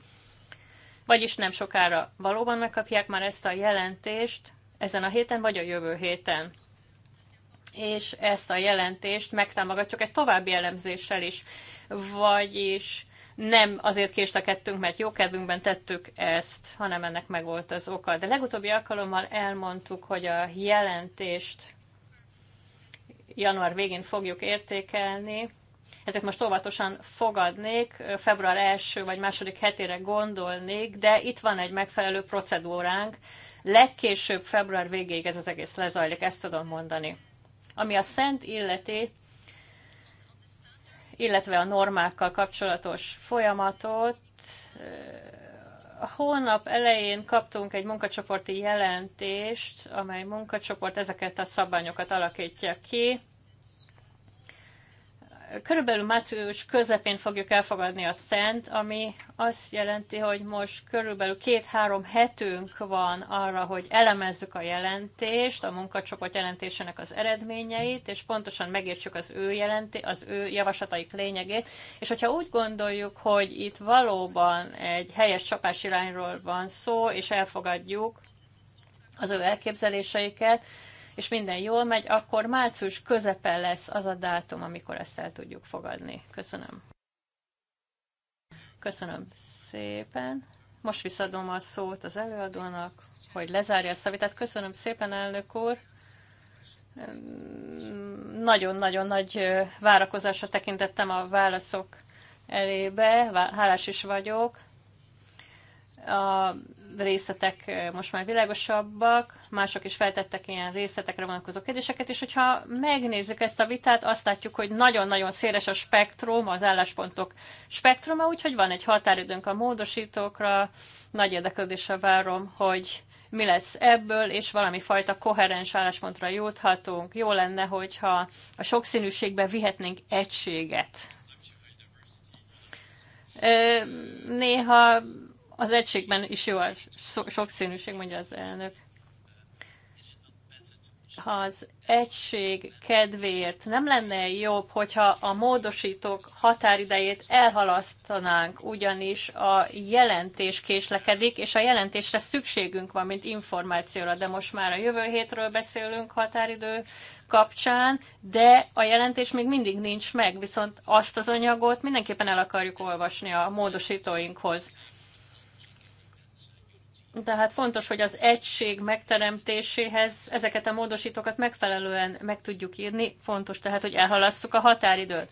vagyis nem sokára valóban megkapják már ezt a jelentést, ezen a héten vagy a jövő héten és ezt a jelentést megtámogatjuk egy további elemzéssel is. Vagyis nem azért késtekedtünk, mert jó kedvünkben tettük ezt, hanem ennek meg volt az oka. De legutóbbi alkalommal elmondtuk, hogy a jelentést január végén fogjuk értékelni, ezért most óvatosan fogadnék, február első vagy második hetére gondolnék, de itt van egy megfelelő procedúránk, legkésőbb február végéig ez az egész lezajlik, ezt tudom mondani. Ami a szent illeti, illetve a normákkal kapcsolatos folyamatot. A hónap elején kaptunk egy munkacsoporti jelentést, amely munkacsoport ezeket a szabványokat alakítja ki, körülbelül március közepén fogjuk elfogadni a szent, ami azt jelenti, hogy most körülbelül két-három hetünk van arra, hogy elemezzük a jelentést, a munkacsoport jelentésének az eredményeit, és pontosan megértsük az ő, jelenté, az ő javaslataik lényegét. És hogyha úgy gondoljuk, hogy itt valóban egy helyes csapás irányról van szó, és elfogadjuk az ő elképzeléseiket, és minden jól megy, akkor március közepe lesz az a dátum, amikor ezt el tudjuk fogadni. Köszönöm. Köszönöm szépen. Most visszadom a szót az előadónak, hogy lezárja ezt a vitát. Köszönöm szépen, elnök úr nagyon-nagyon nagy várakozásra tekintettem a válaszok elébe, hálás is vagyok. A részletek most már világosabbak, mások is feltettek ilyen részletekre vonatkozó kérdéseket, és hogyha megnézzük ezt a vitát, azt látjuk, hogy nagyon-nagyon széles a spektrum, az álláspontok spektruma, úgyhogy van egy határidőnk a módosítókra, nagy érdeklődésre várom, hogy mi lesz ebből, és valami fajta koherens álláspontra juthatunk. Jó lenne, hogyha a sokszínűségbe vihetnénk egységet. Néha az egységben is jó a sokszínűség, mondja az elnök. Ha az egység kedvéért nem lenne jobb, hogyha a módosítók határidejét elhalasztanánk, ugyanis a jelentés késlekedik, és a jelentésre szükségünk van, mint információra, de most már a jövő hétről beszélünk határidő kapcsán, de a jelentés még mindig nincs meg, viszont azt az anyagot mindenképpen el akarjuk olvasni a módosítóinkhoz. Tehát fontos, hogy az egység megteremtéséhez ezeket a módosítókat megfelelően meg tudjuk írni. Fontos tehát, hogy elhalasszuk a határidőt.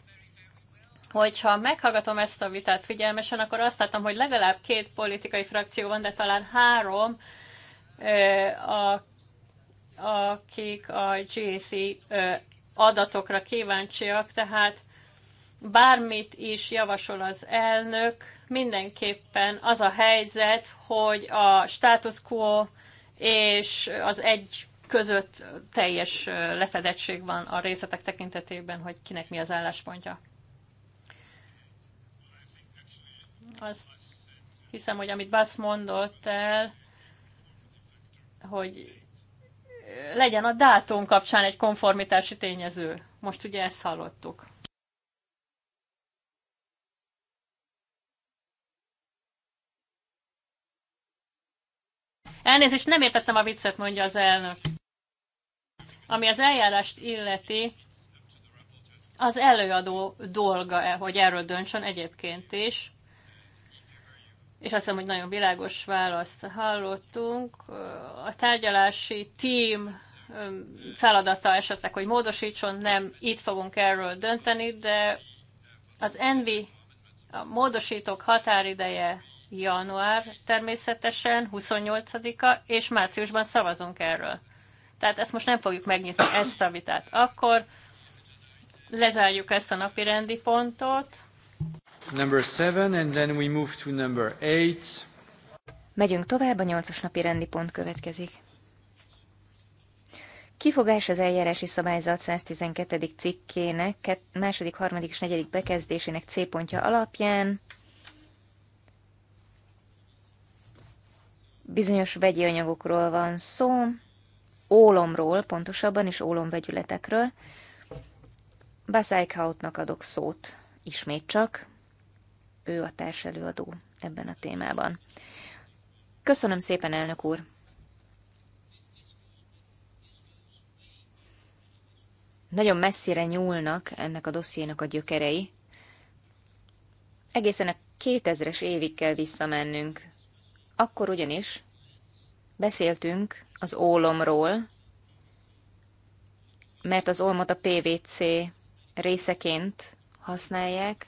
Hogyha meghallgatom ezt a vitát figyelmesen, akkor azt látom, hogy legalább két politikai frakció van, de talán három, a, akik a GC adatokra kíváncsiak, tehát bármit is javasol az elnök, mindenképpen az a helyzet, hogy a status quo és az egy között teljes lefedettség van a részletek tekintetében, hogy kinek mi az álláspontja. Azt hiszem, hogy amit Bass mondott el, hogy legyen a dátum kapcsán egy konformitási tényező. Most ugye ezt hallottuk. Elnézést, nem értettem a viccet, mondja az elnök. Ami az eljárást illeti, az előadó dolga, e, hogy erről döntsön egyébként is. És azt hiszem, hogy nagyon világos választ hallottunk. A tárgyalási tím feladata esetleg, hogy módosítson, nem itt fogunk erről dönteni, de az Envi a módosítók határideje január természetesen, 28-a, és márciusban szavazunk erről. Tehát ezt most nem fogjuk megnyitni, ezt a vitát. Akkor lezárjuk ezt a napi rendi pontot. Number seven, and then we move to number eight. Megyünk tovább, a nyolcas napi rendi pont következik. Kifogás az eljárási szabályzat 112. cikkének, második, harmadik és negyedik bekezdésének C pontja alapján bizonyos vegyi anyagokról van szó, ólomról pontosabban, és ólomvegyületekről. Baszájkautnak adok szót ismét csak, ő a társelőadó ebben a témában. Köszönöm szépen, elnök úr! Nagyon messzire nyúlnak ennek a dossziénak a gyökerei. Egészen a 2000-es évig kell visszamennünk akkor ugyanis beszéltünk az ólomról, mert az olmot a PVC részeként használják,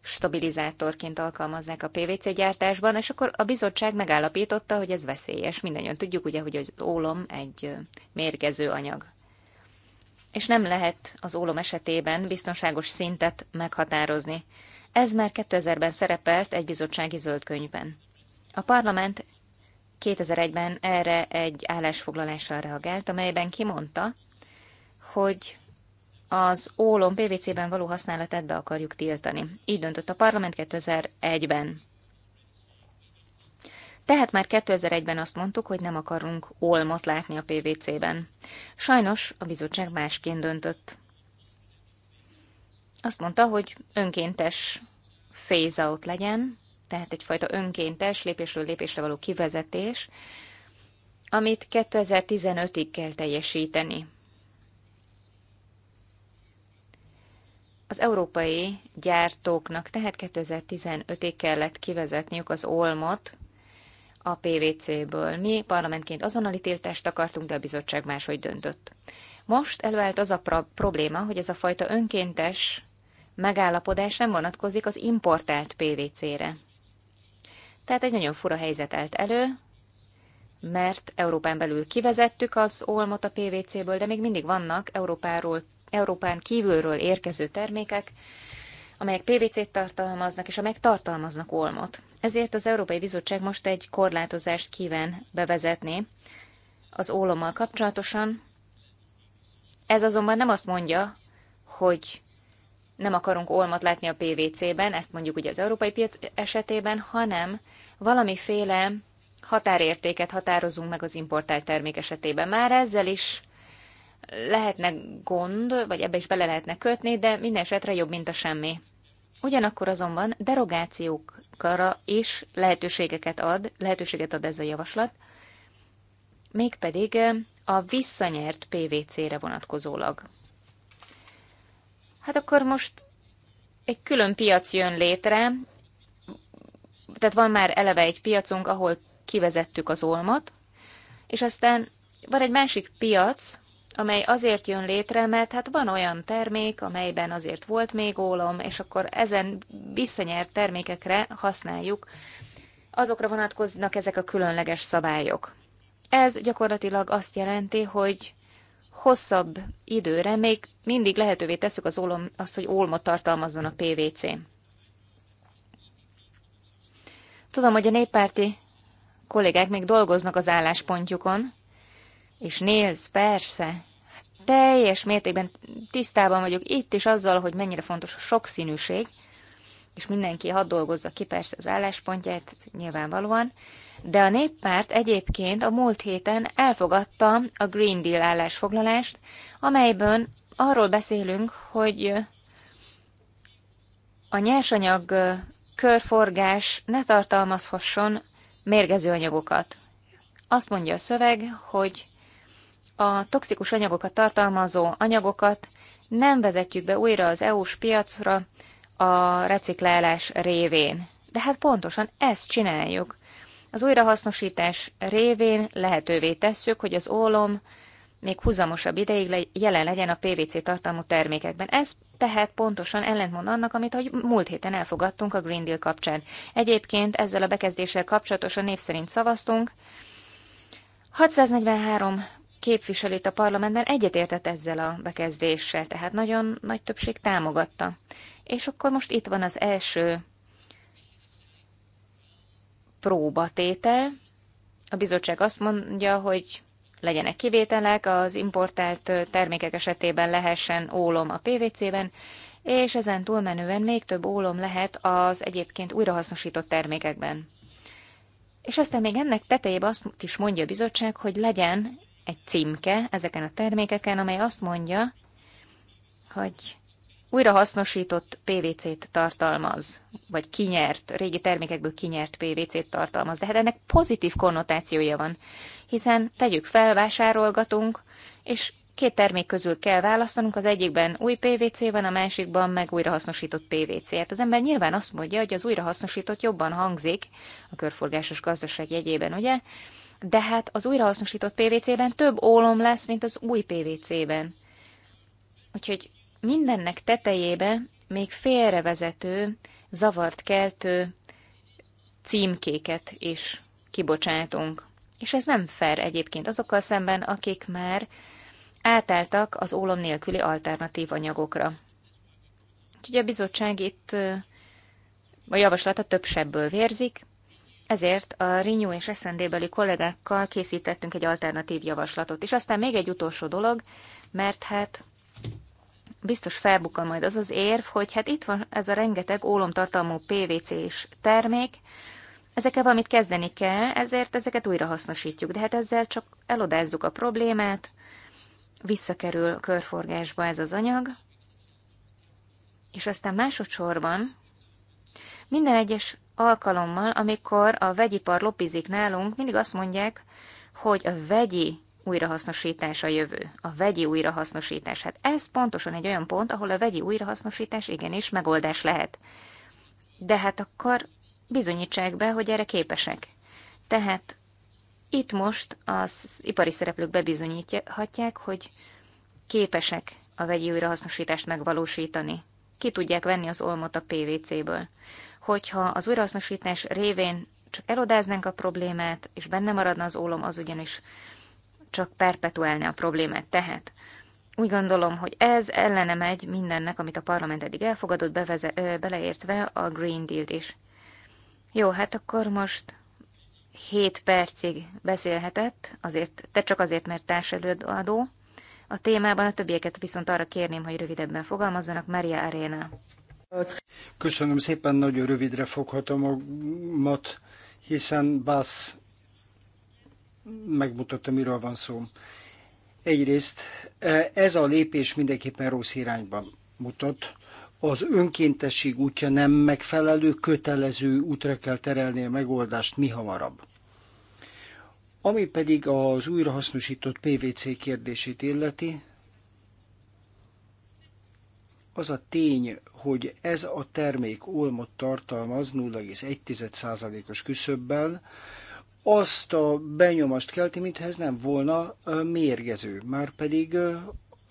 stabilizátorként alkalmazzák a PVC gyártásban, és akkor a bizottság megállapította, hogy ez veszélyes. Mindannyian tudjuk ugye, hogy az ólom egy mérgező anyag. És nem lehet az ólom esetében biztonságos szintet meghatározni. Ez már 2000-ben szerepelt egy bizottsági zöldkönyvben. A parlament 2001-ben erre egy állásfoglalással reagált, amelyben kimondta, hogy az ólom PVC-ben való használatát be akarjuk tiltani. Így döntött a parlament 2001-ben. Tehát már 2001-ben azt mondtuk, hogy nem akarunk olmot látni a PVC-ben. Sajnos a bizottság másként döntött. Azt mondta, hogy önkéntes phase-out legyen, tehát egyfajta önkéntes, lépésről lépésre való kivezetés, amit 2015-ig kell teljesíteni. Az európai gyártóknak tehát 2015-ig kellett kivezetniük az olmot a PVC-ből. Mi parlamentként azonnali tiltást akartunk, de a bizottság máshogy döntött. Most előállt az a probléma, hogy ez a fajta önkéntes megállapodás nem vonatkozik az importált PVC-re. Tehát egy nagyon fura helyzet állt elő, mert Európán belül kivezettük az olmot a PVC-ből, de még mindig vannak Európáról, Európán kívülről érkező termékek, amelyek PVC-t tartalmaznak, és amelyek tartalmaznak olmot. Ezért az Európai Bizottság most egy korlátozást kíván bevezetni az ólommal kapcsolatosan. Ez azonban nem azt mondja, hogy nem akarunk olmat látni a PVC-ben, ezt mondjuk ugye az európai piac esetében, hanem valamiféle határértéket határozunk meg az importált termék esetében. Már ezzel is lehetne gond, vagy ebbe is bele lehetne kötni, de minden esetre jobb, mint a semmi. Ugyanakkor azonban derogációkra is lehetőségeket ad, lehetőséget ad ez a javaslat, mégpedig a visszanyert PVC-re vonatkozólag hát akkor most egy külön piac jön létre, tehát van már eleve egy piacunk, ahol kivezettük az olmot, és aztán van egy másik piac, amely azért jön létre, mert hát van olyan termék, amelyben azért volt még ólom, és akkor ezen visszanyert termékekre használjuk, azokra vonatkoznak ezek a különleges szabályok. Ez gyakorlatilag azt jelenti, hogy hosszabb időre még mindig lehetővé teszük az ólom, azt, hogy olmot tartalmazzon a PVC. Tudom, hogy a néppárti kollégák még dolgoznak az álláspontjukon, és néz, persze, teljes mértékben tisztában vagyok itt is azzal, hogy mennyire fontos a sokszínűség, és mindenki hadd dolgozza ki persze az álláspontját, nyilvánvalóan, de a néppárt egyébként a múlt héten elfogadta a Green Deal állásfoglalást, amelyben arról beszélünk, hogy a nyersanyag körforgás ne tartalmazhasson mérgező anyagokat. Azt mondja a szöveg, hogy a toxikus anyagokat tartalmazó anyagokat nem vezetjük be újra az EU-s piacra, a reciklálás révén. De hát pontosan ezt csináljuk. Az újrahasznosítás révén lehetővé tesszük, hogy az ólom még húzamosabb ideig jelen legyen a PVC tartalmú termékekben. Ez tehát pontosan ellentmond annak, amit hogy múlt héten elfogadtunk a Green Deal kapcsán. Egyébként ezzel a bekezdéssel kapcsolatosan név szerint szavaztunk. 643 képviselőt a parlamentben egyetértett ezzel a bekezdéssel, tehát nagyon nagy többség támogatta. És akkor most itt van az első próbatétel. A bizottság azt mondja, hogy legyenek kivételek, az importált termékek esetében lehessen ólom a PVC-ben, és ezen túlmenően még több ólom lehet az egyébként újrahasznosított termékekben. És aztán még ennek tetejében azt is mondja a bizottság, hogy legyen egy címke ezeken a termékeken, amely azt mondja, hogy újrahasznosított PVC-t tartalmaz, vagy kinyert, régi termékekből kinyert PVC-t tartalmaz, de hát ennek pozitív konnotációja van, hiszen tegyük fel, vásárolgatunk, és két termék közül kell választanunk, az egyikben új PVC van, a másikban meg újrahasznosított PVC. Hát az ember nyilván azt mondja, hogy az újrahasznosított jobban hangzik, a körforgásos gazdaság jegyében, ugye? De hát az újrahasznosított PVC-ben több ólom lesz, mint az új PVC-ben. Úgyhogy mindennek tetejébe még félrevezető, zavart keltő címkéket is kibocsátunk. És ez nem fair egyébként azokkal szemben, akik már átálltak az ólom nélküli alternatív anyagokra. Úgyhogy a bizottság itt a javaslata több sebből vérzik, ezért a Renew és SND-beli kollégákkal készítettünk egy alternatív javaslatot. És aztán még egy utolsó dolog, mert hát biztos felbukkan majd az az érv, hogy hát itt van ez a rengeteg ólomtartalmú PVC-s termék, ezekkel valamit kezdeni kell, ezért ezeket újra hasznosítjuk. De hát ezzel csak elodázzuk a problémát, visszakerül körforgásba ez az anyag, és aztán másodszorban minden egyes alkalommal, amikor a vegyipar lopizik nálunk, mindig azt mondják, hogy a vegyi újrahasznosítás a jövő, a vegyi újrahasznosítás. Hát ez pontosan egy olyan pont, ahol a vegyi újrahasznosítás igenis megoldás lehet. De hát akkor bizonyítsák be, hogy erre képesek. Tehát itt most az ipari szereplők bebizonyíthatják, hogy képesek a vegyi újrahasznosítást megvalósítani. Ki tudják venni az olmot a PVC-ből. Hogyha az újrahasznosítás révén csak elodáznánk a problémát, és benne maradna az ólom, az ugyanis csak perpetuálni a problémát. Tehát úgy gondolom, hogy ez ellene megy mindennek, amit a parlament eddig elfogadott, beveze, ö, beleértve a Green Deal-t is. Jó, hát akkor most 7 percig beszélhetett, azért, te csak azért, mert társelőadó. A témában a többieket viszont arra kérném, hogy rövidebben fogalmazzanak. Maria Arena. Köszönöm szépen, nagyon rövidre foghatom a mat, hiszen Bass megmutatta miről van szó. Egyrészt e, ez a lépés mindenképpen rossz irányban mutat. Az önkéntesség útja nem megfelelő, kötelező útra kell terelni a megoldást mi hamarabb. Ami pedig az újrahasznosított PVC kérdését illeti, az a tény, hogy ez a termék olmot tartalmaz 0,1%-os küszöbbel, azt a benyomást kelti, mintha ez nem volna mérgező, már pedig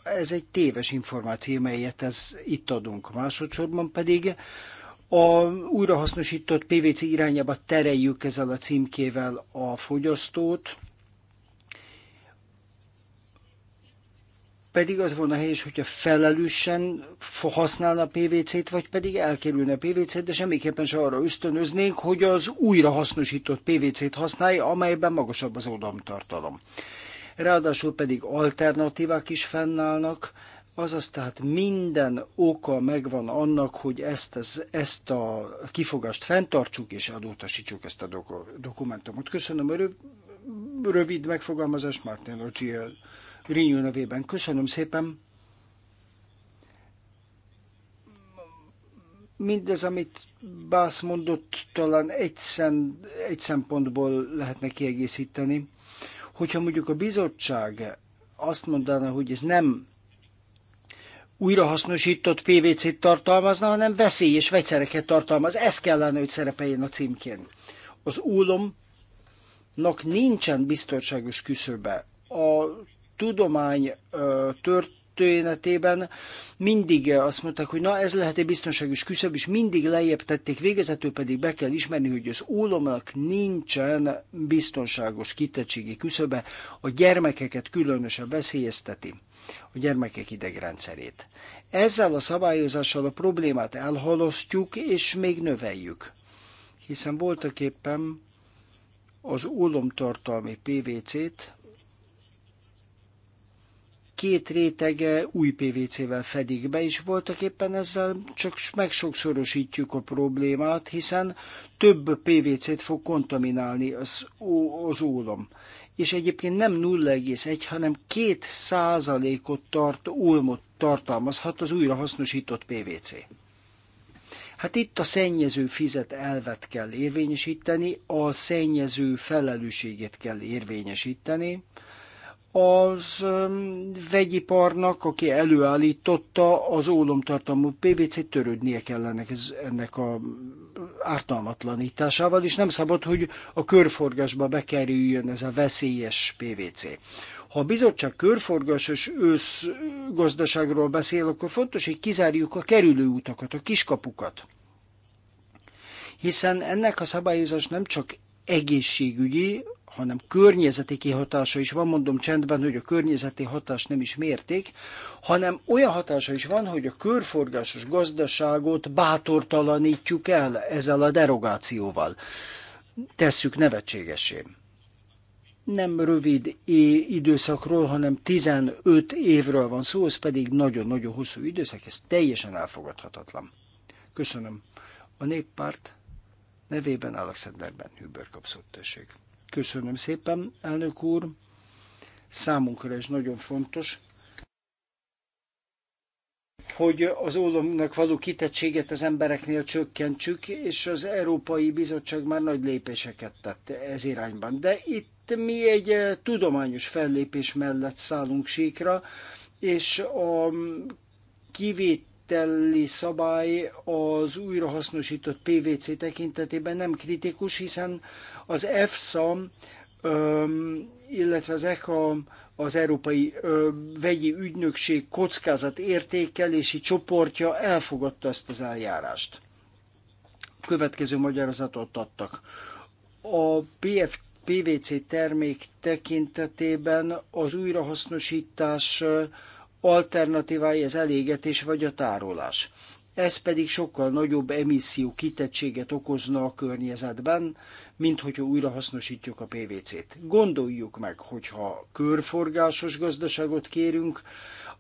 ez egy téves információ, melyet ez itt adunk. Másodszorban pedig a újrahasznosított PVC irányába tereljük ezzel a címkével a fogyasztót, pedig az volna helyes, hogyha felelősen használna PVC-t, vagy pedig elkerülne PVC-t, de semmiképpen se arra ösztönöznénk, hogy az újrahasznosított PVC-t használja, amelyben magasabb az oldamtartalom. Ráadásul pedig alternatívák is fennállnak, azaz tehát minden oka megvan annak, hogy ezt, ez, ezt a kifogást fenntartsuk és adótasítsuk ezt a dokumentumot. Köszönöm a röv- rövid megfogalmazást, Martin Rogier. Rinyó nevében. Köszönöm szépen. Mindez, amit Bász mondott, talán egy, szem, egy szempontból lehetne kiegészíteni. Hogyha mondjuk a bizottság azt mondaná, hogy ez nem újrahasznosított PVC-t tartalmazna, hanem veszély és vegyszereket tartalmaz. Ez kellene, hogy szerepeljen a címkén. Az ólomnak nincsen biztonságos küszöbe. A tudomány történetében mindig azt mondták, hogy na ez lehet egy biztonságos küszöb, és mindig lejjebb tették, végezetül pedig be kell ismerni, hogy az ólomnak nincsen biztonságos kitettségi küszöbe, a gyermekeket különösen veszélyezteti a gyermekek idegrendszerét. Ezzel a szabályozással a problémát elhalasztjuk és még növeljük, hiszen voltak éppen az ólomtartalmi PVC-t két rétege új PVC-vel fedik be, és voltak éppen ezzel csak megsokszorosítjuk a problémát, hiszen több PVC-t fog kontaminálni az, az ólom. És egyébként nem 0,1, hanem 2 százalékot tart, olmot tartalmazhat az újrahasznosított PVC. Hát itt a szennyező fizet elvet kell érvényesíteni, a szennyező felelősségét kell érvényesíteni, az vegyiparnak, aki előállította az ólomtartalmú PVC-t, törődnie kellene ennek a ártalmatlanításával, és nem szabad, hogy a körforgásba bekerüljön ez a veszélyes PVC. Ha a bizottság körforgásos őszgazdaságról beszél, akkor fontos, hogy kizárjuk a kerülő utakat, a kiskapukat. Hiszen ennek a szabályozás nem csak egészségügyi, hanem környezeti kihatása is van, mondom csendben, hogy a környezeti hatás nem is mérték, hanem olyan hatása is van, hogy a körforgásos gazdaságot bátortalanítjuk el ezzel a derogációval. Tesszük nevetségesé. Nem rövid időszakról, hanem 15 évről van szó, ez pedig nagyon-nagyon hosszú időszak, ez teljesen elfogadhatatlan. Köszönöm. A néppárt nevében Alexander Ben Hüber kapszott, tessék. Köszönöm szépen, elnök úr. Számunkra is nagyon fontos, hogy az ólomnak való kitettséget az embereknél csökkentsük, és az Európai Bizottság már nagy lépéseket tett ez irányban. De itt mi egy eh, tudományos fellépés mellett szállunk síkra, és a kivételi szabály az újrahasznosított PVC tekintetében nem kritikus, hiszen az EFSA, illetve az ECHA, az Európai Vegyi Ügynökség kockázat értékelési csoportja elfogadta ezt az eljárást. Következő magyarázatot adtak. A PF, PVC termék tekintetében az újrahasznosítás alternatívái az elégetés vagy a tárolás ez pedig sokkal nagyobb emisszió kitettséget okozna a környezetben, mint hogyha újra hasznosítjuk a PVC-t. Gondoljuk meg, hogyha körforgásos gazdaságot kérünk,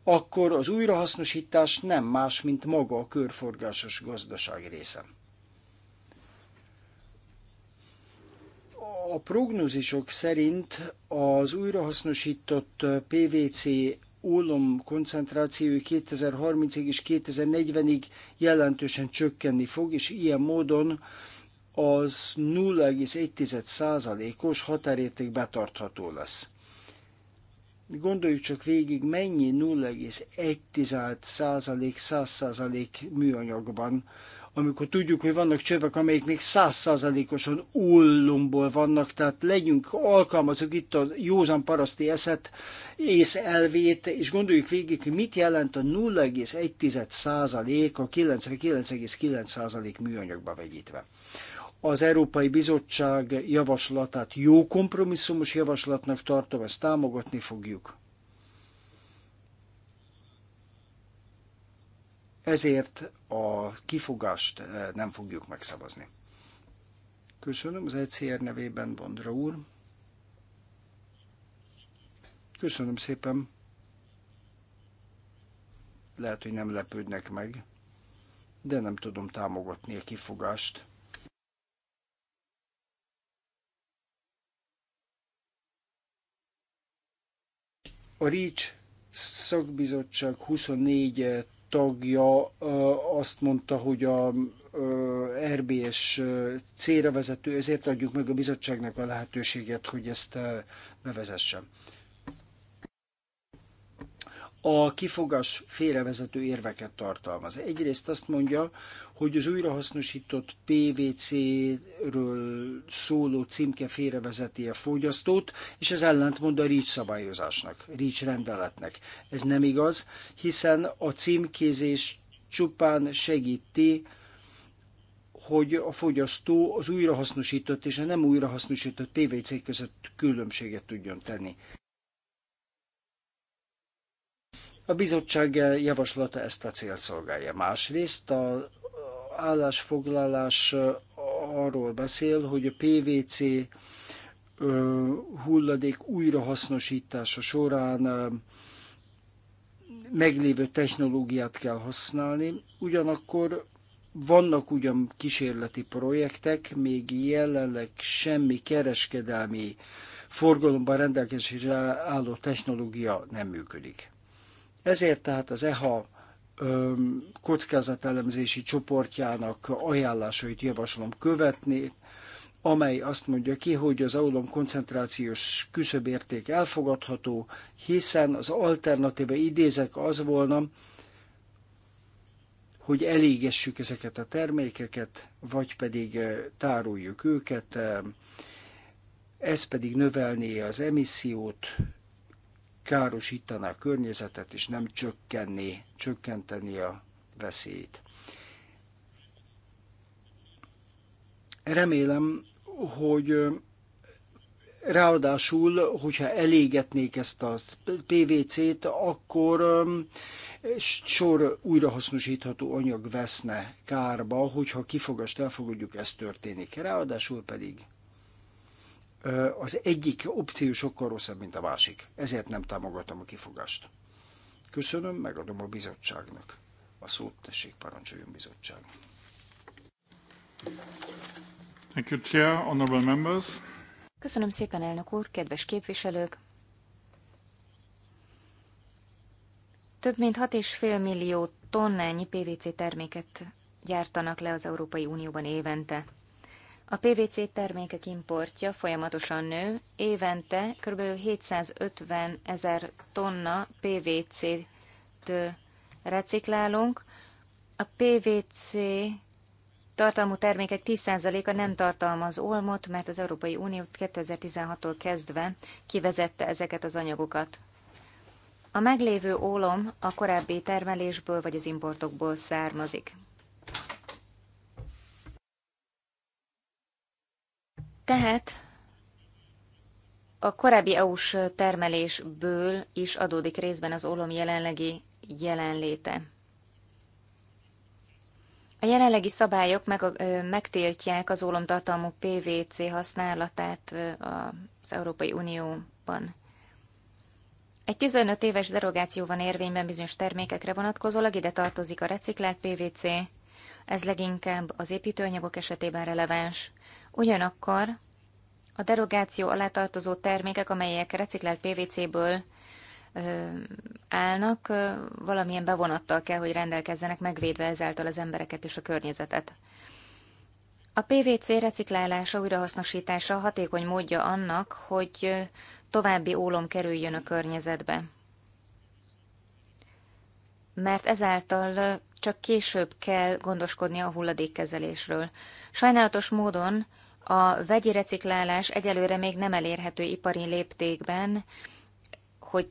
akkor az újrahasznosítás nem más, mint maga a körforgásos gazdaság része. A prognózisok szerint az újrahasznosított PVC ólom koncentrációi 2030-ig és 2040-ig jelentősen csökkenni fog, és ilyen módon az 0,1%-os határérték betartható lesz. Gondoljuk csak végig, mennyi 0,1% 100% műanyagban amikor tudjuk, hogy vannak csövek, amelyik még százszázalékosan ullumból vannak, tehát legyünk, alkalmazunk itt a józan paraszti eszet, ész elvét, és gondoljuk végig, hogy mit jelent a 0,1 százalék a 99,9 százalék műanyagba vegyítve az Európai Bizottság javaslatát jó kompromisszumos javaslatnak tartom, ezt támogatni fogjuk. Ezért a kifogást eh, nem fogjuk megszavazni. Köszönöm az ECR nevében, Bondra úr. Köszönöm szépen. Lehet, hogy nem lepődnek meg, de nem tudom támogatni a kifogást. A REACH szakbizottság 24 tagja azt mondta, hogy a RBS célra vezető, ezért adjuk meg a bizottságnak a lehetőséget, hogy ezt bevezesse a kifogás félrevezető érveket tartalmaz. Egyrészt azt mondja, hogy az újrahasznosított PVC-ről szóló címke félrevezeti a fogyasztót, és ez ellentmond a REACH szabályozásnak, REACH rendeletnek. Ez nem igaz, hiszen a címkézés csupán segíti, hogy a fogyasztó az újrahasznosított és a nem újrahasznosított PVC között különbséget tudjon tenni. A bizottság javaslata ezt a célt szolgálja. Másrészt a állásfoglalás arról beszél, hogy a PVC hulladék újrahasznosítása során meglévő technológiát kell használni, ugyanakkor vannak ugyan kísérleti projektek, még jelenleg semmi kereskedelmi forgalomban rendelkezésre álló technológia nem működik. Ezért tehát az EHA kockázatelemzési csoportjának ajánlásait javaslom követni, amely azt mondja ki, hogy az aulom koncentrációs küszöbérték elfogadható, hiszen az alternatíva idézek az volna, hogy elégessük ezeket a termékeket, vagy pedig tároljuk őket, ez pedig növelné az emissziót, károsítaná a környezetet, és nem csökkenné, csökkenteni a veszélyt. Remélem, hogy ráadásul, hogyha elégetnék ezt a PVC-t, akkor sor újrahasznosítható anyag veszne kárba, hogyha kifogást elfogadjuk, ez történik. Ráadásul pedig az egyik opció sokkal rosszabb, mint a másik. Ezért nem támogatom a kifogást. Köszönöm, megadom a bizottságnak. A szót tessék, parancsoljon bizottság. Thank you, Chair, honorable members. Köszönöm szépen, elnök úr, kedves képviselők! Több mint 6,5 millió tonnányi PVC terméket gyártanak le az Európai Unióban évente. A PVC termékek importja folyamatosan nő, évente kb. 750 ezer tonna PVC-t reciklálunk. A PVC tartalmú termékek 10%-a nem tartalmaz olmot, mert az Európai Unió 2016-tól kezdve kivezette ezeket az anyagokat. A meglévő ólom a korábbi termelésből vagy az importokból származik. Tehát a korábbi EU-s termelésből is adódik részben az ólom jelenlegi jelenléte. A jelenlegi szabályok meg, ö, megtiltják az ólomtartalmú PVC használatát az Európai Unióban. Egy 15 éves derogáció van érvényben bizonyos termékekre vonatkozólag, ide tartozik a reciklált PVC, ez leginkább az építőanyagok esetében releváns. Ugyanakkor a derogáció alá tartozó termékek, amelyek reciklált PVC-ből állnak, valamilyen bevonattal kell, hogy rendelkezzenek, megvédve ezáltal az embereket és a környezetet. A PVC reciklálása, újrahasznosítása hatékony módja annak, hogy további ólom kerüljön a környezetbe. Mert ezáltal csak később kell gondoskodni a hulladékkezelésről. Sajnálatos módon a vegyi reciklálás egyelőre még nem elérhető ipari léptékben, hogy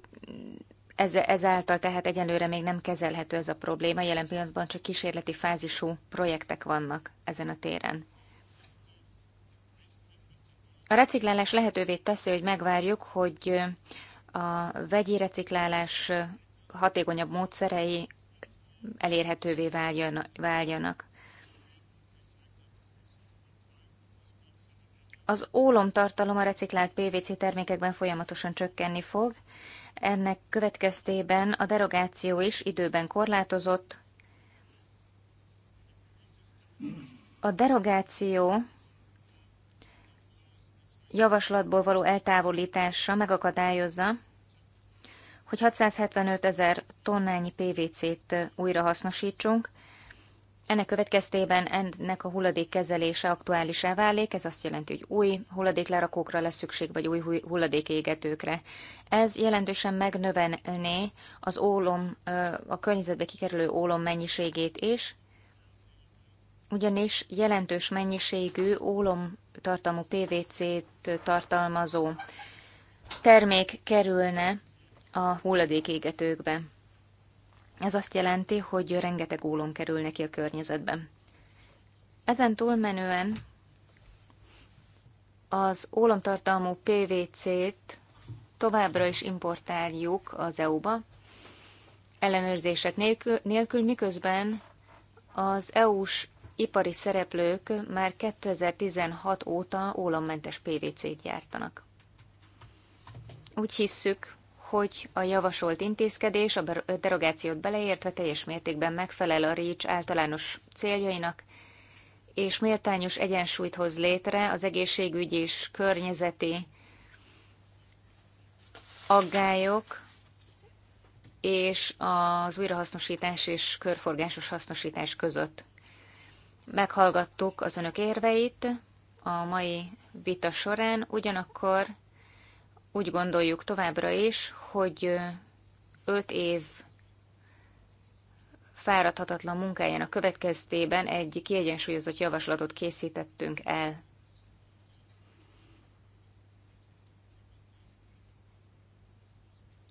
ez, ezáltal tehát egyelőre még nem kezelhető ez a probléma, jelen pillanatban csak kísérleti fázisú projektek vannak ezen a téren. A reciklálás lehetővé teszi, hogy megvárjuk, hogy a vegyi reciklálás hatékonyabb módszerei elérhetővé váljanak. Az ólomtartalom a reciklált PVC termékekben folyamatosan csökkenni fog, ennek következtében a derogáció is időben korlátozott. A derogáció javaslatból való eltávolítása megakadályozza, hogy 675 ezer tonnányi PVC-t újrahasznosítsunk, ennek következtében ennek a hulladék kezelése aktuálisá válik, ez azt jelenti, hogy új hulladéklerakókra lesz szükség, vagy új hulladékégetőkre. Ez jelentősen megnövelné az ólom, a környezetbe kikerülő ólom mennyiségét is, ugyanis jelentős mennyiségű ólom tartalmú PVC-t tartalmazó termék kerülne a hulladékégetőkbe. Ez azt jelenti, hogy rengeteg ólom kerül neki a környezetben. Ezen túlmenően az ólomtartalmú PVC-t továbbra is importáljuk az EU-ba, ellenőrzések nélkül, nélkül miközben az EU-s ipari szereplők már 2016 óta ólommentes PVC-t gyártanak. Úgy hisszük, hogy a javasolt intézkedés, a derogációt beleértve teljes mértékben megfelel a REACH általános céljainak, és méltányos egyensúlyt hoz létre az egészségügyi és környezeti aggályok és az újrahasznosítás és körforgásos hasznosítás között. Meghallgattuk az önök érveit a mai vita során, ugyanakkor úgy gondoljuk továbbra is, hogy öt év fáradhatatlan munkájának következtében egy kiegyensúlyozott javaslatot készítettünk el.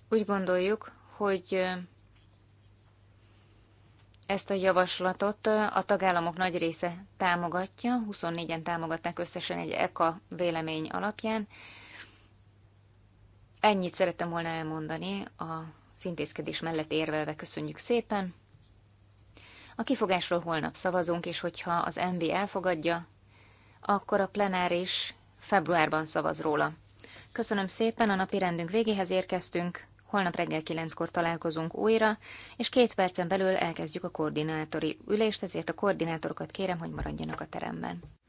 Úgy gondoljuk, hogy ezt a javaslatot a tagállamok nagy része támogatja, 24-en támogatták összesen egy ECA vélemény alapján, Ennyit szerettem volna elmondani a szintézkedés mellett érvelve. Köszönjük szépen! A kifogásról holnap szavazunk, és hogyha az MV elfogadja, akkor a plenáris februárban szavaz róla. Köszönöm szépen, a napi rendünk végéhez érkeztünk, holnap reggel kilenckor találkozunk újra, és két percen belül elkezdjük a koordinátori ülést, ezért a koordinátorokat kérem, hogy maradjanak a teremben.